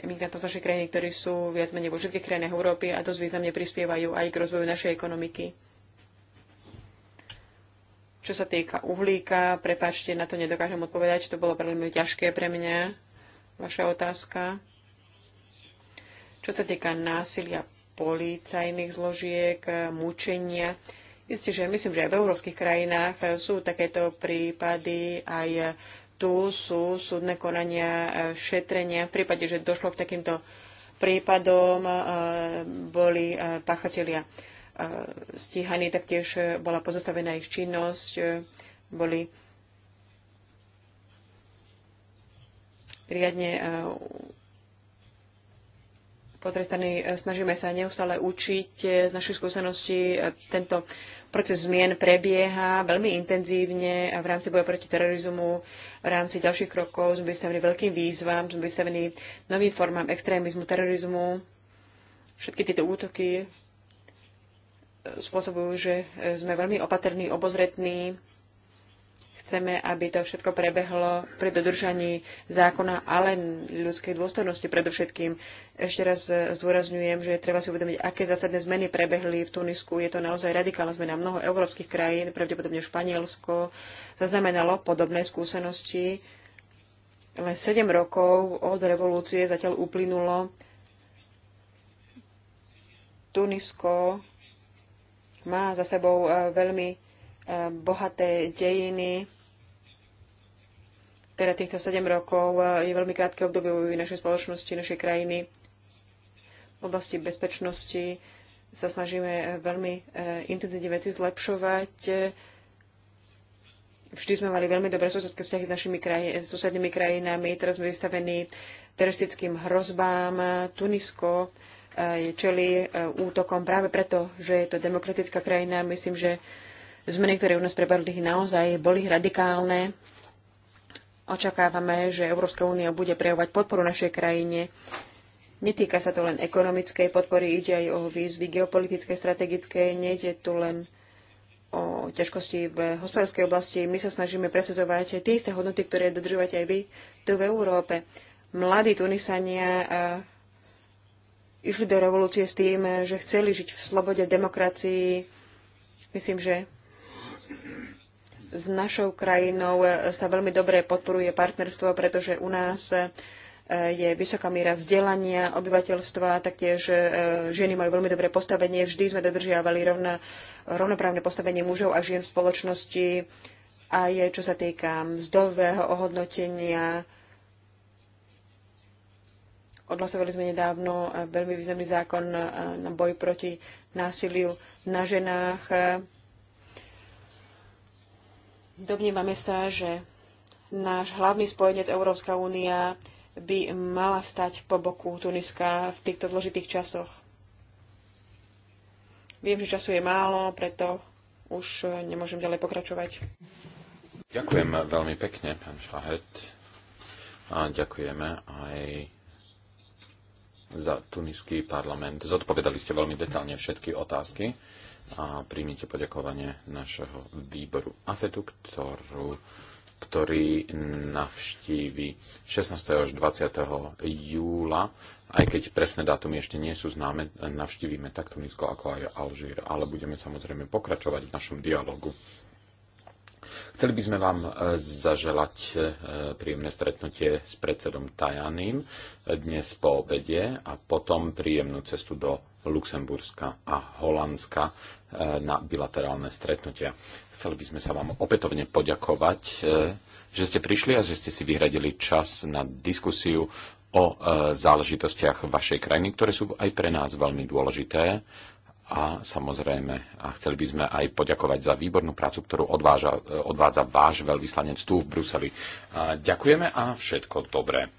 emigrantov z našej krajiny, ktorí sú viac menej vo všetkých krajinách Európy a dosť významne prispievajú aj k rozvoju našej ekonomiky. Čo sa týka uhlíka, prepáčte, na to nedokážem odpovedať, to bolo veľmi ťažké pre mňa vaša otázka. Čo sa týka násilia policajných zložiek, mučenia, Isté, že myslím, že aj v európskych krajinách sú takéto prípady, aj tu sú súdne konania, šetrenia. V prípade, že došlo k takýmto prípadom, e, boli e, pachatelia e, stíhaní, taktiež bola pozastavená ich činnosť, boli riadne e, potrestaní. E, snažíme sa neustále učiť e, z našich skúseností. Tento proces zmien prebieha veľmi intenzívne v rámci boja proti terorizmu, v rámci ďalších krokov sme vystavení veľkým výzvam, sme vystavení novým formám extrémizmu, terorizmu. Všetky tieto útoky spôsobujú, že sme veľmi opatrní, obozretní Chceme, aby to všetko prebehlo pri dodržaní zákona, ale ľudskej dôstojnosti predovšetkým. Ešte raz zdôrazňujem, že treba si uvedomiť, aké zásadné zmeny prebehli v Tunisku. Je to naozaj radikálna zmena. Mnoho európskych krajín, pravdepodobne Španielsko, zaznamenalo podobné skúsenosti. Len 7 rokov od revolúcie zatiaľ uplynulo. Tunisko má za sebou eh, veľmi eh, bohaté dejiny teda týchto 7 rokov e, je veľmi krátke obdobie v našej spoločnosti, našej krajiny. V oblasti bezpečnosti sa snažíme e, veľmi e, intenzívne veci zlepšovať. Vždy sme mali veľmi dobré susedské vzťahy s našimi kraj- susednými krajinami. Teraz sme vystavení teroristickým hrozbám. Tunisko čeli útokom práve preto, že je to demokratická krajina. Myslím, že zmeny, ktoré u nás prepadli, naozaj boli radikálne Očakávame, že Európska únia bude prejavovať podporu našej krajine. Netýka sa to len ekonomickej podpory, ide aj o výzvy geopolitické, strategické, nejde tu len o ťažkosti v hospodárskej oblasti. My sa snažíme presvedovať tie isté hodnoty, ktoré dodržujete aj vy tu v Európe. Mladí Tunisania išli do revolúcie s tým, že chceli žiť v slobode, demokracii. Myslím, že s našou krajinou e, sa veľmi dobre podporuje partnerstvo, pretože u nás e, je vysoká míra vzdelania obyvateľstva, taktiež e, ženy majú veľmi dobré postavenie. Vždy sme dodržiavali rovna, rovnoprávne postavenie mužov a žien v spoločnosti, aj čo sa týka mzdového ohodnotenia. Odhlasovali sme nedávno veľmi významný zákon na boj proti násiliu na ženách Domnievame sa, že náš hlavný spojenec Európska únia by mala stať po boku Tuniska v týchto dôležitých časoch. Viem, že času je málo, preto už nemôžem ďalej pokračovať. Ďakujem veľmi pekne, pán Šlahet. A ďakujeme aj za tuniský parlament. Zodpovedali ste veľmi detálne všetky otázky a príjmite poďakovanie našeho výboru AFETu, ktorú, ktorý navštívi 16. až 20. júla. Aj keď presné dátumy ešte nie sú známe, navštívime tak Tunisko ako aj Alžír, ale budeme samozrejme pokračovať v našom dialogu. Chceli by sme vám e, zaželať e, príjemné stretnutie s predsedom Tajaným dnes po obede a potom príjemnú cestu do Luxemburska a Holandska e, na bilaterálne stretnutia. Chceli by sme sa vám opätovne poďakovať, e, že ste prišli a že ste si vyhradili čas na diskusiu o e, záležitostiach vašej krajiny, ktoré sú aj pre nás veľmi dôležité. A samozrejme, a chceli by sme aj poďakovať za výbornú prácu, ktorú odváža, odvádza váš veľvyslanec tu v Bruseli. A ďakujeme a všetko dobré.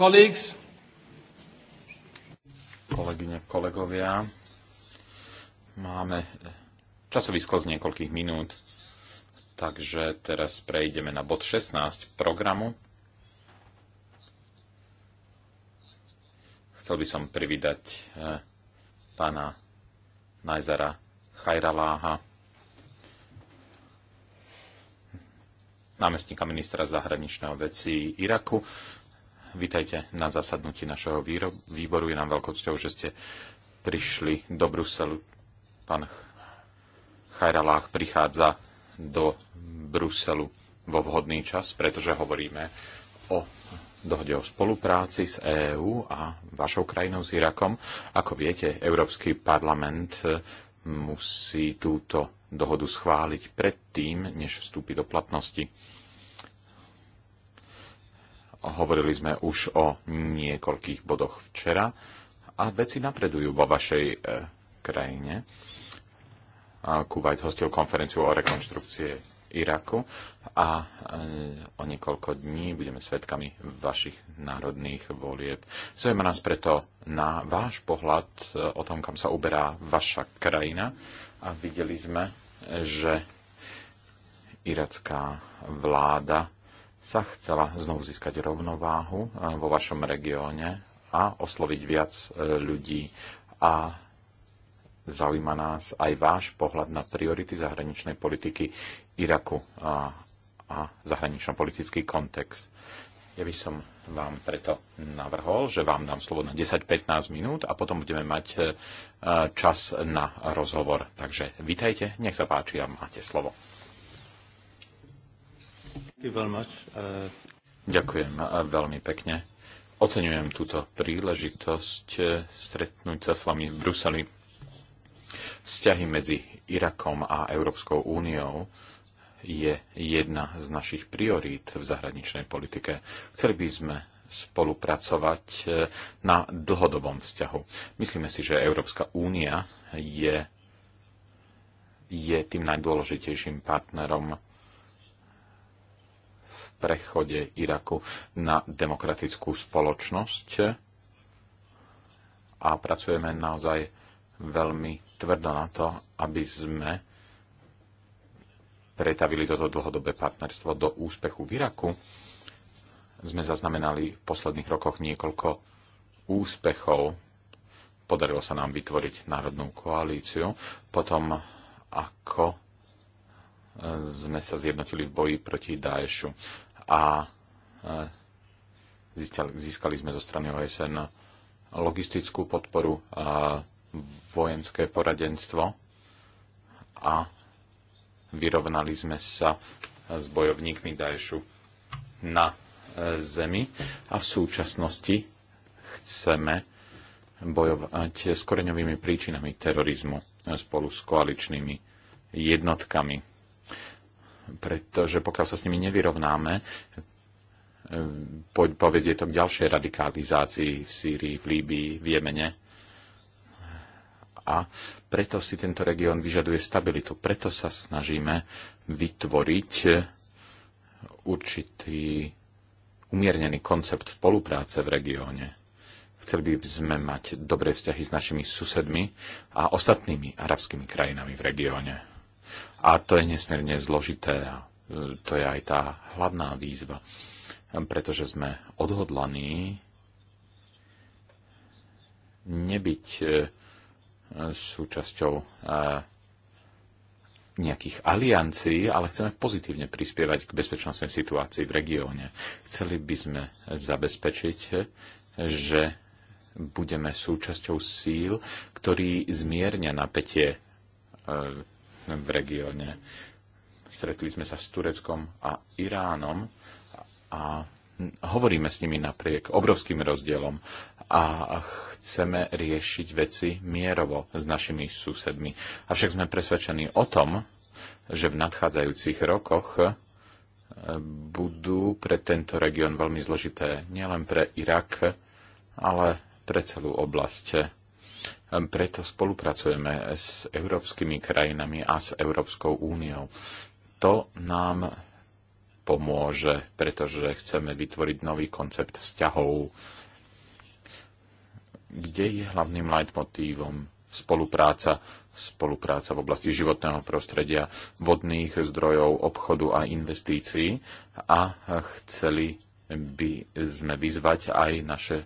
Colleagues. Kolegyne, kolegovia, máme časovisko z niekoľkých minút, takže teraz prejdeme na bod 16 programu. Chcel by som privídať eh, pána Najzara Chajraláha, námestníka ministra zahraničného veci Iraku, Vítajte na zasadnutí našeho výboru. Je nám veľkou cťou, že ste prišli do Bruselu. Pán Chajralách prichádza do Bruselu vo vhodný čas, pretože hovoríme o dohode o spolupráci s EÚ a vašou krajinou s Irakom. Ako viete, Európsky parlament e, musí túto dohodu schváliť predtým, než vstúpi do platnosti. Hovorili sme už o niekoľkých bodoch včera a veci napredujú vo vašej e, krajine. Kuwait hostil konferenciu o rekonštrukcie Iraku a e, o niekoľko dní budeme svetkami vašich národných volieb. Zaujíma nás preto na váš pohľad e, o tom, kam sa uberá vaša krajina a videli sme, že iracká vláda sa chcela znovu získať rovnováhu eh, vo vašom regióne a osloviť viac eh, ľudí. A zaujíma nás aj váš pohľad na priority zahraničnej politiky Iraku a, a zahranično-politický kontext. Ja by som vám preto navrhol, že vám dám slovo na 10-15 minút a potom budeme mať eh, čas na rozhovor. Takže vitajte, nech sa páči a máte slovo. Uh, Ďakujem veľmi pekne. Oceňujem túto príležitosť eh, stretnúť sa s vami v Bruseli. Vzťahy medzi Irakom a Európskou úniou je jedna z našich priorít v zahraničnej politike. Chceli by sme spolupracovať eh, na dlhodobom vzťahu. Myslíme si, že Európska únia je, je tým najdôležitejším partnerom prechode Iraku na demokratickú spoločnosť a pracujeme naozaj veľmi tvrdo na to, aby sme pretavili toto dlhodobé partnerstvo do úspechu v Iraku. Sme zaznamenali v posledných rokoch niekoľko úspechov. Podarilo sa nám vytvoriť národnú koalíciu. Potom, ako sme sa zjednotili v boji proti Daešu a e, získali sme zo strany OSN logistickú podporu, vojenské poradenstvo a vyrovnali sme sa s bojovníkmi Daešu na e, zemi a v súčasnosti chceme bojovať s koreňovými príčinami terorizmu spolu s koaličnými jednotkami pretože pokiaľ sa s nimi nevyrovnáme, povedie to k ďalšej radikalizácii v Sýrii, v Líbii, v Jemene. A preto si tento región vyžaduje stabilitu. Preto sa snažíme vytvoriť určitý umiernený koncept spolupráce v regióne. Chceli by sme mať dobré vzťahy s našimi susedmi a ostatnými arabskými krajinami v regióne. A to je nesmierne zložité a e, to je aj tá hlavná výzva, pretože sme odhodlaní nebyť e, súčasťou e, nejakých aliancií, ale chceme pozitívne prispievať k bezpečnostnej situácii v regióne. Chceli by sme zabezpečiť, že budeme súčasťou síl, ktorý zmiernia napätie v regióne. Stretli sme sa s Tureckom a Iránom a hovoríme s nimi napriek obrovským rozdielom a chceme riešiť veci mierovo s našimi susedmi. Avšak sme presvedčení o tom, že v nadchádzajúcich rokoch eh, budú pre tento región veľmi zložité nielen pre Irak, ale pre celú oblasť. Eh, preto spolupracujeme s európskymi krajinami a s Európskou úniou. To nám pomôže, pretože chceme vytvoriť nový koncept vzťahov, kde je hlavným leitmotívom spolupráca, spolupráca v oblasti životného prostredia, vodných zdrojov, obchodu a investícií a chceli by sme vyzvať aj naše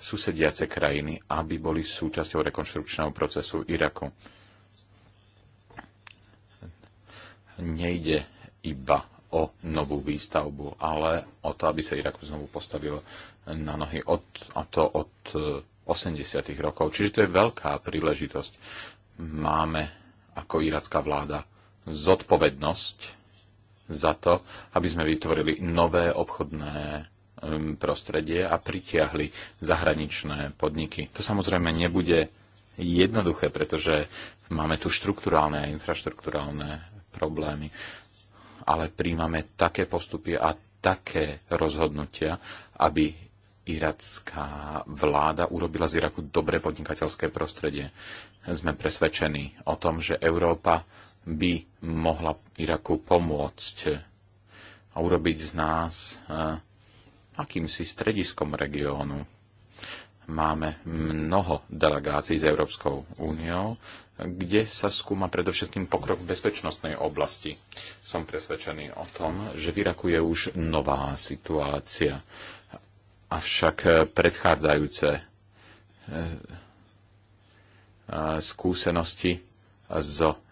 susediace krajiny, aby boli súčasťou rekonštrukčného procesu Iraku. Nejde iba o novú výstavbu, ale o to, aby sa Irak znovu postavil na nohy od, a to od 80. Eh, rokov. Čiže to je veľká príležitosť. Máme ako iracká vláda zodpovednosť za to, aby sme vytvorili nové obchodné Um, prostredie a pritiahli zahraničné podniky. To samozrejme nebude jednoduché, pretože máme tu štruktúrálne a infraštruktúrálne problémy, ale príjmame také postupy a také rozhodnutia, aby iracká vláda urobila z Iraku dobré podnikateľské prostredie. Sme presvedčení o tom, že Európa by mohla Iraku pomôcť a urobiť z nás eh, akýmsi strediskom regiónu. Máme mnoho delegácií s Európskou úniou, kde sa skúma predovšetkým pokrok v bezpečnostnej oblasti. Som presvedčený o tom, že v Iraku je už nová situácia, avšak predchádzajúce eh, eh, skúsenosti so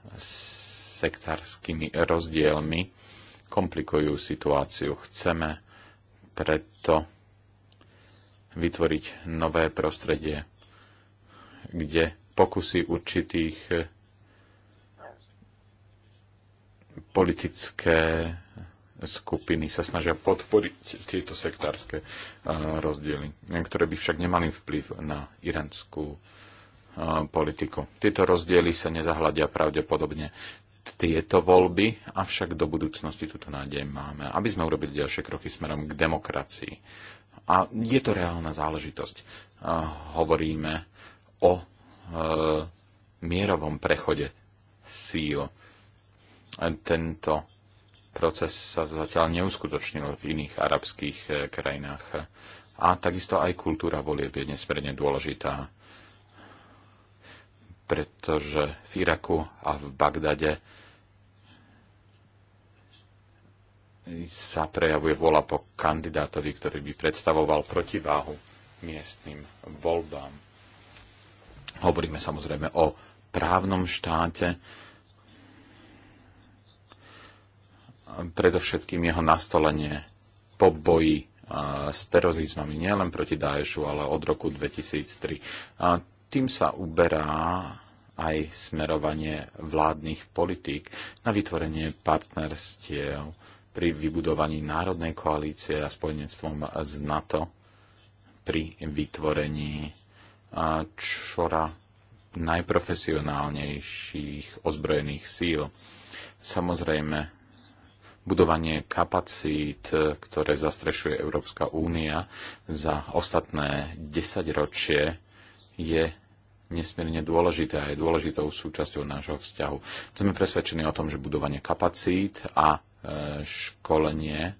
sektárskymi rozdielmi komplikujú situáciu. Chceme preto vytvoriť nové prostredie, kde pokusy určitých eh, politické skupiny sa snažia podporiť tieto sektárske eh, rozdiely, ktoré by však nemali vplyv na iránskú eh, politiku. Tieto rozdiely sa nezahľadia pravdepodobne tieto voľby, avšak do budúcnosti túto nádej máme, aby sme urobili ďalšie kroky smerom k demokracii. A je to reálna záležitosť. Hovoríme o e, mierovom prechode síl. Tento proces sa zatiaľ neuskutočnil v iných arabských e, krajinách. A takisto aj kultúra volieb je nesmierne dôležitá pretože v Iraku a v Bagdade sa prejavuje vola po kandidátovi, ktorý by predstavoval protiváhu miestnym voľbám. Hovoríme samozrejme o právnom štáte, predovšetkým jeho nastolenie po boji s terorizmami nielen proti Daešu, ale od roku 2003. A tým sa uberá aj smerovanie vládnych politík na vytvorenie partnerstiev pri vybudovaní národnej koalície a spojenectvom z NATO pri vytvorení čora najprofesionálnejších ozbrojených síl. Samozrejme, budovanie kapacít, ktoré zastrešuje Európska únia za ostatné desaťročie, je nesmierne dôležité a je dôležitou súčasťou nášho vzťahu. Sme presvedčení o tom, že budovanie kapacít a e, školenie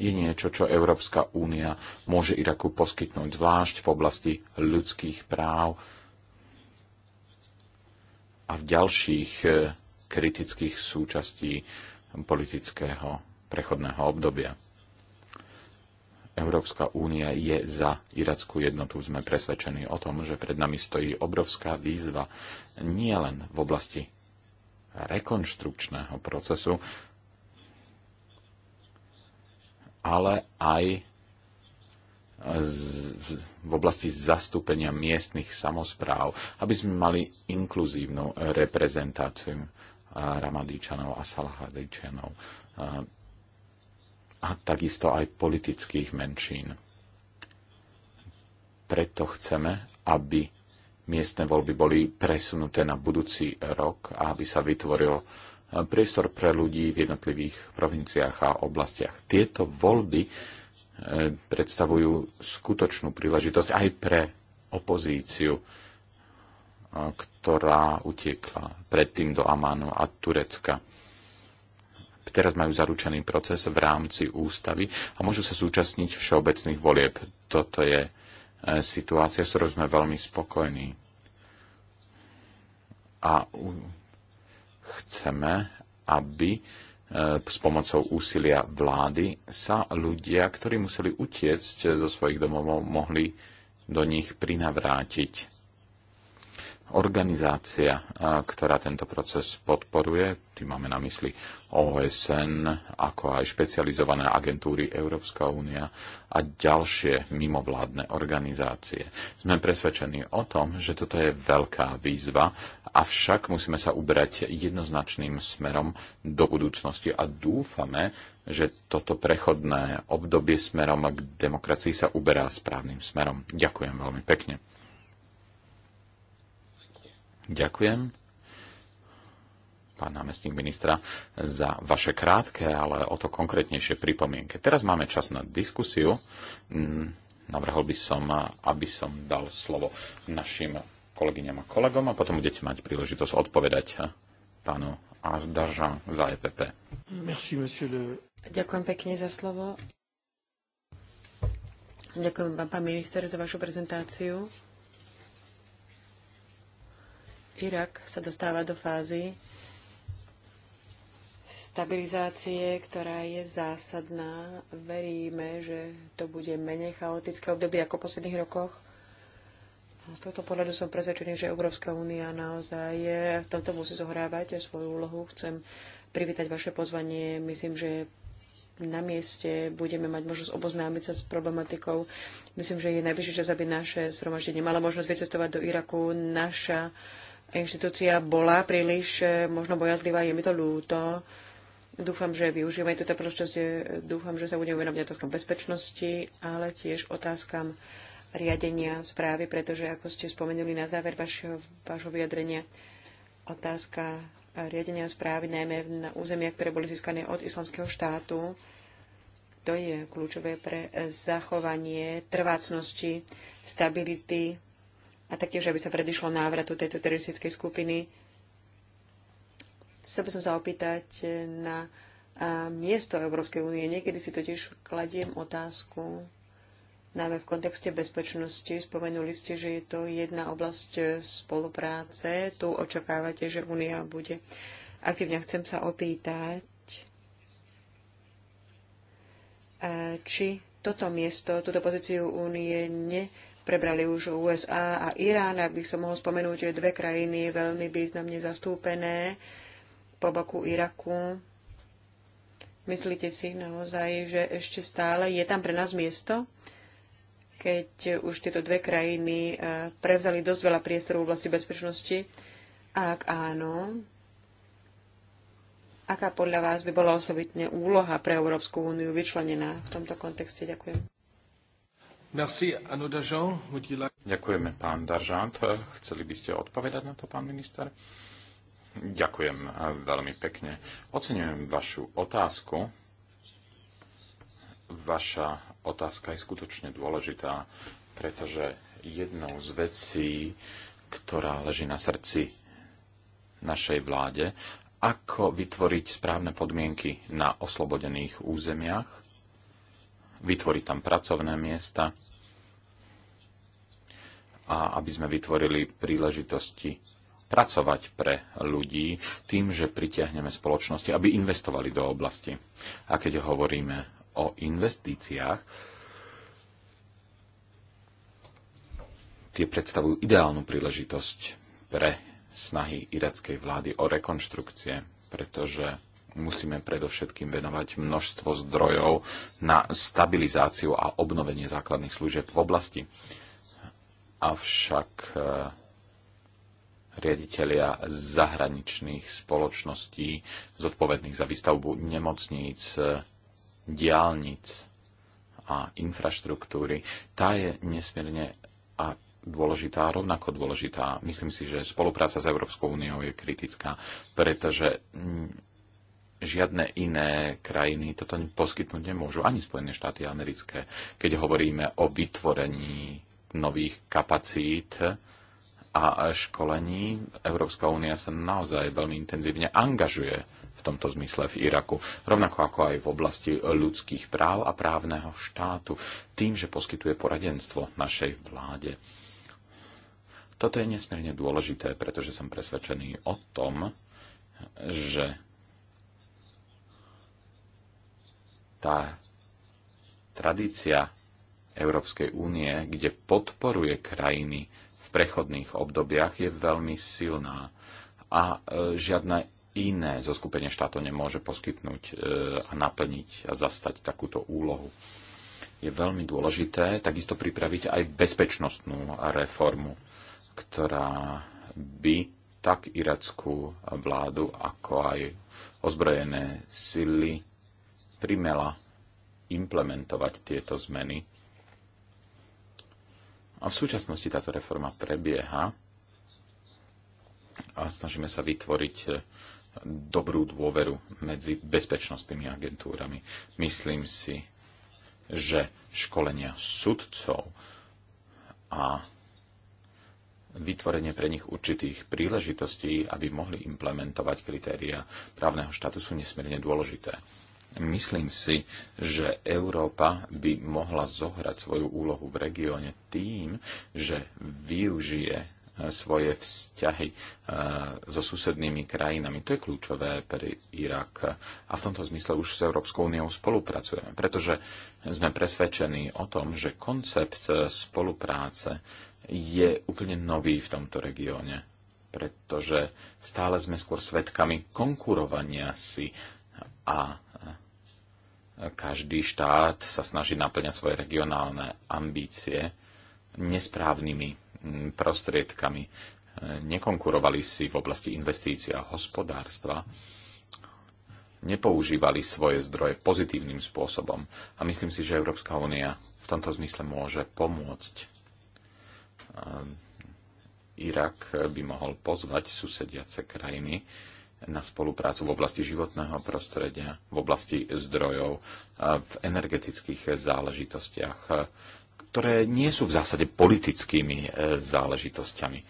je niečo, čo Európska únia môže Iraku poskytnúť, zvlášť v oblasti ľudských práv a v ďalších e, kritických súčastí politického prechodného obdobia. Európska únia je za irackú jednotu. Sme presvedčení o tom, že pred nami stojí obrovská výzva nielen v oblasti rekonštrukčného procesu, ale aj v oblasti zastúpenia miestnych samozpráv, aby sme mali inkluzívnu reprezentáciu Ramadíčanov a Salahadíčanov a takisto aj politických menšín. Preto chceme, aby miestne voľby boli presunuté na budúci rok a aby sa vytvoril e, priestor pre ľudí v jednotlivých provinciách a oblastiach. Tieto voľby e, predstavujú skutočnú príležitosť aj pre opozíciu, e, ktorá utiekla predtým do Amánu a Turecka teraz majú zaručený proces v rámci ústavy a môžu sa zúčastniť všeobecných volieb. Toto je e, situácia, s ktorou sme veľmi spokojní. A chceme, aby e, s pomocou úsilia vlády sa ľudia, ktorí museli utiecť zo svojich domovov, mohli do nich prinavrátiť organizácia, ktorá tento proces podporuje, tým máme na mysli OSN, ako aj špecializované agentúry Európska únia a ďalšie mimovládne organizácie. Sme presvedčení o tom, že toto je veľká výzva, avšak musíme sa uberať jednoznačným smerom do budúcnosti a dúfame, že toto prechodné obdobie smerom k demokracii sa uberá správnym smerom. Ďakujem veľmi pekne. Ďakujem, pán námestník ministra, za vaše krátke, ale o to konkrétnejšie pripomienke. Teraz máme čas na diskusiu. Mm, navrhol by som, aby som dal slovo našim kolegyňam a kolegom a potom budete mať príležitosť odpovedať pánu Ardažan za EPP. Merci, le... Ďakujem pekne za slovo. Ďakujem vám, pán minister, za vašu prezentáciu. Irak sa dostáva do fázy stabilizácie, ktorá je zásadná. Veríme, že to bude menej chaotické obdobie ako v posledných rokoch. A z tohto pohľadu som presvedčený, že Európska únia naozaj je, v tomto musí zohrávať svoju úlohu. Chcem privítať vaše pozvanie. Myslím, že na mieste budeme mať možnosť oboznámiť sa s problematikou. Myslím, že je najvyšší čas, aby naše zhromaždenie malo možnosť vycestovať do Iraku. Naša uh, inštitúcia bola príliš e, možno bojazlivá, je mi to ľúto. Dúfam, že využijeme túto príležitosť, e, dúfam, že sa budeme venovať otázkam bezpečnosti, ale tiež otázkam riadenia správy, pretože ako ste spomenuli na záver vašho, vašho vyjadrenia, otázka riadenia správy najmä na územia, ktoré boli získané od islamského štátu, to je kľúčové pre zachovanie trvácnosti, stability a taktiež, aby sa predišlo návratu tejto teroristickej skupiny. Chcel by som sa opýtať na miesto Európskej únie. Niekedy si totiž kladiem otázku, najmä v kontexte bezpečnosti. Spomenuli ste, že je to jedna oblasť spolupráce. Tu očakávate, že Únia bude aktívne. Chcem sa opýtať, či toto miesto, túto pozíciu Únie ne prebrali už USA a Irán. Ak by som mohol spomenúť, že dve krajiny veľmi významne zastúpené po boku Iraku. Myslíte si naozaj, že ešte stále je tam pre nás miesto? keď už tieto dve krajiny eh, prevzali dosť veľa priestoru v oblasti bezpečnosti? Ak áno, aká podľa vás by bola osobitne úloha pre Európsku úniu vyčlenená v tomto kontexte? Ďakujem. Ďakujeme, pán Daržant. Chceli by ste odpovedať na to, pán minister? Ďakujem eh, veľmi pekne. Oceňujem vašu otázku. Vaša otázka je skutočne dôležitá, pretože jednou z vecí, ktorá leží na srdci našej vláde, ako vytvoriť správne podmienky na oslobodených územiach vytvoriť tam pracovné miesta a aby sme vytvorili príležitosti pracovať pre ľudí tým, že pritiahneme spoločnosti, aby investovali do oblasti. A keď hovoríme o investíciách, tie predstavujú ideálnu príležitosť pre snahy irackej vlády o rekonštrukcie, pretože musíme predovšetkým venovať množstvo zdrojov na stabilizáciu a obnovenie základných služieb v oblasti. Avšak e, riaditeľia zahraničných spoločností zodpovedných za výstavbu nemocníc, e, diálnic a infraštruktúry, tá je nesmierne a dôležitá, rovnako dôležitá. Myslím si, že spolupráca s Európskou úniou je kritická, pretože žiadne iné krajiny toto poskytnúť nemôžu, ani Spojené štáty americké, keď hovoríme o vytvorení nových kapacít a školení. Európska únia sa naozaj veľmi intenzívne angažuje v tomto zmysle v Iraku, rovnako ako aj v oblasti ľudských práv a právneho štátu, tým, že poskytuje poradenstvo našej vláde. Toto je nesmierne dôležité, pretože som presvedčený o tom, že tá tradícia Európskej únie, kde podporuje krajiny v prechodných obdobiach, je veľmi silná a e, žiadne iné zoskupenie štátov nemôže poskytnúť e, a naplniť a zastať takúto úlohu. Je veľmi dôležité takisto pripraviť aj bezpečnostnú reformu, ktorá by tak irackú vládu, ako aj ozbrojené sily primela implementovať tieto zmeny. A v súčasnosti táto reforma prebieha a snažíme sa vytvoriť e, dobrú dôveru medzi bezpečnostnými agentúrami. Myslím si, že školenia sudcov a vytvorenie pre nich určitých príležitostí, aby mohli implementovať kritéria právneho štátu, sú nesmierne dôležité. Myslím si, že Európa by mohla zohrať svoju úlohu v regióne tým, že využije eh, svoje vzťahy eh, so susednými krajinami. To je kľúčové pre Irak. A v tomto zmysle už s Európskou úniou spolupracujeme, pretože sme presvedčení o tom, že koncept eh, spolupráce je úplne nový v tomto regióne, pretože stále sme skôr svedkami konkurovania si a každý štát sa snaží naplňať svoje regionálne ambície nesprávnymi mm, prostriedkami. Nekonkurovali si v oblasti investícií a hospodárstva, nepoužívali svoje zdroje pozitívnym spôsobom. A myslím si, že Európska únia v tomto zmysle môže pomôcť. Ehm, Irak by mohol pozvať susediace krajiny, na spoluprácu v oblasti životného prostredia, v oblasti zdrojov, v energetických záležitostiach, ktoré nie sú v zásade politickými e, záležitosťami.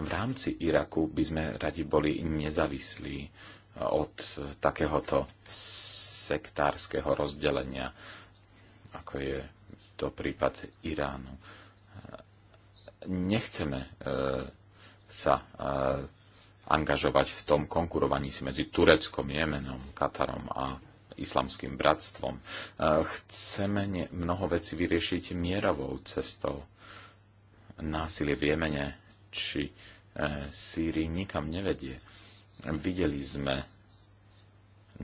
V rámci Iraku by sme radi boli nezávislí e, od takéhoto sektárskeho rozdelenia, ako je to prípad Iránu. E, nechceme sa angažovať v tom konkurovaní si medzi Tureckom, Jemenom, Katarom a islamským bratstvom. E, chceme mnoho vecí vyriešiť mierovou cestou. Násilie v Jemene či e, Sýrii nikam nevedie. Videli sme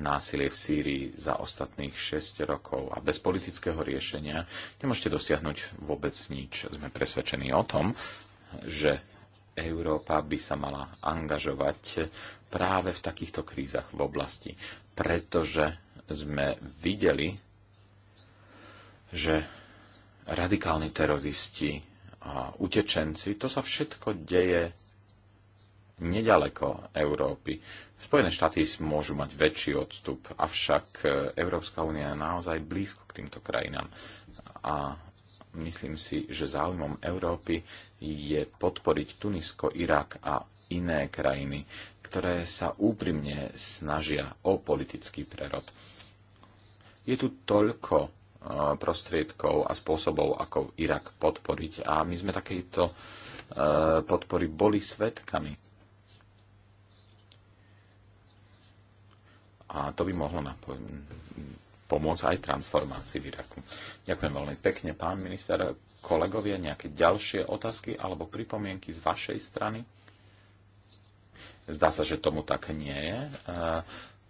násilie v Sýrii za ostatných 6 rokov a bez politického riešenia nemôžete dosiahnuť vôbec nič. Sme presvedčení o tom, že Európa by sa mala angažovať práve v takýchto krízach v oblasti, pretože sme videli, že radikálni teroristi a utečenci, to sa všetko deje nedaleko Európy. Spojené štáty môžu mať väčší odstup, avšak Európska únia je naozaj blízko k týmto krajinám. A Myslím si, že záujmom Európy je podporiť Tunisko, Irak a iné krajiny, ktoré sa úprimne snažia o politický prerod. Je tu toľko e, prostriedkov a spôsobov, ako Irak podporiť. A my sme takejto e, podpory boli svetkami. A to by mohlo pomôcť aj transformácii v Iraku. Ďakujem veľmi pekne, pán minister. Kolegovia, nejaké ďalšie otázky alebo pripomienky z vašej strany? Zdá sa, že tomu tak nie je. E,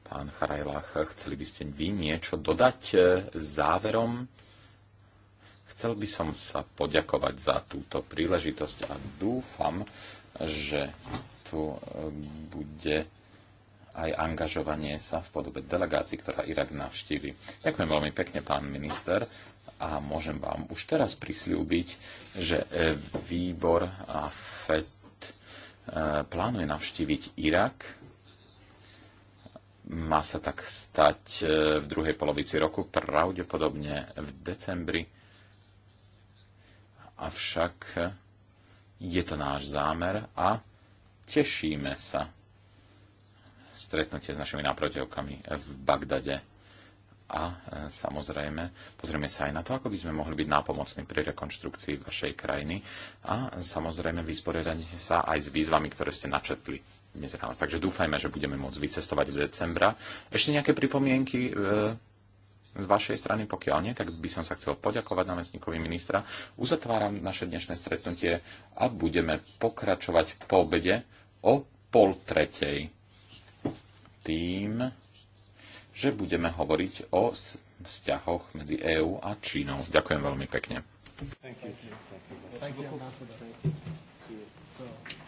pán Charajlach, chceli by ste vy niečo dodať e, záverom? Chcel by som sa poďakovať za túto príležitosť a dúfam, že tu e, bude aj angažovanie sa v podobe delegácií, ktorá Irak navštívi. Ďakujem veľmi pekne, pán minister, a môžem vám už teraz prislúbiť, že e, výbor a FED e, plánuje navštíviť Irak. Má sa tak stať e, v druhej polovici roku, pravdepodobne v decembri. Avšak je to náš zámer a tešíme sa stretnutie s našimi náprotivkami v Bagdade. A e, samozrejme, pozrieme sa aj na to, ako by sme mohli byť nápomocní pri rekonštrukcii vašej krajiny a samozrejme vysporiadať sa aj s výzvami, ktoré ste načetli dnes ráno. Takže dúfajme, že budeme môcť vycestovať do decembra. Ešte nejaké pripomienky e, z vašej strany, pokiaľ nie, tak by som sa chcel poďakovať námestníkovi ministra. Uzatváram naše dnešné stretnutie a budeme pokračovať po obede o pol tretej tým, že budeme hovoriť o vzťahoch medzi EÚ a Čínou. Ďakujem veľmi pekne. Thank you. Thank you. Thank you. Thank you. Thank you.